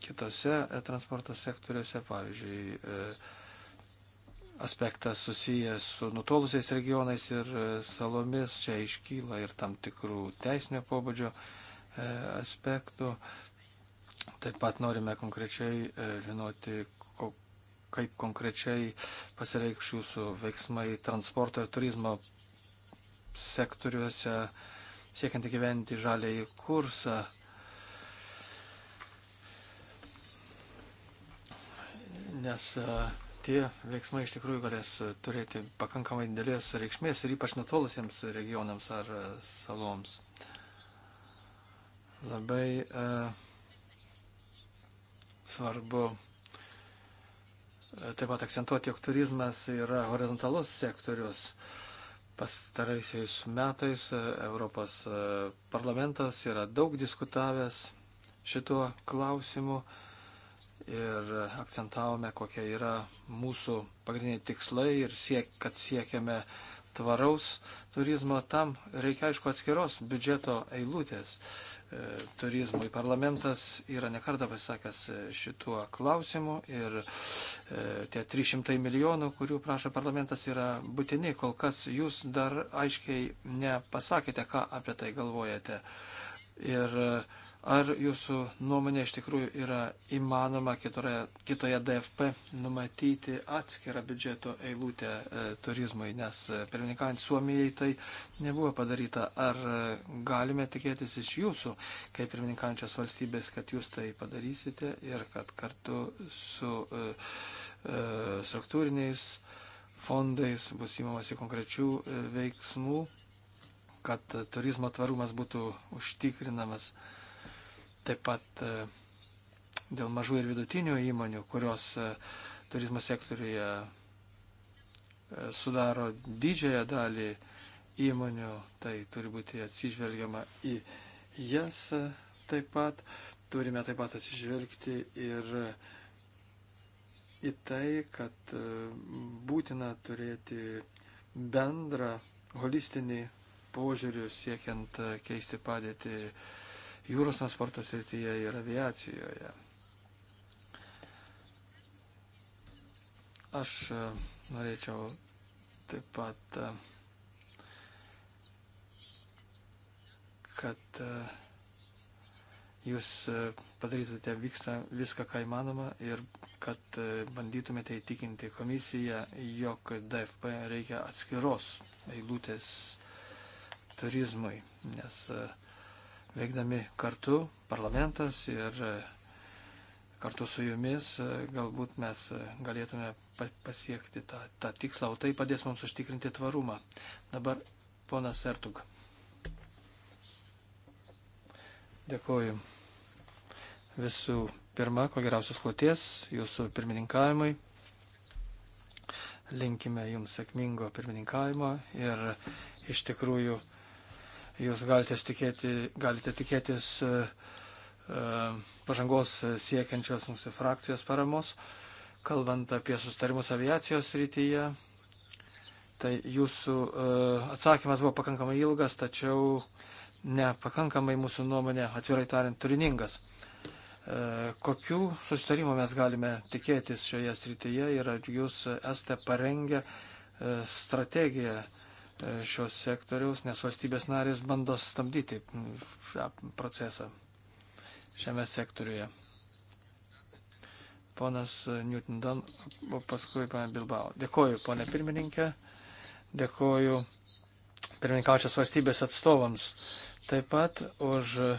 kitose e, transporto sektoriuose, pavyzdžiui, aspektas susijęs su nutolusiais regionais ir salomis, čia iškyla ir tam tikrų teisinio pobūdžio aspektų. E, Taip pat norime konkrečiai e, žinoti, kaip konkrečiai pasireikš jūsų veiksmai transporto ir turizmo sektoriuose, siekiant įgyventi žaliai kursą. Nes e, tie veiksmai iš tikrųjų galės turėti pakankamai didelės reikšmės ir ypač nutolusiems regionams ar e, saloms. Labai uh, Svarbu e, taip pat akcentuoti, jog turizmas yra horizontalus sektorius. Pastaraisiais metais e, Europos e, parlamentas yra daug diskutavęs šituo klausimu ir akcentavome, kokie yra mūsų pagrindiniai tikslai ir siek, kad siekiame tvaraus turizmo. Tam reikia, aišku, atskiros biudžeto eilutės. Uh, E, turizmui. Parlamentas yra nekarta pasakęs šituo klausimu ir e, tie 300 milijonų, kurių prašo parlamentas, yra būtini. Kol kas jūs dar aiškiai nepasakėte, ką apie tai galvojate. Ir uh, Ar jūsų nuomonė iš tikrųjų yra įmanoma kitoje, kitoje DFP numatyti atskirą biudžeto eilutę e, turizmui, nes e, pirmininkant Suomijai tai nebuvo padaryta. Ar e, galime tikėtis iš jūsų, kaip pirmininkančios valstybės, kad jūs tai padarysite ir kad kartu su e, e, struktūriniais fondais bus įmamasi konkrečių e, veiksmų kad turizmo tvarumas būtų užtikrinamas. Taip pat e, dėl mažų ir vidutinių įmonių, kurios e, turizmo sektoriuje e, sudaro didžiąją dalį įmonių, tai turi būti atsižvelgiama į jas taip pat. Turime taip pat atsižvelgti ir į tai, kad būtina turėti bendrą holistinį požiūrių siekiant e, keisti padėtį jūros transporto srityje ir aviacijoje. Aš e, norėčiau taip pat, e, kad jūs padarytumėte viską, ką įmanoma ir kad bandytumėte įtikinti komisiją, jog DFP reikia atskiros eilutės turizmui, nes e, veikdami kartu, parlamentas ir e, kartu su jumis e, galbūt mes galėtume pasiekti tą, tą tikslą, o tai padės mums užtikrinti tvarumą. Dabar ponas Ertug. Dėkuoju. Visų pirma, ko geriausios kloties jūsų pirmininkavimui. Linkime jums sėkmingo pirmininkavimo ir iš tikrųjų jūs galite tikėti, galite tikėtis e, e, pažangos siekiančios mūsų frakcijos paramos. Kalbant apie sustarimus aviacijos rytyje, tai jūsų e, atsakymas buvo pakankamai ilgas, tačiau nepakankamai mūsų nuomonė, atvirai tariant, turiningas. Kokių susitarimų mes galime tikėtis šioje srityje ir ar jūs esate parengę strategiją E, šios sektoriaus, nes valstybės narės bando stabdyti šią procesą šiame sektoriuje. Ponas Newton Don, o paskui pana Bilbao. Dėkoju, ponė pirmininkė, dėkoju pirmininkaučios valstybės atstovams taip pat už e,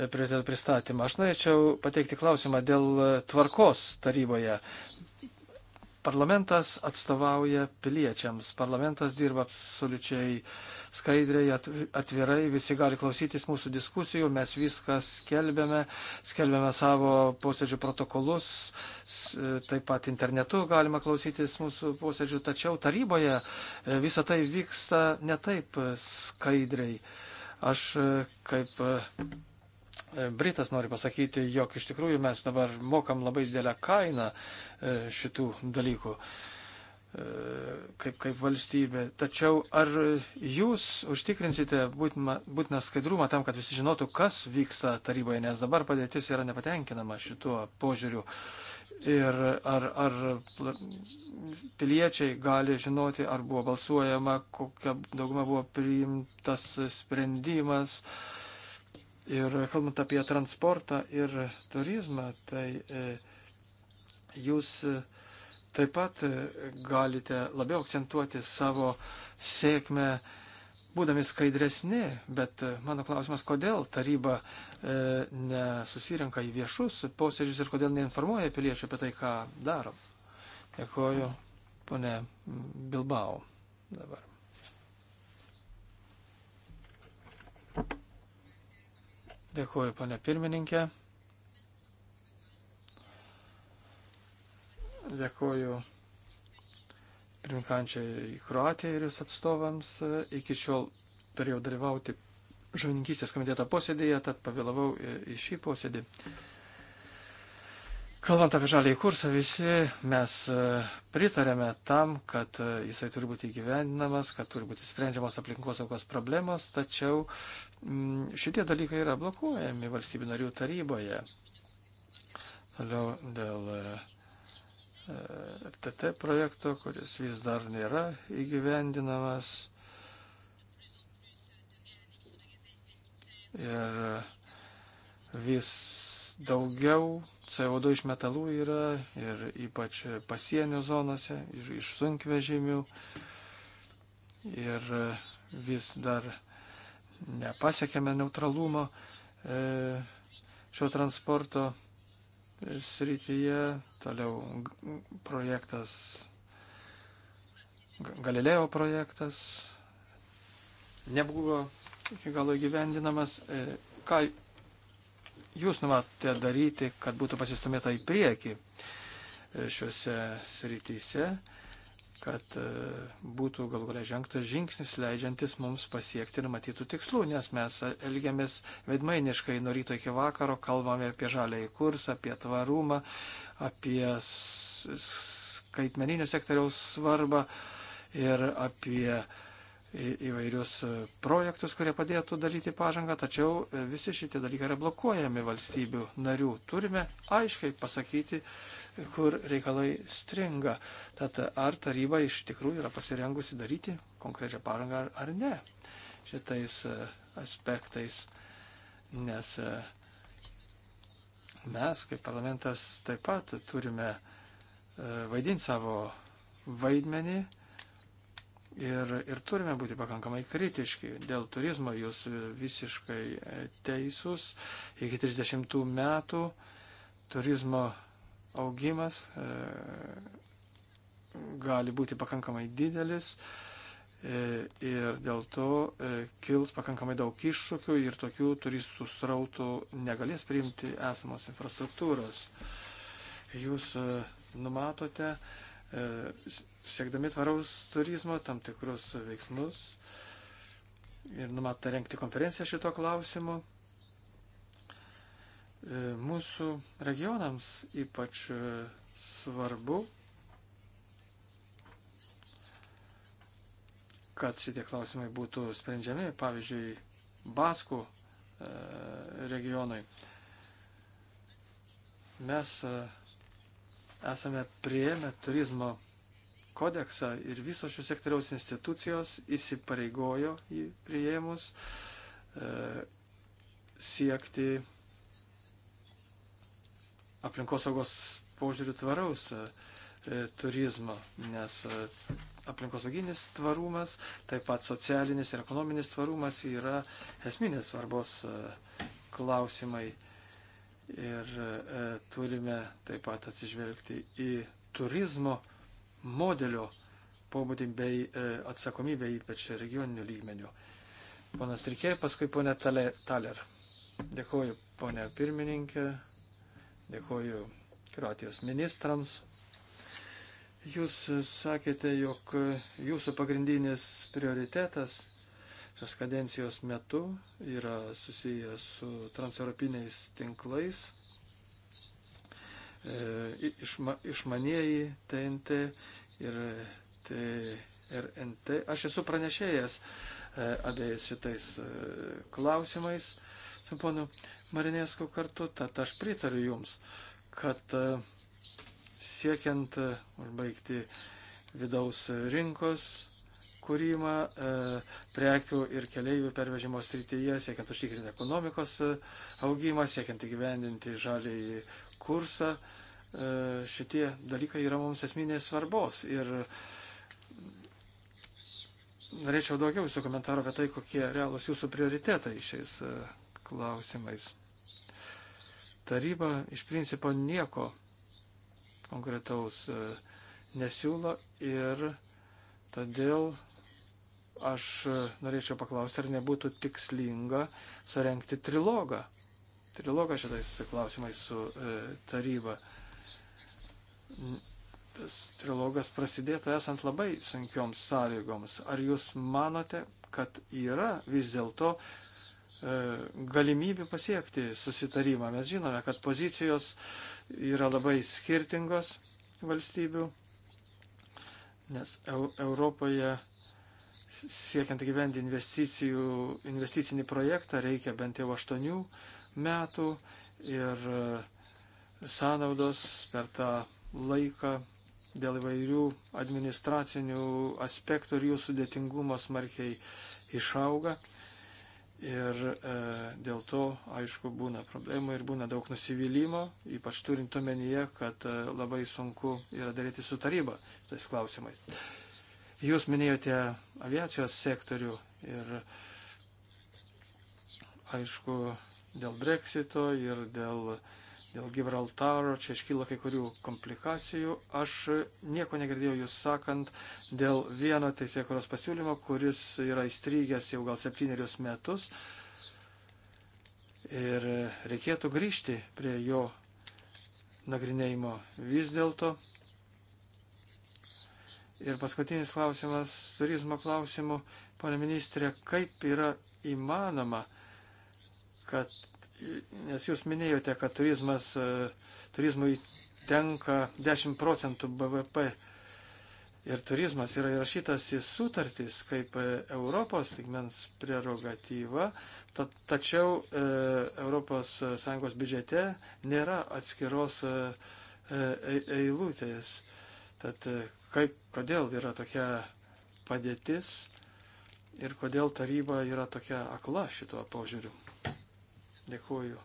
prioritėtų pristatymą. Aš norėčiau pateikti klausimą dėl tvarkos taryboje. Parlamentas atstovauja piliečiams, parlamentas dirba absoliučiai skaidriai, atvirai, visi gali klausytis mūsų diskusijų, mes viską skelbėme, skelbėme savo posėdžių protokolus, taip pat internetu galima klausytis mūsų posėdžių, tačiau taryboje e, visa tai vyksta ne taip skaidriai. Aš e, kaip e, E, Britas nori pasakyti, jog iš tikrųjų mes dabar mokam labai didelę kainą e, šitų dalykų e, kaip, kaip valstybė. Tačiau ar jūs užtikrinsite būtiną, būtiną skaidrumą tam, kad visi žinotų, kas vyksta taryboje, nes dabar padėtis yra nepatenkinama šituo požiūriu. Ir ar, ar piliečiai gali žinoti, ar buvo balsuojama, kokia dauguma buvo priimtas sprendimas. Uh, Ir kalbant apie transportą ir turizmą, tai e, jūs e, taip pat e, galite labiau akcentuoti savo sėkmę, būdami skaidresni, bet mano klausimas, kodėl taryba nesusirenka į viešus posėdžius ir kodėl neinformuoja piliečių apie tai, ką daro. Dėkoju, ponė Bilbao. Dabar. Dėkuoju, ponė pirmininkė. Dėkuoju pirmininkančiai Kroatijai ir jūs atstovams. Iki šiol turėjau dalyvauti žuvininkystės komiteto posėdėje, tad pavėlavau į šį posėdį. Kalbant apie žalį kursą, visi mes e, pritarėme tam, kad e, jisai turi būti įgyvendinamas, kad turi būti sprendžiamos aplinkosaugos problemos, tačiau Mm, šitie dalykai yra blokuojami valstybių narių taryboje. Toliau dėl FTT e, e, projekto, kuris vis dar nėra įgyvendinamas. Ir e, vis daugiau CO2 iš metalų yra ir ypač pasienio zonose, iš, iš sunkvežimių. Ir vis dar uh, nepasiekėme neutralumo e, šio transporto e, srityje. Toliau projektas Galilėjo projektas nebuvo iki galo įgyvendinamas. E, ką jūs numatote daryti, kad būtų pasistumėta į priekį šiuose srityse? kad e, būtų gal galia žengtas žingsnis, leidžiantis mums pasiekti ir matytų tikslų, nes mes elgiamės veidmainiškai nuo ryto iki vakaro, kalbame apie žalę į kursą, apie tvarumą, apie skaitmeninio sektoriaus svarbą ir apie įvairius projektus, kurie padėtų daryti pažangą, tačiau visi šitie dalykai yra blokuojami valstybių narių. Turime aiškiai pasakyti, kur reikalai stringa. Tad ar taryba iš tikrųjų yra pasirengusi daryti konkrečią parangą ar ne šitais e, aspektais, nes e, mes kaip parlamentas taip pat turime e, vaidinti savo vaidmenį ir, ir turime būti pakankamai kritiški. Dėl turizmo jūs visiškai teisūs. Iki 30 metų turizmo augimas e, gali būti pakankamai didelis e, ir dėl to e, kils pakankamai daug iššūkių ir tokių turistų srautų negalės priimti esamos infrastruktūros. Jūs numatote, siekdami tvaraus turizmo, tam tikrus veiksmus ir numatą renkti konferenciją šito klausimu. E, mūsų regionams ypač e, svarbu, kad šitie klausimai būtų sprendžiami, pavyzdžiui, Baskų e, regionai. Mes esame prieėmę turizmo kodeksą ir visos šių sektoriaus institucijos įsipareigojo jį prieimus siekti aplinkosaugos požiūrių tvaraus e, e, turizmo, nes e, aplinkosauginis tvarumas, taip pat socialinis ir ekonominis tvarumas yra esminės svarbos klausimai ir turime taip pat atsižvelgti į turizmo modelio pobūdį bei atsakomybę, ypač regioninių lygmenių. Ponas Rikė, paskui ponė Taler. Dėkuoju, ponė pirmininkė. Dėkoju Kroatijos ministrams. Jūs sakėte, jog jūsų pagrindinis prioritetas šios kadencijos metu yra susijęs su transeuropiniais tinklais, e, išma, išmanieji TNT ir TRNT. Aš esu pranešėjęs e, abiejais šitais e, klausimais su ponu Marinėsku kartu, tad aš pritariu Jums, kad e, siekiant e, užbaigti vidaus rinkos kūrimą, e, prekių ir keleivių pervežimo srityje, siekiant užtikrinti ekonomikos augimą, siekiant įgyvendinti žaliai kursą. Šitie dalykai yra mums esminės svarbos ir norėčiau daugiau jūsų komentarų apie tai, kokie realūs jūsų prioritetai šiais klausimais. Taryba iš principo nieko konkretaus e, nesiūlo ir todėl aš e, norėčiau paklausti, ar nebūtų tikslinga surenkti trilogą. Trilogą šitais klausimais su e, taryba. Tas trilogas prasidėtų esant labai sunkioms sąlygoms. Ar jūs manote, kad yra vis dėlto E, galimybių pasiekti susitarimą. Mes žinome, kad pozicijos yra labai skirtingos valstybių, nes Europoje siekiant gyventi investicinį projektą reikia bent jau aštuonių metų ir e, sąnaudos per tą laiką dėl įvairių administracinių aspektų ir jų sudėtingumo smarkiai išauga. Ir e, dėl to, aišku, būna problemų ir būna daug nusivylimų, ypač turint omenyje, kad e, labai sunku yra daryti su taryba tais klausimais. Jūs minėjote aviacijos sektorių ir, aišku, dėl breksito ir dėl e, dėl Gibraltaro, čia iškyla kai kurių komplikacijų. Aš nieko negirdėjau jūs sakant dėl vieno teisėkuros pasiūlymo, kuris yra įstrygęs jau gal septynerius metus. Ir reikėtų grįžti prie jo nagrinėjimo vis dėlto. Ir paskutinis klausimas, turizmo klausimų, ponė ministrė, kaip yra įmanoma, kad nes jūs minėjote, kad turizmas, e, turizmui tenka 10 procentų BVP ir turizmas yra įrašytas į sutartis kaip e, Europos ligmens prerogatyva, ta, tačiau ES biudžete nėra atskiros e, eilutės. Tad kaip, kodėl yra tokia padėtis ir kodėl taryba yra tokia akla šituo požiūriu? Dėkuoju.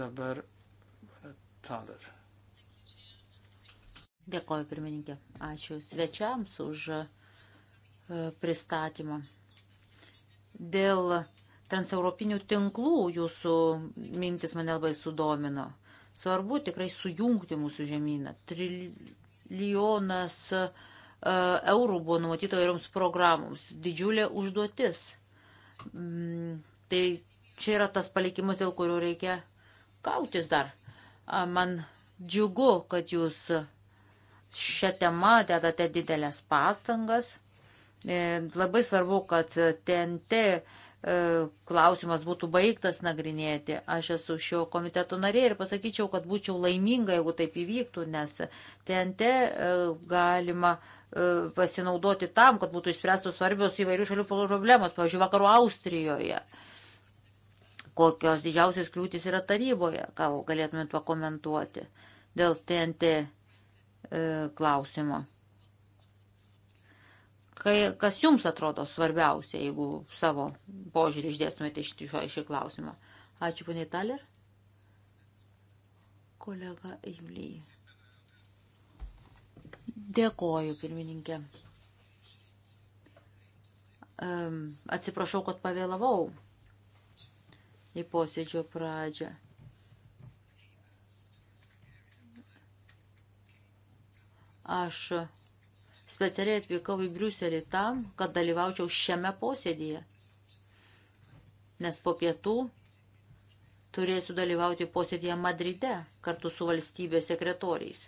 Dabar Taler. Dėkuoju, pirmininkė. Ačiū svečiams už e, pristatymą. Dėl transeuropinių tinklų jūsų mintis mane labai sudomino. Svarbu tikrai sujungti mūsų žemyną. Trilijonas e, eurų buvo numatyta įvairioms programoms. Didžiulė užduotis. Mm, tai čia yra tas palikimas, dėl kurio reikia kautis dar. Man džiugu, kad jūs šią temą dedate didelės pastangas. E, labai svarbu, kad TNT e, klausimas būtų baigtas nagrinėti. Aš esu šio komiteto narė ir pasakyčiau, kad būčiau laiminga, jeigu taip įvyktų, nes TNT e, galima pasinaudoti tam, kad būtų išspręstos svarbios įvairių šalių problemos, pavyzdžiui, vakarų Austrijoje. Uh, kokios didžiausios kliūtis yra taryboje, gal galėtume tuo komentuoti dėl TNT e, klausimo. Kai, kas jums atrodo svarbiausia, jeigu savo požiūrį išdėstumėte iš šį klausimą? Ačiū, ponė Taler. Kolega Julijai. Dėkoju, pirmininkė. Um, atsiprašau, kad pavėlavau į posėdžio pradžią. Aš specialiai atvykau į Briuselį tam, kad dalyvaučiau šiame posėdėje, nes po pietų turėsiu dalyvauti posėdėje Madride kartu su valstybės sekretoriais.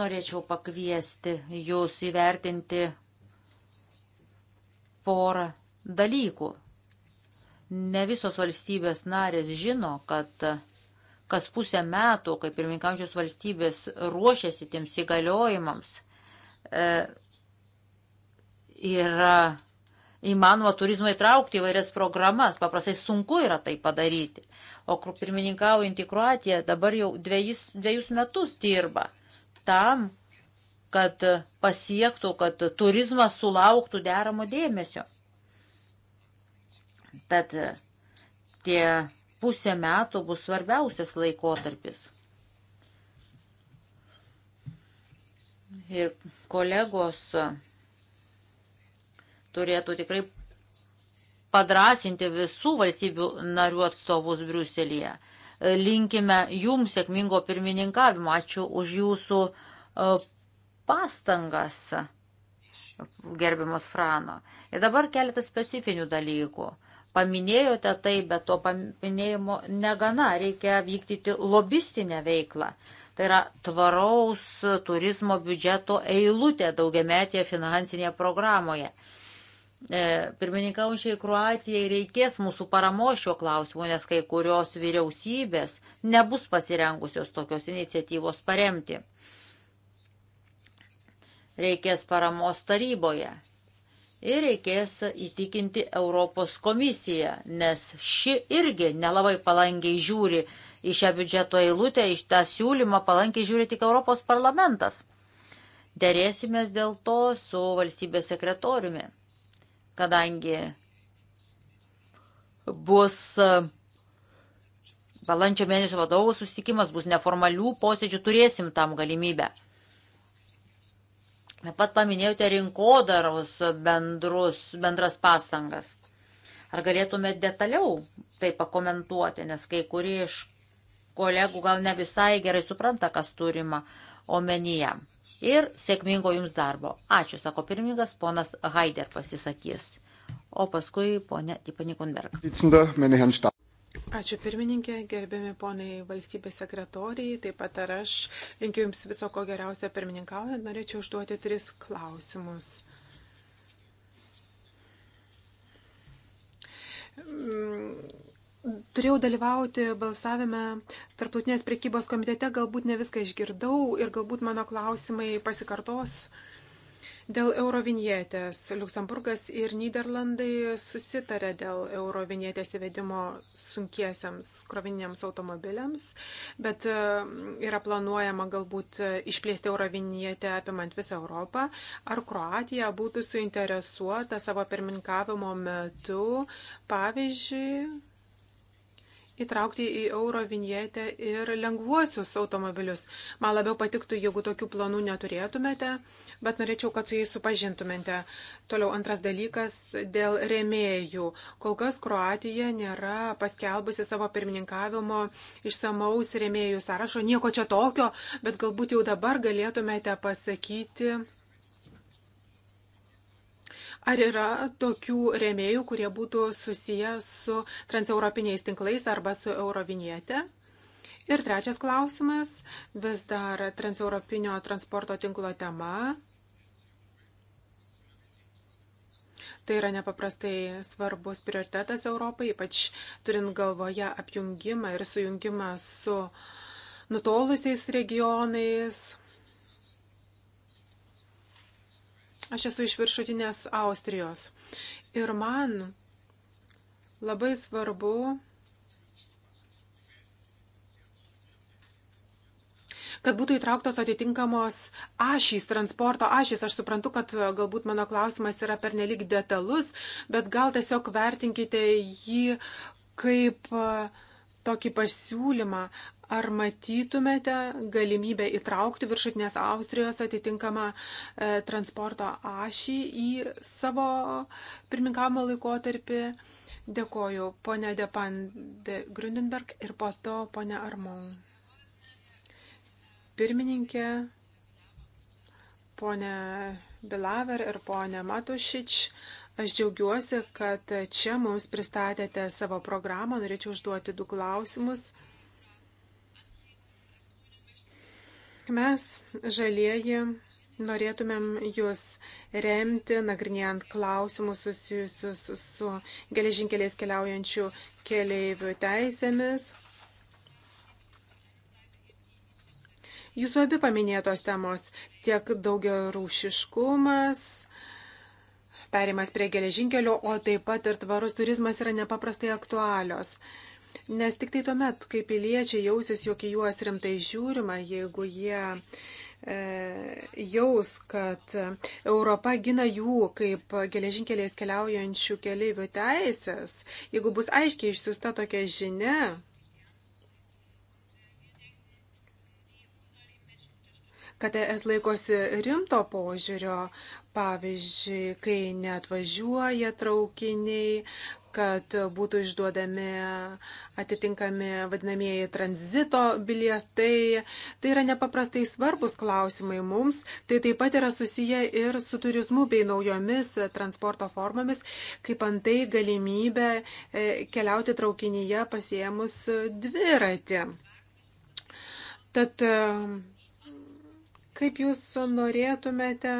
Norėčiau pakviesti jūs įvertinti porą dalykų Ne visos valstybės narės žino, kad kas pusę metų, kaip ir minkamčios valstybės ruošiasi tiems įgaliojimams, e, yra įmanoma turizmą įtraukti į vairias programas. Paprastai sunku yra tai padaryti. O pirmininkaujantį Kroatiją dabar jau dviejus, dviejus metus dirba tam, kad pasiektų, kad turizmas sulauktų deramo dėmesio. Tad e, tie pusė metų bus svarbiausias laikotarpis. Ir kolegos e, turėtų tikrai padrasinti visų valstybių narių atstovus Briuselėje. E, linkime jums sėkmingo pirmininkavimo. Ačiū už jūsų pastangas, gerbiamas Frano. Ir dabar keletas specifinių dalykų Paminėjote tai, bet to paminėjimo negana, reikia vykdyti lobistinę veiklą. Tai yra tvaraus turizmo biudžeto eilutė daugiametėje finansinėje programoje. E, Pirmininkaučiai Kruatijai reikės mūsų paramo šio klausimu, nes kai kurios vyriausybės nebus pasirengusios tokios iniciatyvos paremti. Reikės paramos taryboje ir reikės įtikinti Europos komisiją, nes ši irgi nelabai palankiai žiūri į šią biudžeto eilutę, iš tą siūlymą palankiai žiūri tik Europos parlamentas. Dėrėsimės dėl to su valstybės sekretoriumi, kadangi bus e, balandžio mėnesio vadovų susitikimas, bus neformalių posėdžių, turėsim tam galimybę. Taip pat paminėjote rinkodaros bendrus, bendras pastangas. Ar galėtumėte detaliau tai pakomentuoti, nes kai kurie iš kolegų gal ne visai gerai supranta, kas turima omenyje. Ir sėkmingo jums darbo. Ačiū, sako pirmininkas, ponas Haider pasisakys. O paskui ponė Tipani Kunberg. Ačiū pirmininkė, gerbiami poniai valstybės sekretoriai, taip pat ar aš linkiu Jums viso ko geriausio pirmininkaujant, norėčiau užduoti tris klausimus. Mm, turėjau dalyvauti balsavime tarptautinės prekybos komitete, galbūt ne viską išgirdau ir galbūt mano klausimai pasikartos. Uh, Dėl eurovinietės Luksemburgas ir Niderlandai susitarė dėl eurovinietės įvedimo sunkiesiams krovininiams automobiliams, bet e, yra planuojama galbūt išplėsti eurovinietę apimant visą Europą. Ar Kroatija būtų suinteresuota savo pirmininkavimo metu, pavyzdžiui, įtraukti į euro vinietę ir lengvuosius automobilius. Man labiau patiktų, jeigu tokių planų neturėtumėte, bet norėčiau, kad su jais supažintumėte. Toliau antras dalykas dėl remėjų. Kol kas Kroatija nėra paskelbusi savo pirmininkavimo išsamaus remėjų sąrašo. Nieko čia tokio, bet galbūt jau dabar galėtumėte pasakyti Ar yra tokių rėmėjų, kurie būtų susiję su transeuropiniais tinklais arba su Eurovinietė? Ir trečias klausimas, vis dar transeuropinio transporto tinklo tema. Tai yra nepaprastai svarbus prioritetas Europai, ypač turint galvoje apjungimą ir sujungimą su nutolusiais regionais, Aš esu iš viršutinės Austrijos. Ir man labai svarbu, kad būtų įtrauktos atitinkamos ašys, transporto ašys. Aš suprantu, kad galbūt mano klausimas yra pernelik detalus, bet gal tiesiog vertinkite jį kaip tokį pasiūlymą. Ar matytumėte galimybę įtraukti viršutinės Austrijos atitinkamą e, transporto ašį į savo pirmininkavimo laikotarpį? Dėkoju, ponė Depan de Grundenberg ir po to ponė Armon. Pirmininkė, ponė Bilaver ir ponė Matušič. Aš džiaugiuosi, kad čia mums pristatėte savo programą. Norėčiau užduoti du klausimus. Mes, žalieji, norėtumėm jūs remti, nagrinėjant klausimus susijusius su geležinkeliais keliaujančių keleivių teisėmis. Jūsų abi paminėtos temos - tiek daugia rūšiškumas, perimas prie geležinkelio, o taip pat ir tvarus turizmas yra nepaprastai aktualios. Nes tik tai tuomet, kai piliečiai jausis, jog į juos rimtai žiūrima, jeigu jie e, jaus, kad Europa gina jų kaip geležinkeliais keliaujančių keliaivių teisės, jeigu bus aiškiai išsiusta tokia žinia. kad es laikosi rimto požiūrio, pavyzdžiui, kai neatvažiuoja traukiniai kad būtų išduodami atitinkami vadinamieji tranzito bilietai. Tai yra nepaprastai svarbus klausimai mums. Tai taip pat yra susiję ir su turizmu bei naujomis transporto formomis, kaip antai galimybė e, keliauti traukinyje pasiemus dviratį. Tad e, kaip jūs norėtumėte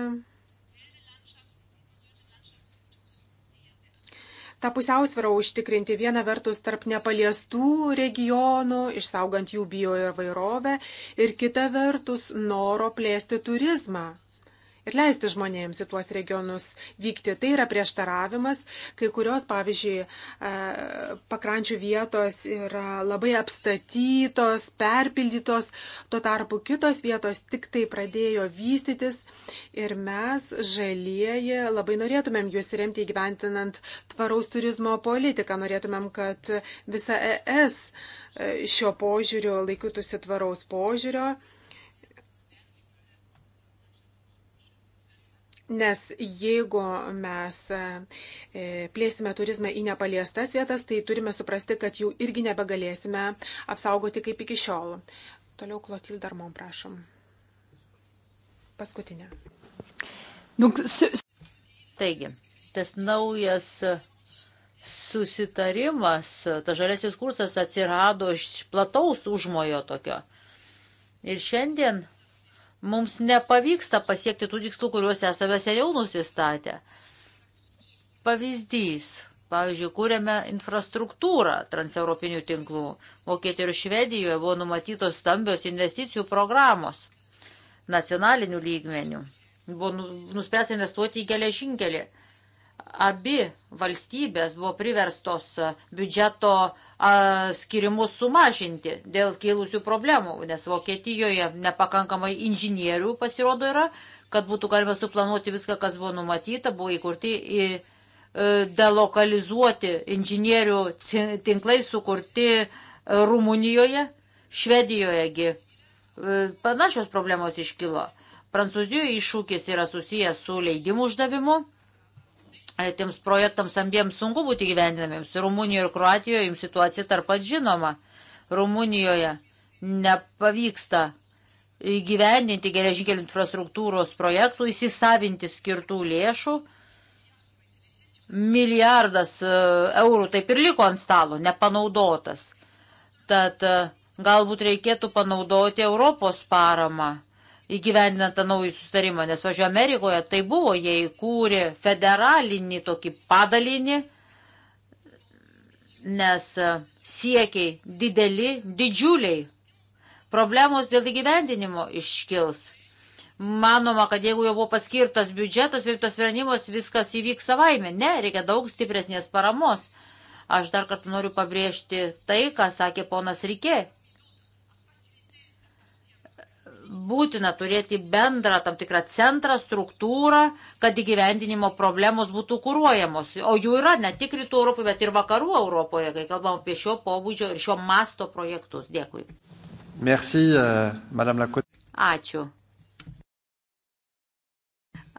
tą pusiausvyrą užtikrinti viena vertus tarp nepaliestų regionų, išsaugant jų bioįvairovę ir kita vertus noro plėsti turizmą ir leisti žmonėms į tuos regionus vykti. Tai yra prieštaravimas, kai kurios, pavyzdžiui, e, pakrančių vietos yra labai apstatytos, perpildytos, tuo tarpu kitos vietos tik tai pradėjo vystytis ir mes, žalieji, labai norėtumėm juos remti įgyventinant tvaraus turizmo politiką, norėtumėm, kad visa ES e, šio požiūrio laikytųsi tvaraus požiūrio Nes jeigu mes e, plėsime turizmą į nepaliestas vietas, tai turime suprasti, kad jų irgi nebegalėsime apsaugoti kaip iki šiol. Toliau Klotil Darmon, prašom. Paskutinė. Taigi, tas naujas susitarimas, tas žalėsis kursas atsirado iš plataus užmojo tokio. Ir šiandien mums nepavyksta pasiekti tų tikslų, kuriuos esame seniau nusistatę. Pavyzdys. Pavyzdžiui, kūrėme infrastruktūrą transeuropinių tinklų. Vokietijoje ir Švedijoje buvo numatytos stambios investicijų programos nacionalinių lygmenių. Buvo nu, nuspręsta investuoti į geležinkelį abi valstybės buvo priverstos biudžeto skirimus sumažinti dėl kilusių problemų, nes Vokietijoje nepakankamai inžinierių pasirodo yra, kad būtų galima suplanuoti viską, kas buvo numatyta, buvo įkurti į e, delokalizuoti inžinierių tinklai sukurti e, Rumunijoje, Švedijojegi. E, panašios problemos iškilo. Prancūzijoje iššūkis yra susijęs su leidimų uždavimu E, tiems projektams ambiems sunku būti gyvendinamiems. Rumunijoje ir Kroatijoje jums situacija tarp pat žinoma. Rumunijoje nepavyksta įgyvendinti geležinkelių infrastruktūros projektų, įsisavinti skirtų lėšų. Milijardas e, eurų taip ir liko ant stalo, nepanaudotas. Tad e, galbūt reikėtų panaudoti Europos paramą įgyvendinant tą naują sustarimą, nes, pažiūrėjau, Amerikoje tai buvo, jie įkūrė federalinį tokį padalinį, nes e, siekiai dideli, didžiuliai. Problemos dėl įgyvendinimo iškils. Manoma, kad jeigu jau buvo paskirtas biudžetas, priimtas sprendimas, viskas įvyks savaime. Ne, reikia daug stipresnės paramos. Aš dar kartą noriu pabrėžti tai, ką sakė ponas Rikė būtina turėti bendrą tam tikrą centrą, struktūrą, kad įgyvendinimo problemos būtų kūruojamos. O jų yra ne tik rytų Europoje, bet ir vakarų Europoje, kai kalbam apie šio pobūdžio ir šio masto projektus. Dėkui. Merci, uh, Madame Lacote. Ačiū.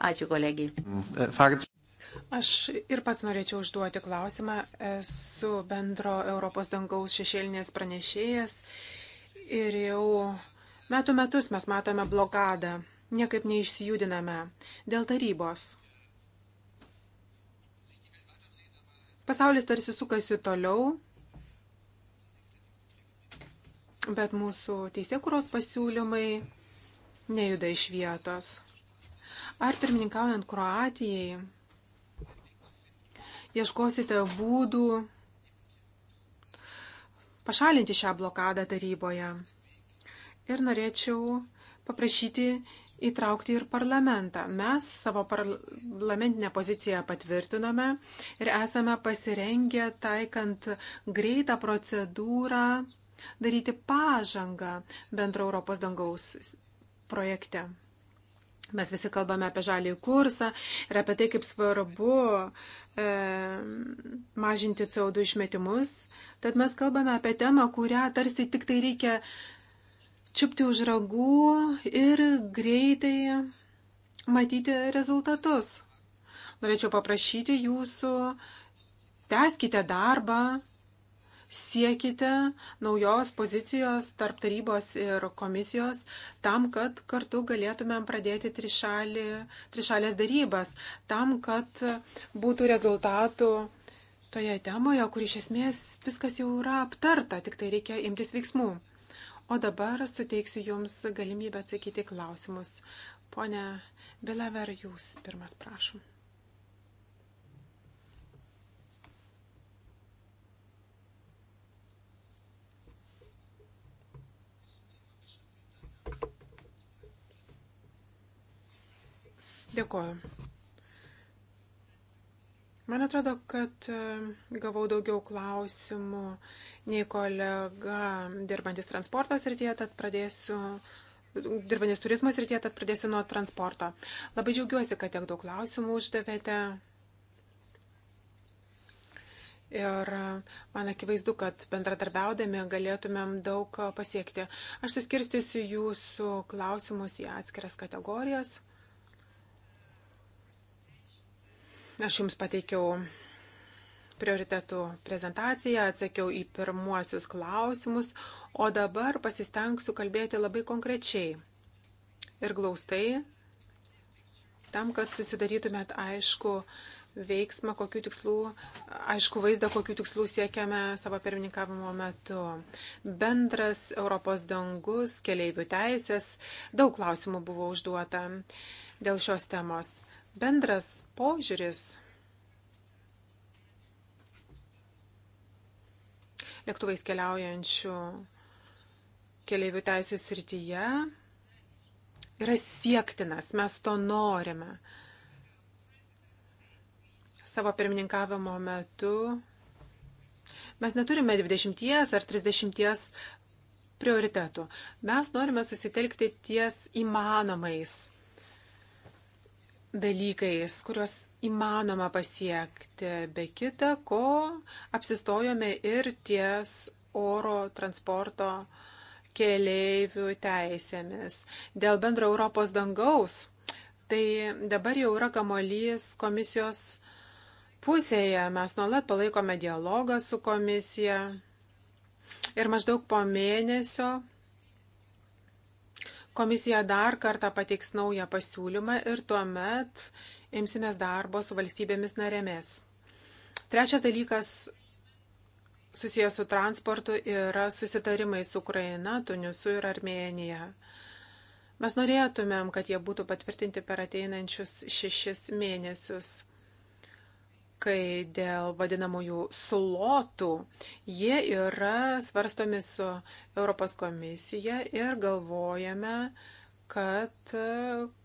Ačiū, kolegijai. Mm, eh, Fakt. Aš ir pats norėčiau užduoti klausimą. Esu bendro Europos dangaus šešėlinės pranešėjas ir jau Metų metus mes matome blokadą, niekaip neišsijudiname dėl tarybos. Pasaulis tarsi sukasi toliau, bet mūsų teisėkuros pasiūlymai nejuda iš vietos. Ar pirmininkaujant Kroatijai ieškosite būdų pašalinti šią blokadą taryboje? ir norėčiau paprašyti įtraukti ir parlamentą. Mes savo parlamentinę poziciją patvirtinome ir esame pasirengę taikant greitą procedūrą daryti pažangą bendro Europos dangaus projekte. Mes visi kalbame apie žalį kursą ir apie tai, kaip svarbu e, mažinti CO2 išmetimus. Tad mes kalbame apie temą, kurią tarsi tik tai reikia čiupti už ragų ir greitai matyti rezultatus. Norėčiau paprašyti jūsų, tęskite darbą, siekite naujos pozicijos tarp tarybos ir komisijos tam, kad kartu galėtumėm pradėti trišalį, trišalės darybas, tam, kad būtų rezultatų toje temoje, kur iš esmės viskas jau yra aptarta, tik tai reikia imtis veiksmų. O dabar suteiksiu Jums galimybę atsakyti klausimus. Pone Bilaver, Jūs pirmas prašom. Dėkuoju. Man atrodo, kad e, gavau daugiau klausimų nei kolega dirbantis transporto srityje, tad pradėsiu. Dirbantis turizmo srityje, tad pradėsiu nuo transporto. Labai džiaugiuosi, kad tiek daug klausimų uždavėte. Ir man akivaizdu, kad bendradarbiaudami galėtumėm daug pasiekti. Aš suskirstysiu jūsų klausimus į atskiras kategorijas. Aš Jums pateikiau prioritetų prezentaciją, atsakiau į pirmuosius klausimus, o dabar pasistengsiu kalbėti labai konkrečiai ir glaustai, tam, kad susidarytumėt aišku veiksmą, kokių tikslų, aišku vaizdą, kokių tikslų siekiame savo pirmininkavimo metu. Bendras Europos dangus, keleivių teisės, daug klausimų buvo užduota dėl šios temos bendras požiūris. Lėktuvais keliaujančių keliaivių teisų srityje yra siektinas, mes to norime. Savo pirmininkavimo metu mes neturime 20 ar 30 prioritetų. Mes norime susitelkti ties įmanomais dalykais, kuriuos įmanoma pasiekti. Be kita ko, apsistojome ir ties oro transporto keleivių teisėmis. Dėl bendro Europos dangaus, tai dabar jau yra kamolys komisijos pusėje. Mes nuolat palaikome dialogą su komisija. Ir maždaug po mėnesio Komisija dar kartą pateiks naują pasiūlymą ir tuomet imsimės darbo su valstybėmis narėmis. Trečias dalykas susijęs su transportu yra susitarimai su Ukraina, Tunisu ir Armėnija. Mes norėtumėm, kad jie būtų patvirtinti per ateinančius šešis mėnesius kai dėl vadinamųjų slotų jie yra svarstomi su Europos komisija ir galvojame, kad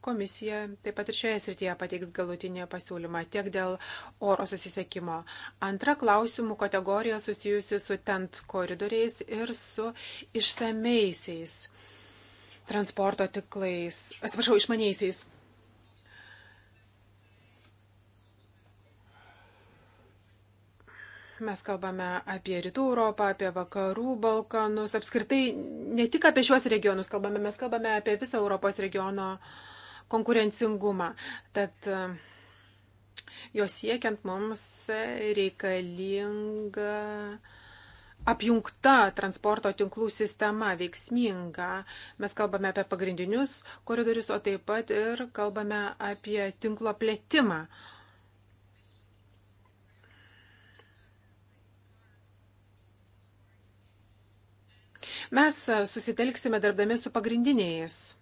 komisija taip pat ir šioje srityje pateiks galutinį pasiūlymą tiek dėl oro susisiekimo. Antra klausimų kategorija susijusi su tent koridoriais ir su išsameisiais transporto tiklais, atsiprašau, išmaniaisiais Mes kalbame apie Rytų Europą, apie Vakarų Balkanus, apskritai ne tik apie šiuos regionus kalbame, mes kalbame apie visą Europos regiono konkurencingumą. Tad jo siekiant mums reikalinga apjungta transporto tinklų sistema, veiksminga. Mes kalbame apie pagrindinius koridorius, o taip pat ir kalbame apie tinklo plėtimą. Mes e, susitelksime darbdami su pagrindiniais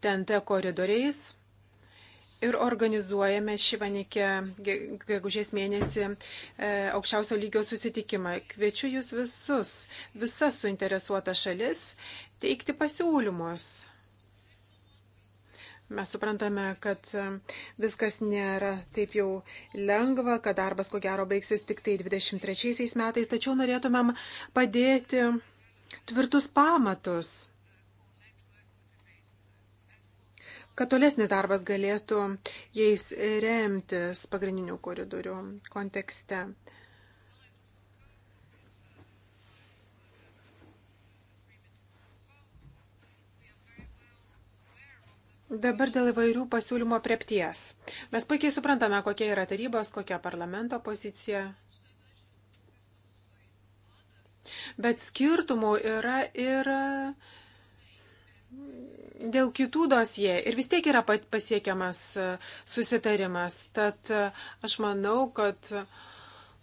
TNT koridoriais ir organizuojame Šivanike gegužės mėnesį e, aukščiausio lygio susitikimą. Kviečiu jūs visus, visas suinteresuotas šalis teikti pasiūlymus Mes suprantame, kad viskas nėra taip jau lengva, kad darbas ko gero baigsis tik tai 23 metais, tačiau norėtumėm padėti tvirtus pamatus, kad tolesnis darbas galėtų jais remtis pagrindinių koridorių kontekste. Dabar dėl įvairių pasiūlymo priepties. Mes puikiai suprantame, kokia yra tarybos, kokia parlamento pozicija. Bet skirtumų yra ir e, dėl kitų dosie ir vis tiek yra pasiekiamas e, susitarimas. Tad e, aš manau, kad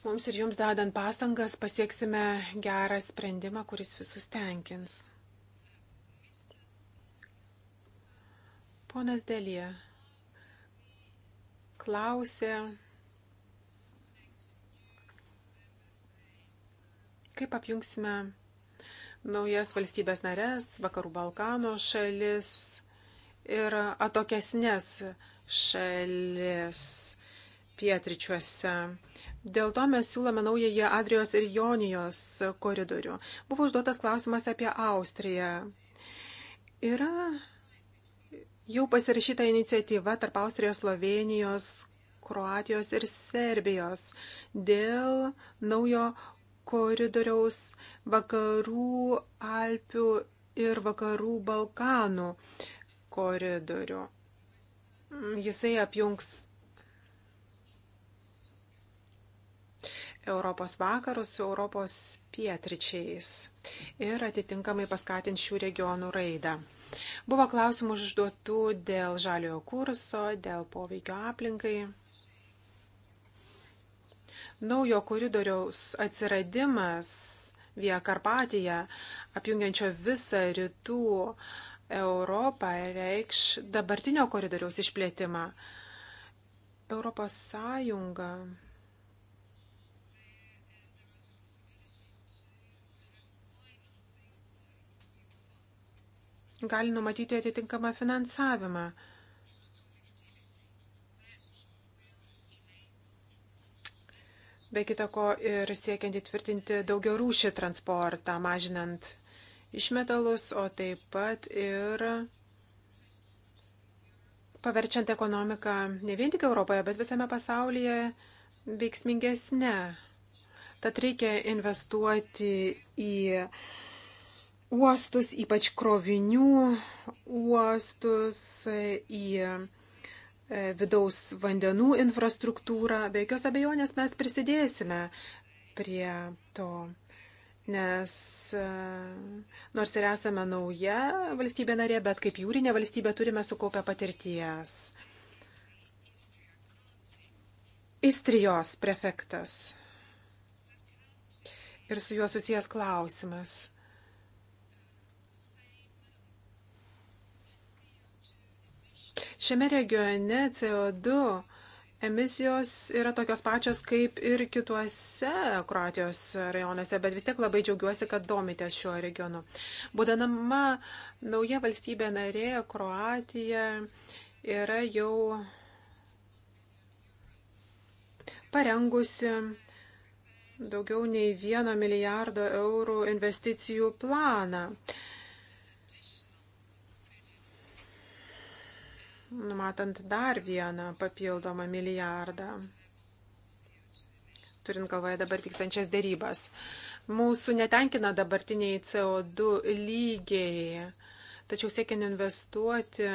mums ir jums dadant pastangas pasieksime gerą sprendimą, kuris visus tenkins. Ponas Delija klausė, kaip apjungsime naujas valstybės narės, Vakarų Balkano šalis ir atokesnės šalis pietričiuose. Dėl to mes siūlome naująjį Adrijos ir Jonijos koridorių. Buvo užduotas klausimas apie Austriją. Yra Jau pasirašyta iniciatyva tarp Austrijos, Slovenijos, Kroatijos ir Serbijos dėl naujo koridoriaus vakarų Alpių ir vakarų Balkanų koridorių. Jisai apjungs Europos vakarus su Europos pietričiais ir atitinkamai paskatins šių regionų raidą. Buvo klausimų užduotų dėl žaliojo kurso, dėl poveikio aplinkai. Naujo koridoriaus atsiradimas Via Karpatija, apjungiančio visą rytų Europą, reikš dabartinio koridoriaus išplėtimą. Europos Sąjunga gali numatyti atitinkamą finansavimą. Be kita ko ir siekiant įtvirtinti daugiau rūšį transportą, mažinant išmetalus, o taip pat ir paverčiant ekonomiką ne vien tik Europoje, bet visame pasaulyje veiksmingesnė. Tad reikia investuoti į uostus, ypač krovinių uostus, į e, vidaus vandenų infrastruktūrą. Be jokios abejonės mes prisidėsime prie to, nes e, nors ir esame nauja valstybė narė, bet kaip jūrinė valstybė turime sukaupę patirties. Istrijos prefektas ir su juo susijęs klausimas. Šiame regione CO2 emisijos yra tokios pačios kaip ir kituose Kroatijos rajonuose, bet vis tiek labai džiaugiuosi, kad domitės šiuo regionu. Būdanama nauja valstybė narė, Kroatija yra jau parengusi daugiau nei vieno milijardo eurų investicijų planą. numatant dar vieną papildomą milijardą, turint galvoje dabar vykstančias dėrybas. Mūsų netenkina dabartiniai CO2 lygiai, tačiau siekiant investuoti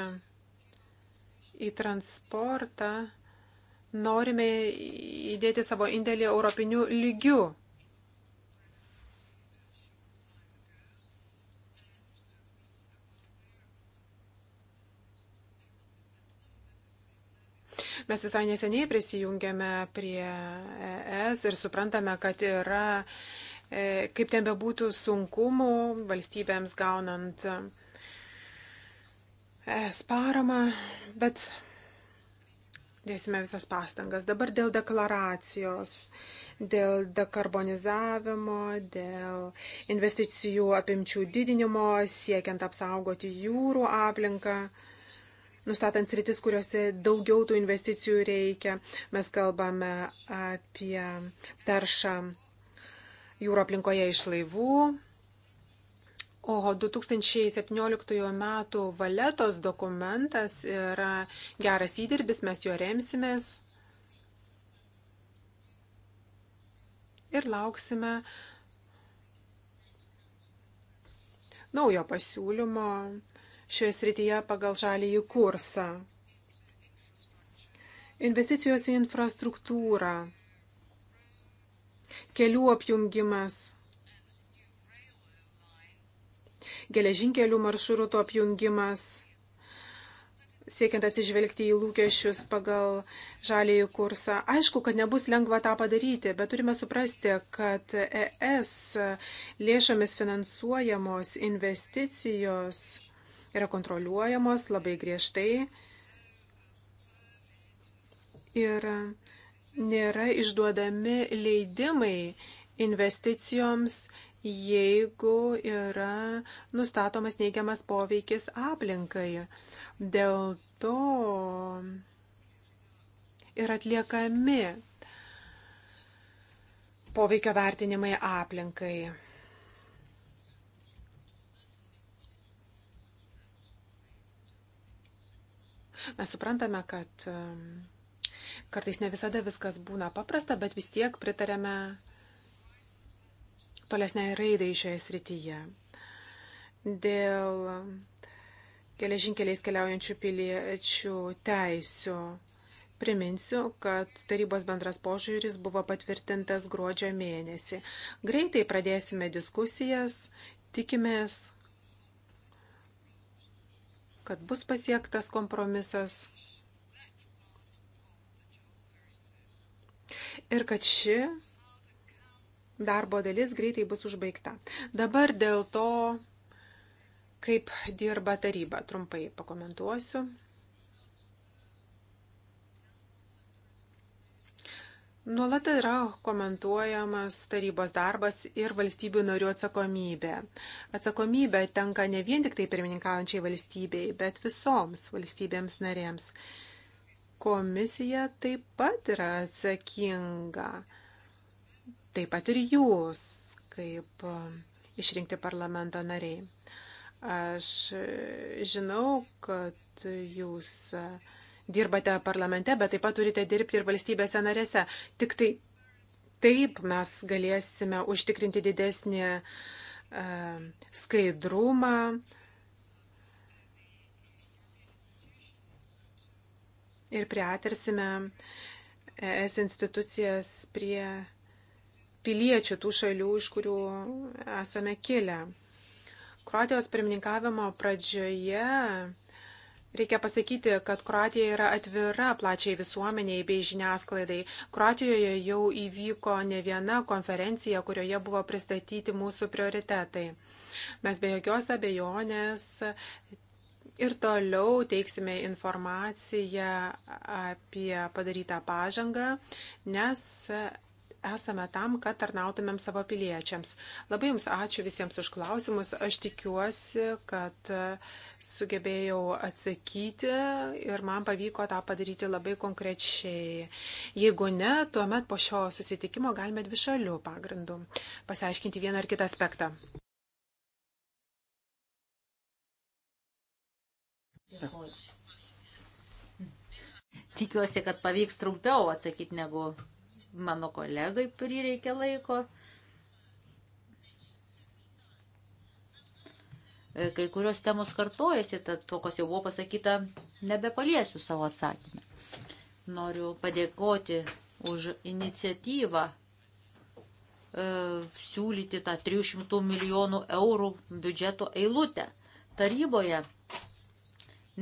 į transportą, norime įdėti savo indėlį europinių lygių. Mes visai neseniai prisijungėme prie ES ir suprantame, kad yra, e, kaip ten bebūtų, sunkumų valstybėms gaunant ES paramą, bet dėsime visas pastangas. Dabar dėl deklaracijos, dėl dekarbonizavimo, dėl investicijų apimčių didinimo, siekiant apsaugoti jūrų aplinką nustatant sritis, kuriuose daugiau tų investicijų reikia. Mes kalbame apie taršą jūro aplinkoje iš laivų. O 2017 m. valetos dokumentas yra geras įdirbis, mes juo remsimės. ir lauksime naujo pasiūlymo šioje srityje pagal žalįjį kursą. Investicijos į infrastruktūrą, kelių apjungimas, geležinkelių maršrutų apjungimas, siekiant atsižvelgti į lūkesčius pagal žalėjų kursą. Aišku, kad nebus lengva tą padaryti, bet turime suprasti, kad ES lėšomis finansuojamos investicijos yra kontroliuojamos labai griežtai ir nėra išduodami leidimai investicijoms, jeigu yra nustatomas neigiamas poveikis aplinkai. Dėl to ir atliekami poveikio vertinimai aplinkai. Mes suprantame, kad kartais ne visada viskas būna paprasta, bet vis tiek pritarėme tolesniai raidai šioje srityje. Dėl geležinkeliais keliaujančių piliečių teisių. Priminsiu, kad tarybos bendras požiūris buvo patvirtintas gruodžio mėnesį. Greitai pradėsime diskusijas, tikimės, kad bus pasiektas kompromisas ir kad ši darbo dalis greitai bus užbaigta. Dabar dėl to, kaip dirba taryba, trumpai pakomentuosiu. Nuolat yra komentuojamas tarybos darbas ir valstybių narių atsakomybė. Atsakomybė tenka ne vien tik tai pirmininkaujančiai valstybei, bet visoms valstybėms narėms. Komisija taip pat yra atsakinga. Taip pat ir jūs, kaip e, išrinkti parlamento nariai. Aš e, žinau, kad jūs uh, dirbate parlamente, bet taip pat turite dirbti ir valstybėse narėse. Tik tai taip mes galėsime užtikrinti didesnį uh, skaidrumą. Ir priatersime ES institucijas prie piliečių tų šalių, iš kurių esame kilę. Kroatijos pirmininkavimo pradžioje Reikia pasakyti, kad Kroatija yra atvira plačiai visuomeniai bei žiniasklaidai. Kroatijoje jau įvyko ne viena konferencija, kurioje buvo pristatyti mūsų prioritetai. Mes be jokios abejonės ir toliau teiksime informaciją apie padarytą pažangą, nes esame tam, kad tarnautumėm savo piliečiams. Labai Jums ačiū visiems už klausimus. Aš tikiuosi, kad e, sugebėjau atsakyti ir man pavyko tą padaryti labai konkrečiai. Jeigu ne, tuomet po šio susitikimo galime dvišalių pagrindų pasiaiškinti vieną ar kitą aspektą. Dėkuoju. Tikiuosi, kad pavyks trumpiau atsakyti negu mano kolegai prireikė laiko. E, kai kurios temos kartojasi, tad to, kas jau buvo pasakyta, nebepaliesiu savo atsakymą. Noriu padėkoti už iniciatyvą e, siūlyti tą 300 milijonų eurų biudžeto eilutę. Taryboje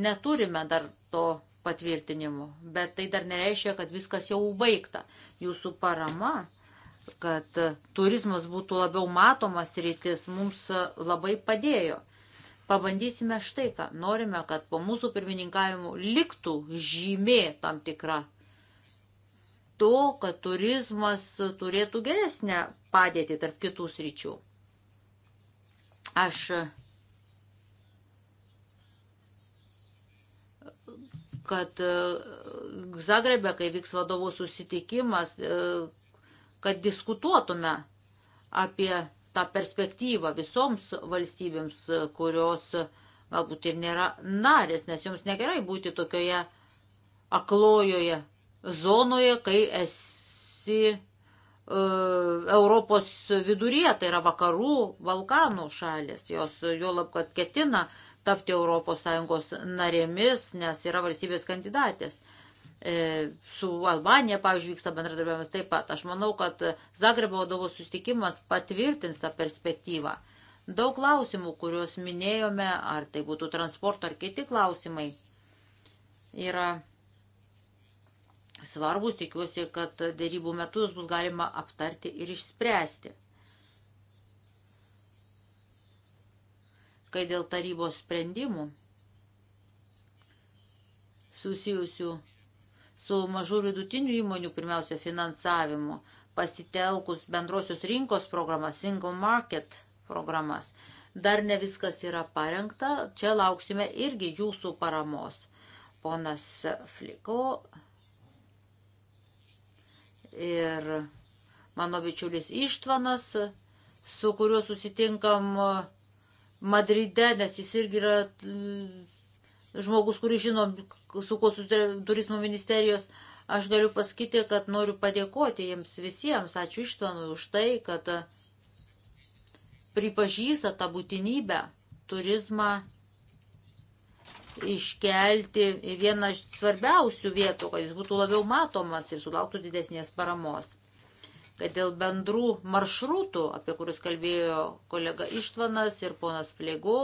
neturime dar to patvirtinimu, bet tai dar nereiškia, kad viskas jau baigta. Jūsų parama, kad turizmas būtų labiau matomas rytis, mums labai padėjo. Pabandysime štai ką. Norime, kad po mūsų pirmininkavimų liktų žymė tam tikra to, kad turizmas turėtų geresnę padėtį tarp kitų sričių. Aš kad e, Zagrebe, kai vyks vadovų susitikimas, e, kad diskutuotume apie tą perspektyvą visoms valstybėms, e, kurios galbūt ir nėra narės, nes joms negerai būti tokioje aklojoje zonoje, kai esi e, Europos viduryje, tai yra vakarų Balkanų šalis, jos juolab, kad ketina e, tapti ES narėmis, nes yra valstybės kandidatės. E, su Albanija, pavyzdžiui, vyksta bendradarbiavimas taip pat. Aš manau, kad Zagrebo vadovų sustikimas patvirtins tą perspektyvą. Daug klausimų, kuriuos minėjome, ar tai būtų transporto ar kiti klausimai, yra svarbus, tikiuosi, kad dėrybų metus bus galima aptarti ir išspręsti. kai dėl tarybos sprendimų susijusių su mažų vidutinių įmonių pirmiausia finansavimu, pasitelkus bendrosios rinkos programas, single market programas. Dar ne viskas yra parengta, čia lauksime irgi jūsų paramos. Ponas Fliko ir mano bičiulis Ištvanas, su kuriuo susitinkam Madride, nes jis irgi yra žmogus, kuris žino, su kuo su turizmo ministerijos. Aš galiu pasakyti, kad noriu padėkoti jiems visiems, ačiū Ištvanui už tai, kad e, pripažįsta tą būtinybę turizmą iškelti į vieną iš svarbiausių vietų, kad jis būtų labiau matomas ir sulauktų didesnės paramos kad dėl bendrų maršrutų, apie kurius kalbėjo kolega Ištvanas ir ponas Flego,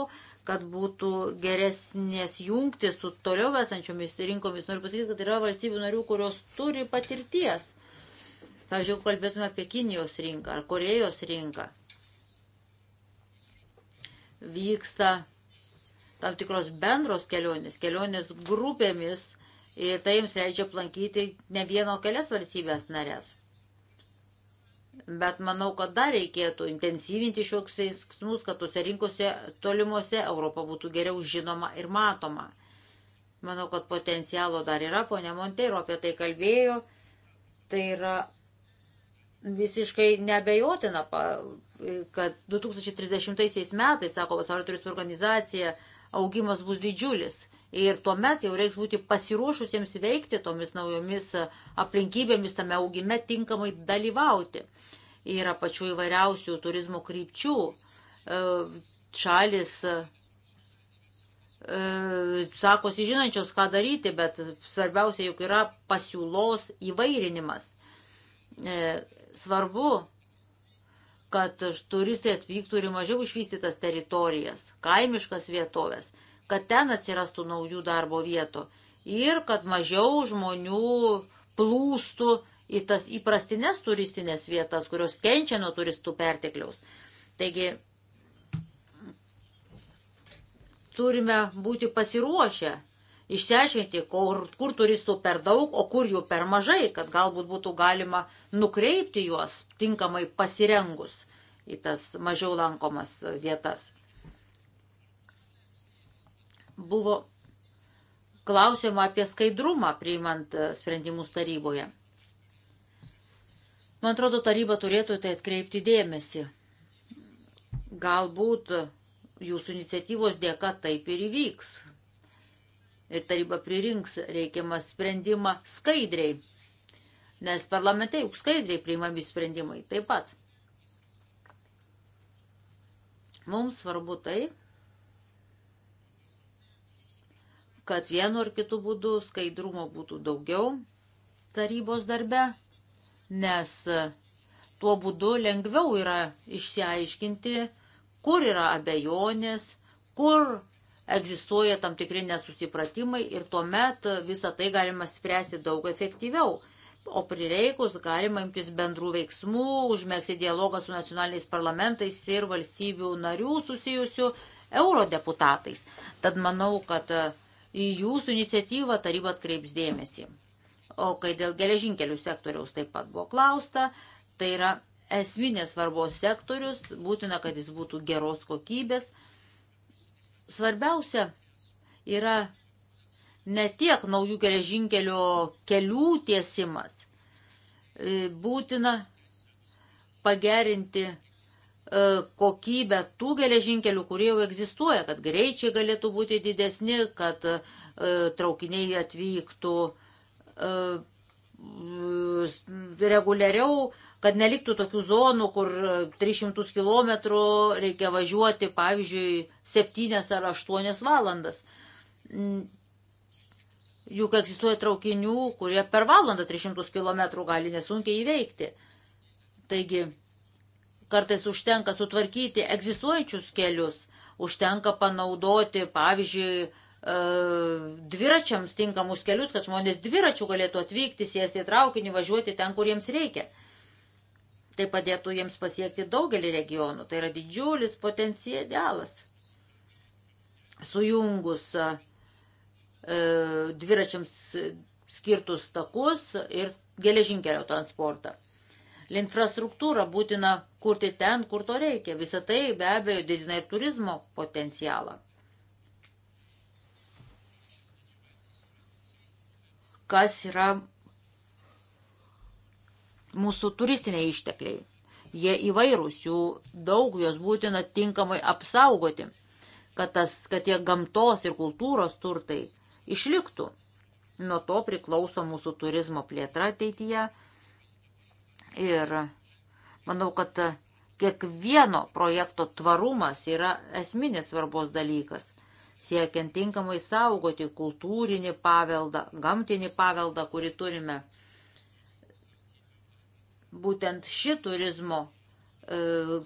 kad būtų geresnės jungtis su toliau esančiomis rinkomis. Noriu pasakyti, kad yra valstybių narių, kurios turi patirties. Pavyzdžiui, kalbėtume apie Kinijos rinką ar Korejos rinką. Vyksta tam tikros bendros kelionės, kelionės grupėmis ir tai jums leidžia aplankyti ne vieno kelias valstybės narės. Bet manau, kad dar reikėtų intensyvinti šioks veiksmus, kad tose rinkose tolimuose Europa būtų geriau žinoma ir matoma. Manau, kad potencialo dar yra, ponia Monteiro apie tai kalbėjo. Tai yra visiškai nebejotina, kad 2030 metais, sako pasaulio turistų organizacija, augimas bus didžiulis. Ir tuomet jau reiks būti pasiruošusiems veikti tomis naujomis aplinkybėmis tame augime tinkamai dalyvauti yra pačių įvairiausių turizmo krypčių. E, šalis e, sakosi žinančios, ką daryti, bet svarbiausia juk yra pasiūlos įvairinimas. E, svarbu, kad turistai atvyktų ir mažiau išvystytas teritorijas, kaimiškas vietovės, kad ten atsirastų naujų darbo vietų ir kad mažiau žmonių plūstų į tas įprastinės turistinės vietas, kurios kenčia nuo turistų pertekliaus. Taigi turime būti pasiruošę išsiaiškinti, kur, kur turistų per daug, o kur jų per mažai, kad galbūt būtų galima nukreipti juos tinkamai pasirengus į tas mažiau lankomas vietas. Buvo klausima apie skaidrumą priimant sprendimus taryboje. Man atrodo, taryba turėtų tai atkreipti dėmesį. Galbūt jūsų iniciatyvos dėka taip ir įvyks. Ir taryba pririnks reikiamą sprendimą skaidriai. Nes parlamentai juk skaidriai priimami sprendimai taip pat. Mums svarbu tai, kad vienu ar kitu būdu skaidrumo būtų daugiau tarybos darbe, nes e, tuo būdu lengviau yra išsiaiškinti, kur yra abejonės, kur egzistuoja tam tikri nesusipratimai ir tuomet visą tai galima spręsti daug efektyviau. O prireikus galima imtis bendrų veiksmų, užmėgsi dialogą su nacionaliniais parlamentais ir valstybių narių susijusių eurodeputatais. Tad manau, kad į jūsų iniciatyvą taryba atkreips dėmesį. O kai dėl geležinkelių sektoriaus taip pat buvo klausta, tai yra esminės svarbos sektorius, būtina, kad jis būtų geros kokybės. Svarbiausia yra ne tiek naujų geležinkelio kelių tiesimas, e, būtina pagerinti e, kokybę tų geležinkelių, kurie jau egzistuoja, kad greičiai galėtų būti didesni, kad e, traukiniai atvyktų E, reguliariau, kad neliktų tokių zonų, kur 300 e, km reikia važiuoti, pavyzdžiui, 7 ar 8 valandas. Mm. Juk egzistuoja traukinių, kurie per valandą 300 km gali nesunkiai įveikti. Taigi, kartais užtenka sutvarkyti egzistuojančius kelius, užtenka panaudoti, pavyzdžiui, E, dviračiams tinkamus kelius, kad žmonės dviračių galėtų atvykti, sėsti į traukinį, važiuoti ten, kur jiems reikia. Tai padėtų jiems pasiekti daugelį regionų. Tai yra didžiulis potencialas. Sujungus e, dviračiams skirtus takus ir geležinkelio transportą. Infrastruktūrą būtina kurti ten, kur to reikia. Visą tai be abejo didina ir turizmo potencialą. kas yra mūsų turistiniai ištekliai. Jie įvairūs, jų daug, juos būtina tinkamai apsaugoti, kad, tas, kad tie gamtos ir kultūros turtai išliktų. Nuo to priklauso mūsų turizmo plėtra ateityje. Ir manau, kad kiekvieno projekto tvarumas yra esminis svarbos dalykas siekiant tinkamai saugoti kultūrinį paveldą, gamtinį paveldą, kurį turime. Būtent ši turizmo e,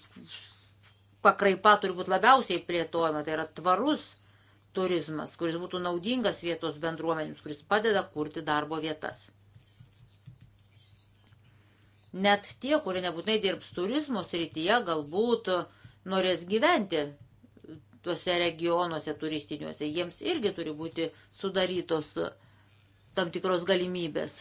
pakraipa turi būti labiausiai plėtojama, tai yra tvarus turizmas, kuris būtų naudingas vietos bendruomenėms, kuris padeda kurti darbo vietas. Net tie, kurie nebūtinai dirbs turizmo srityje, galbūt norės gyventi tuose regionuose turistiniuose. Jiems irgi turi būti sudarytos tam tikros galimybės.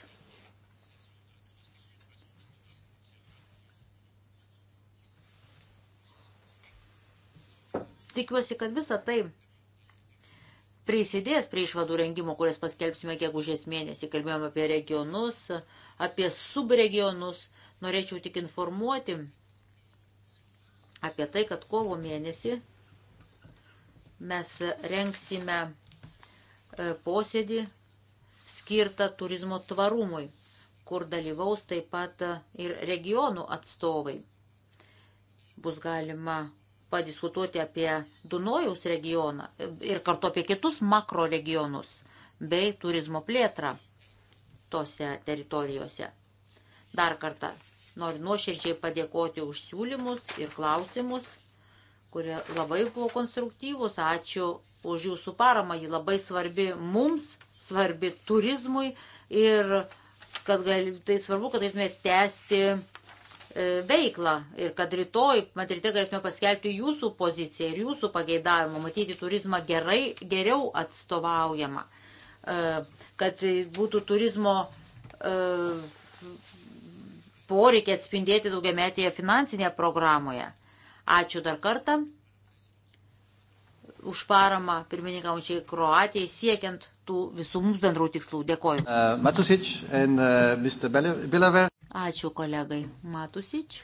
Tikiuosi, kad visa tai prisidės prie išvadų rengimo, kurias paskelbsime gegužės mėnesį. Kalbėjom apie regionus, apie subregionus. Norėčiau tik informuoti apie tai, kad kovo mėnesį mes renksime e, posėdį skirtą turizmo tvarumui, kur dalyvaus taip pat e, ir regionų atstovai. Bus galima padiskutuoti apie Dunojaus regioną e, ir kartu apie kitus makro regionus bei turizmo plėtrą tose teritorijose. Dar kartą noriu nuoširdžiai padėkoti už siūlymus ir klausimus kurie labai buvo konstruktyvūs. Ačiū už jūsų paramą. Ji labai svarbi mums, svarbi turizmui ir kad gal, tai svarbu, kad galėtume tęsti e, veiklą ir kad rytoj Madride galėtume paskelbti jūsų poziciją ir jūsų pageidavimą, matyti turizmą gerai, geriau atstovaujamą, e, kad būtų turizmo e, poreikia atspindėti daugiametėje finansinėje programoje. Ačiū dar kartą už paramą pirmininkaučiai Kroatijai siekiant tų visų mums bendrų tikslų. Dėkoju. Uh, Matusič and, uh, Bilaver. Ačiū kolegai Matusič.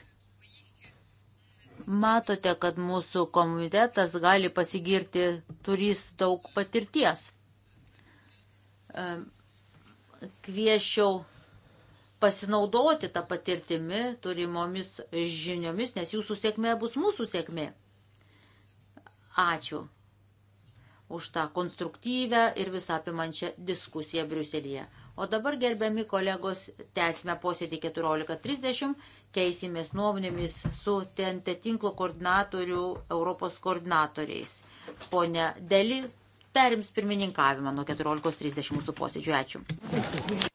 Matote, kad mūsų komitetas gali pasigirti, turys daug patirties. Ehm, kvieščiau pasinaudoti tą patirtimi, turimomis žiniomis, nes jūsų sėkmė bus mūsų sėkmė. Ačiū už tą konstruktyvę ir visapimančią diskusiją Briuselėje. O dabar, gerbiami kolegos, tęsime posėdį 14.30, keisimės nuomonėmis su TNT tinklo koordinatorių Europos koordinatoriais. Pone Deli perims pirmininkavimą nuo 14.30 mūsų posėdžių. Ačiū.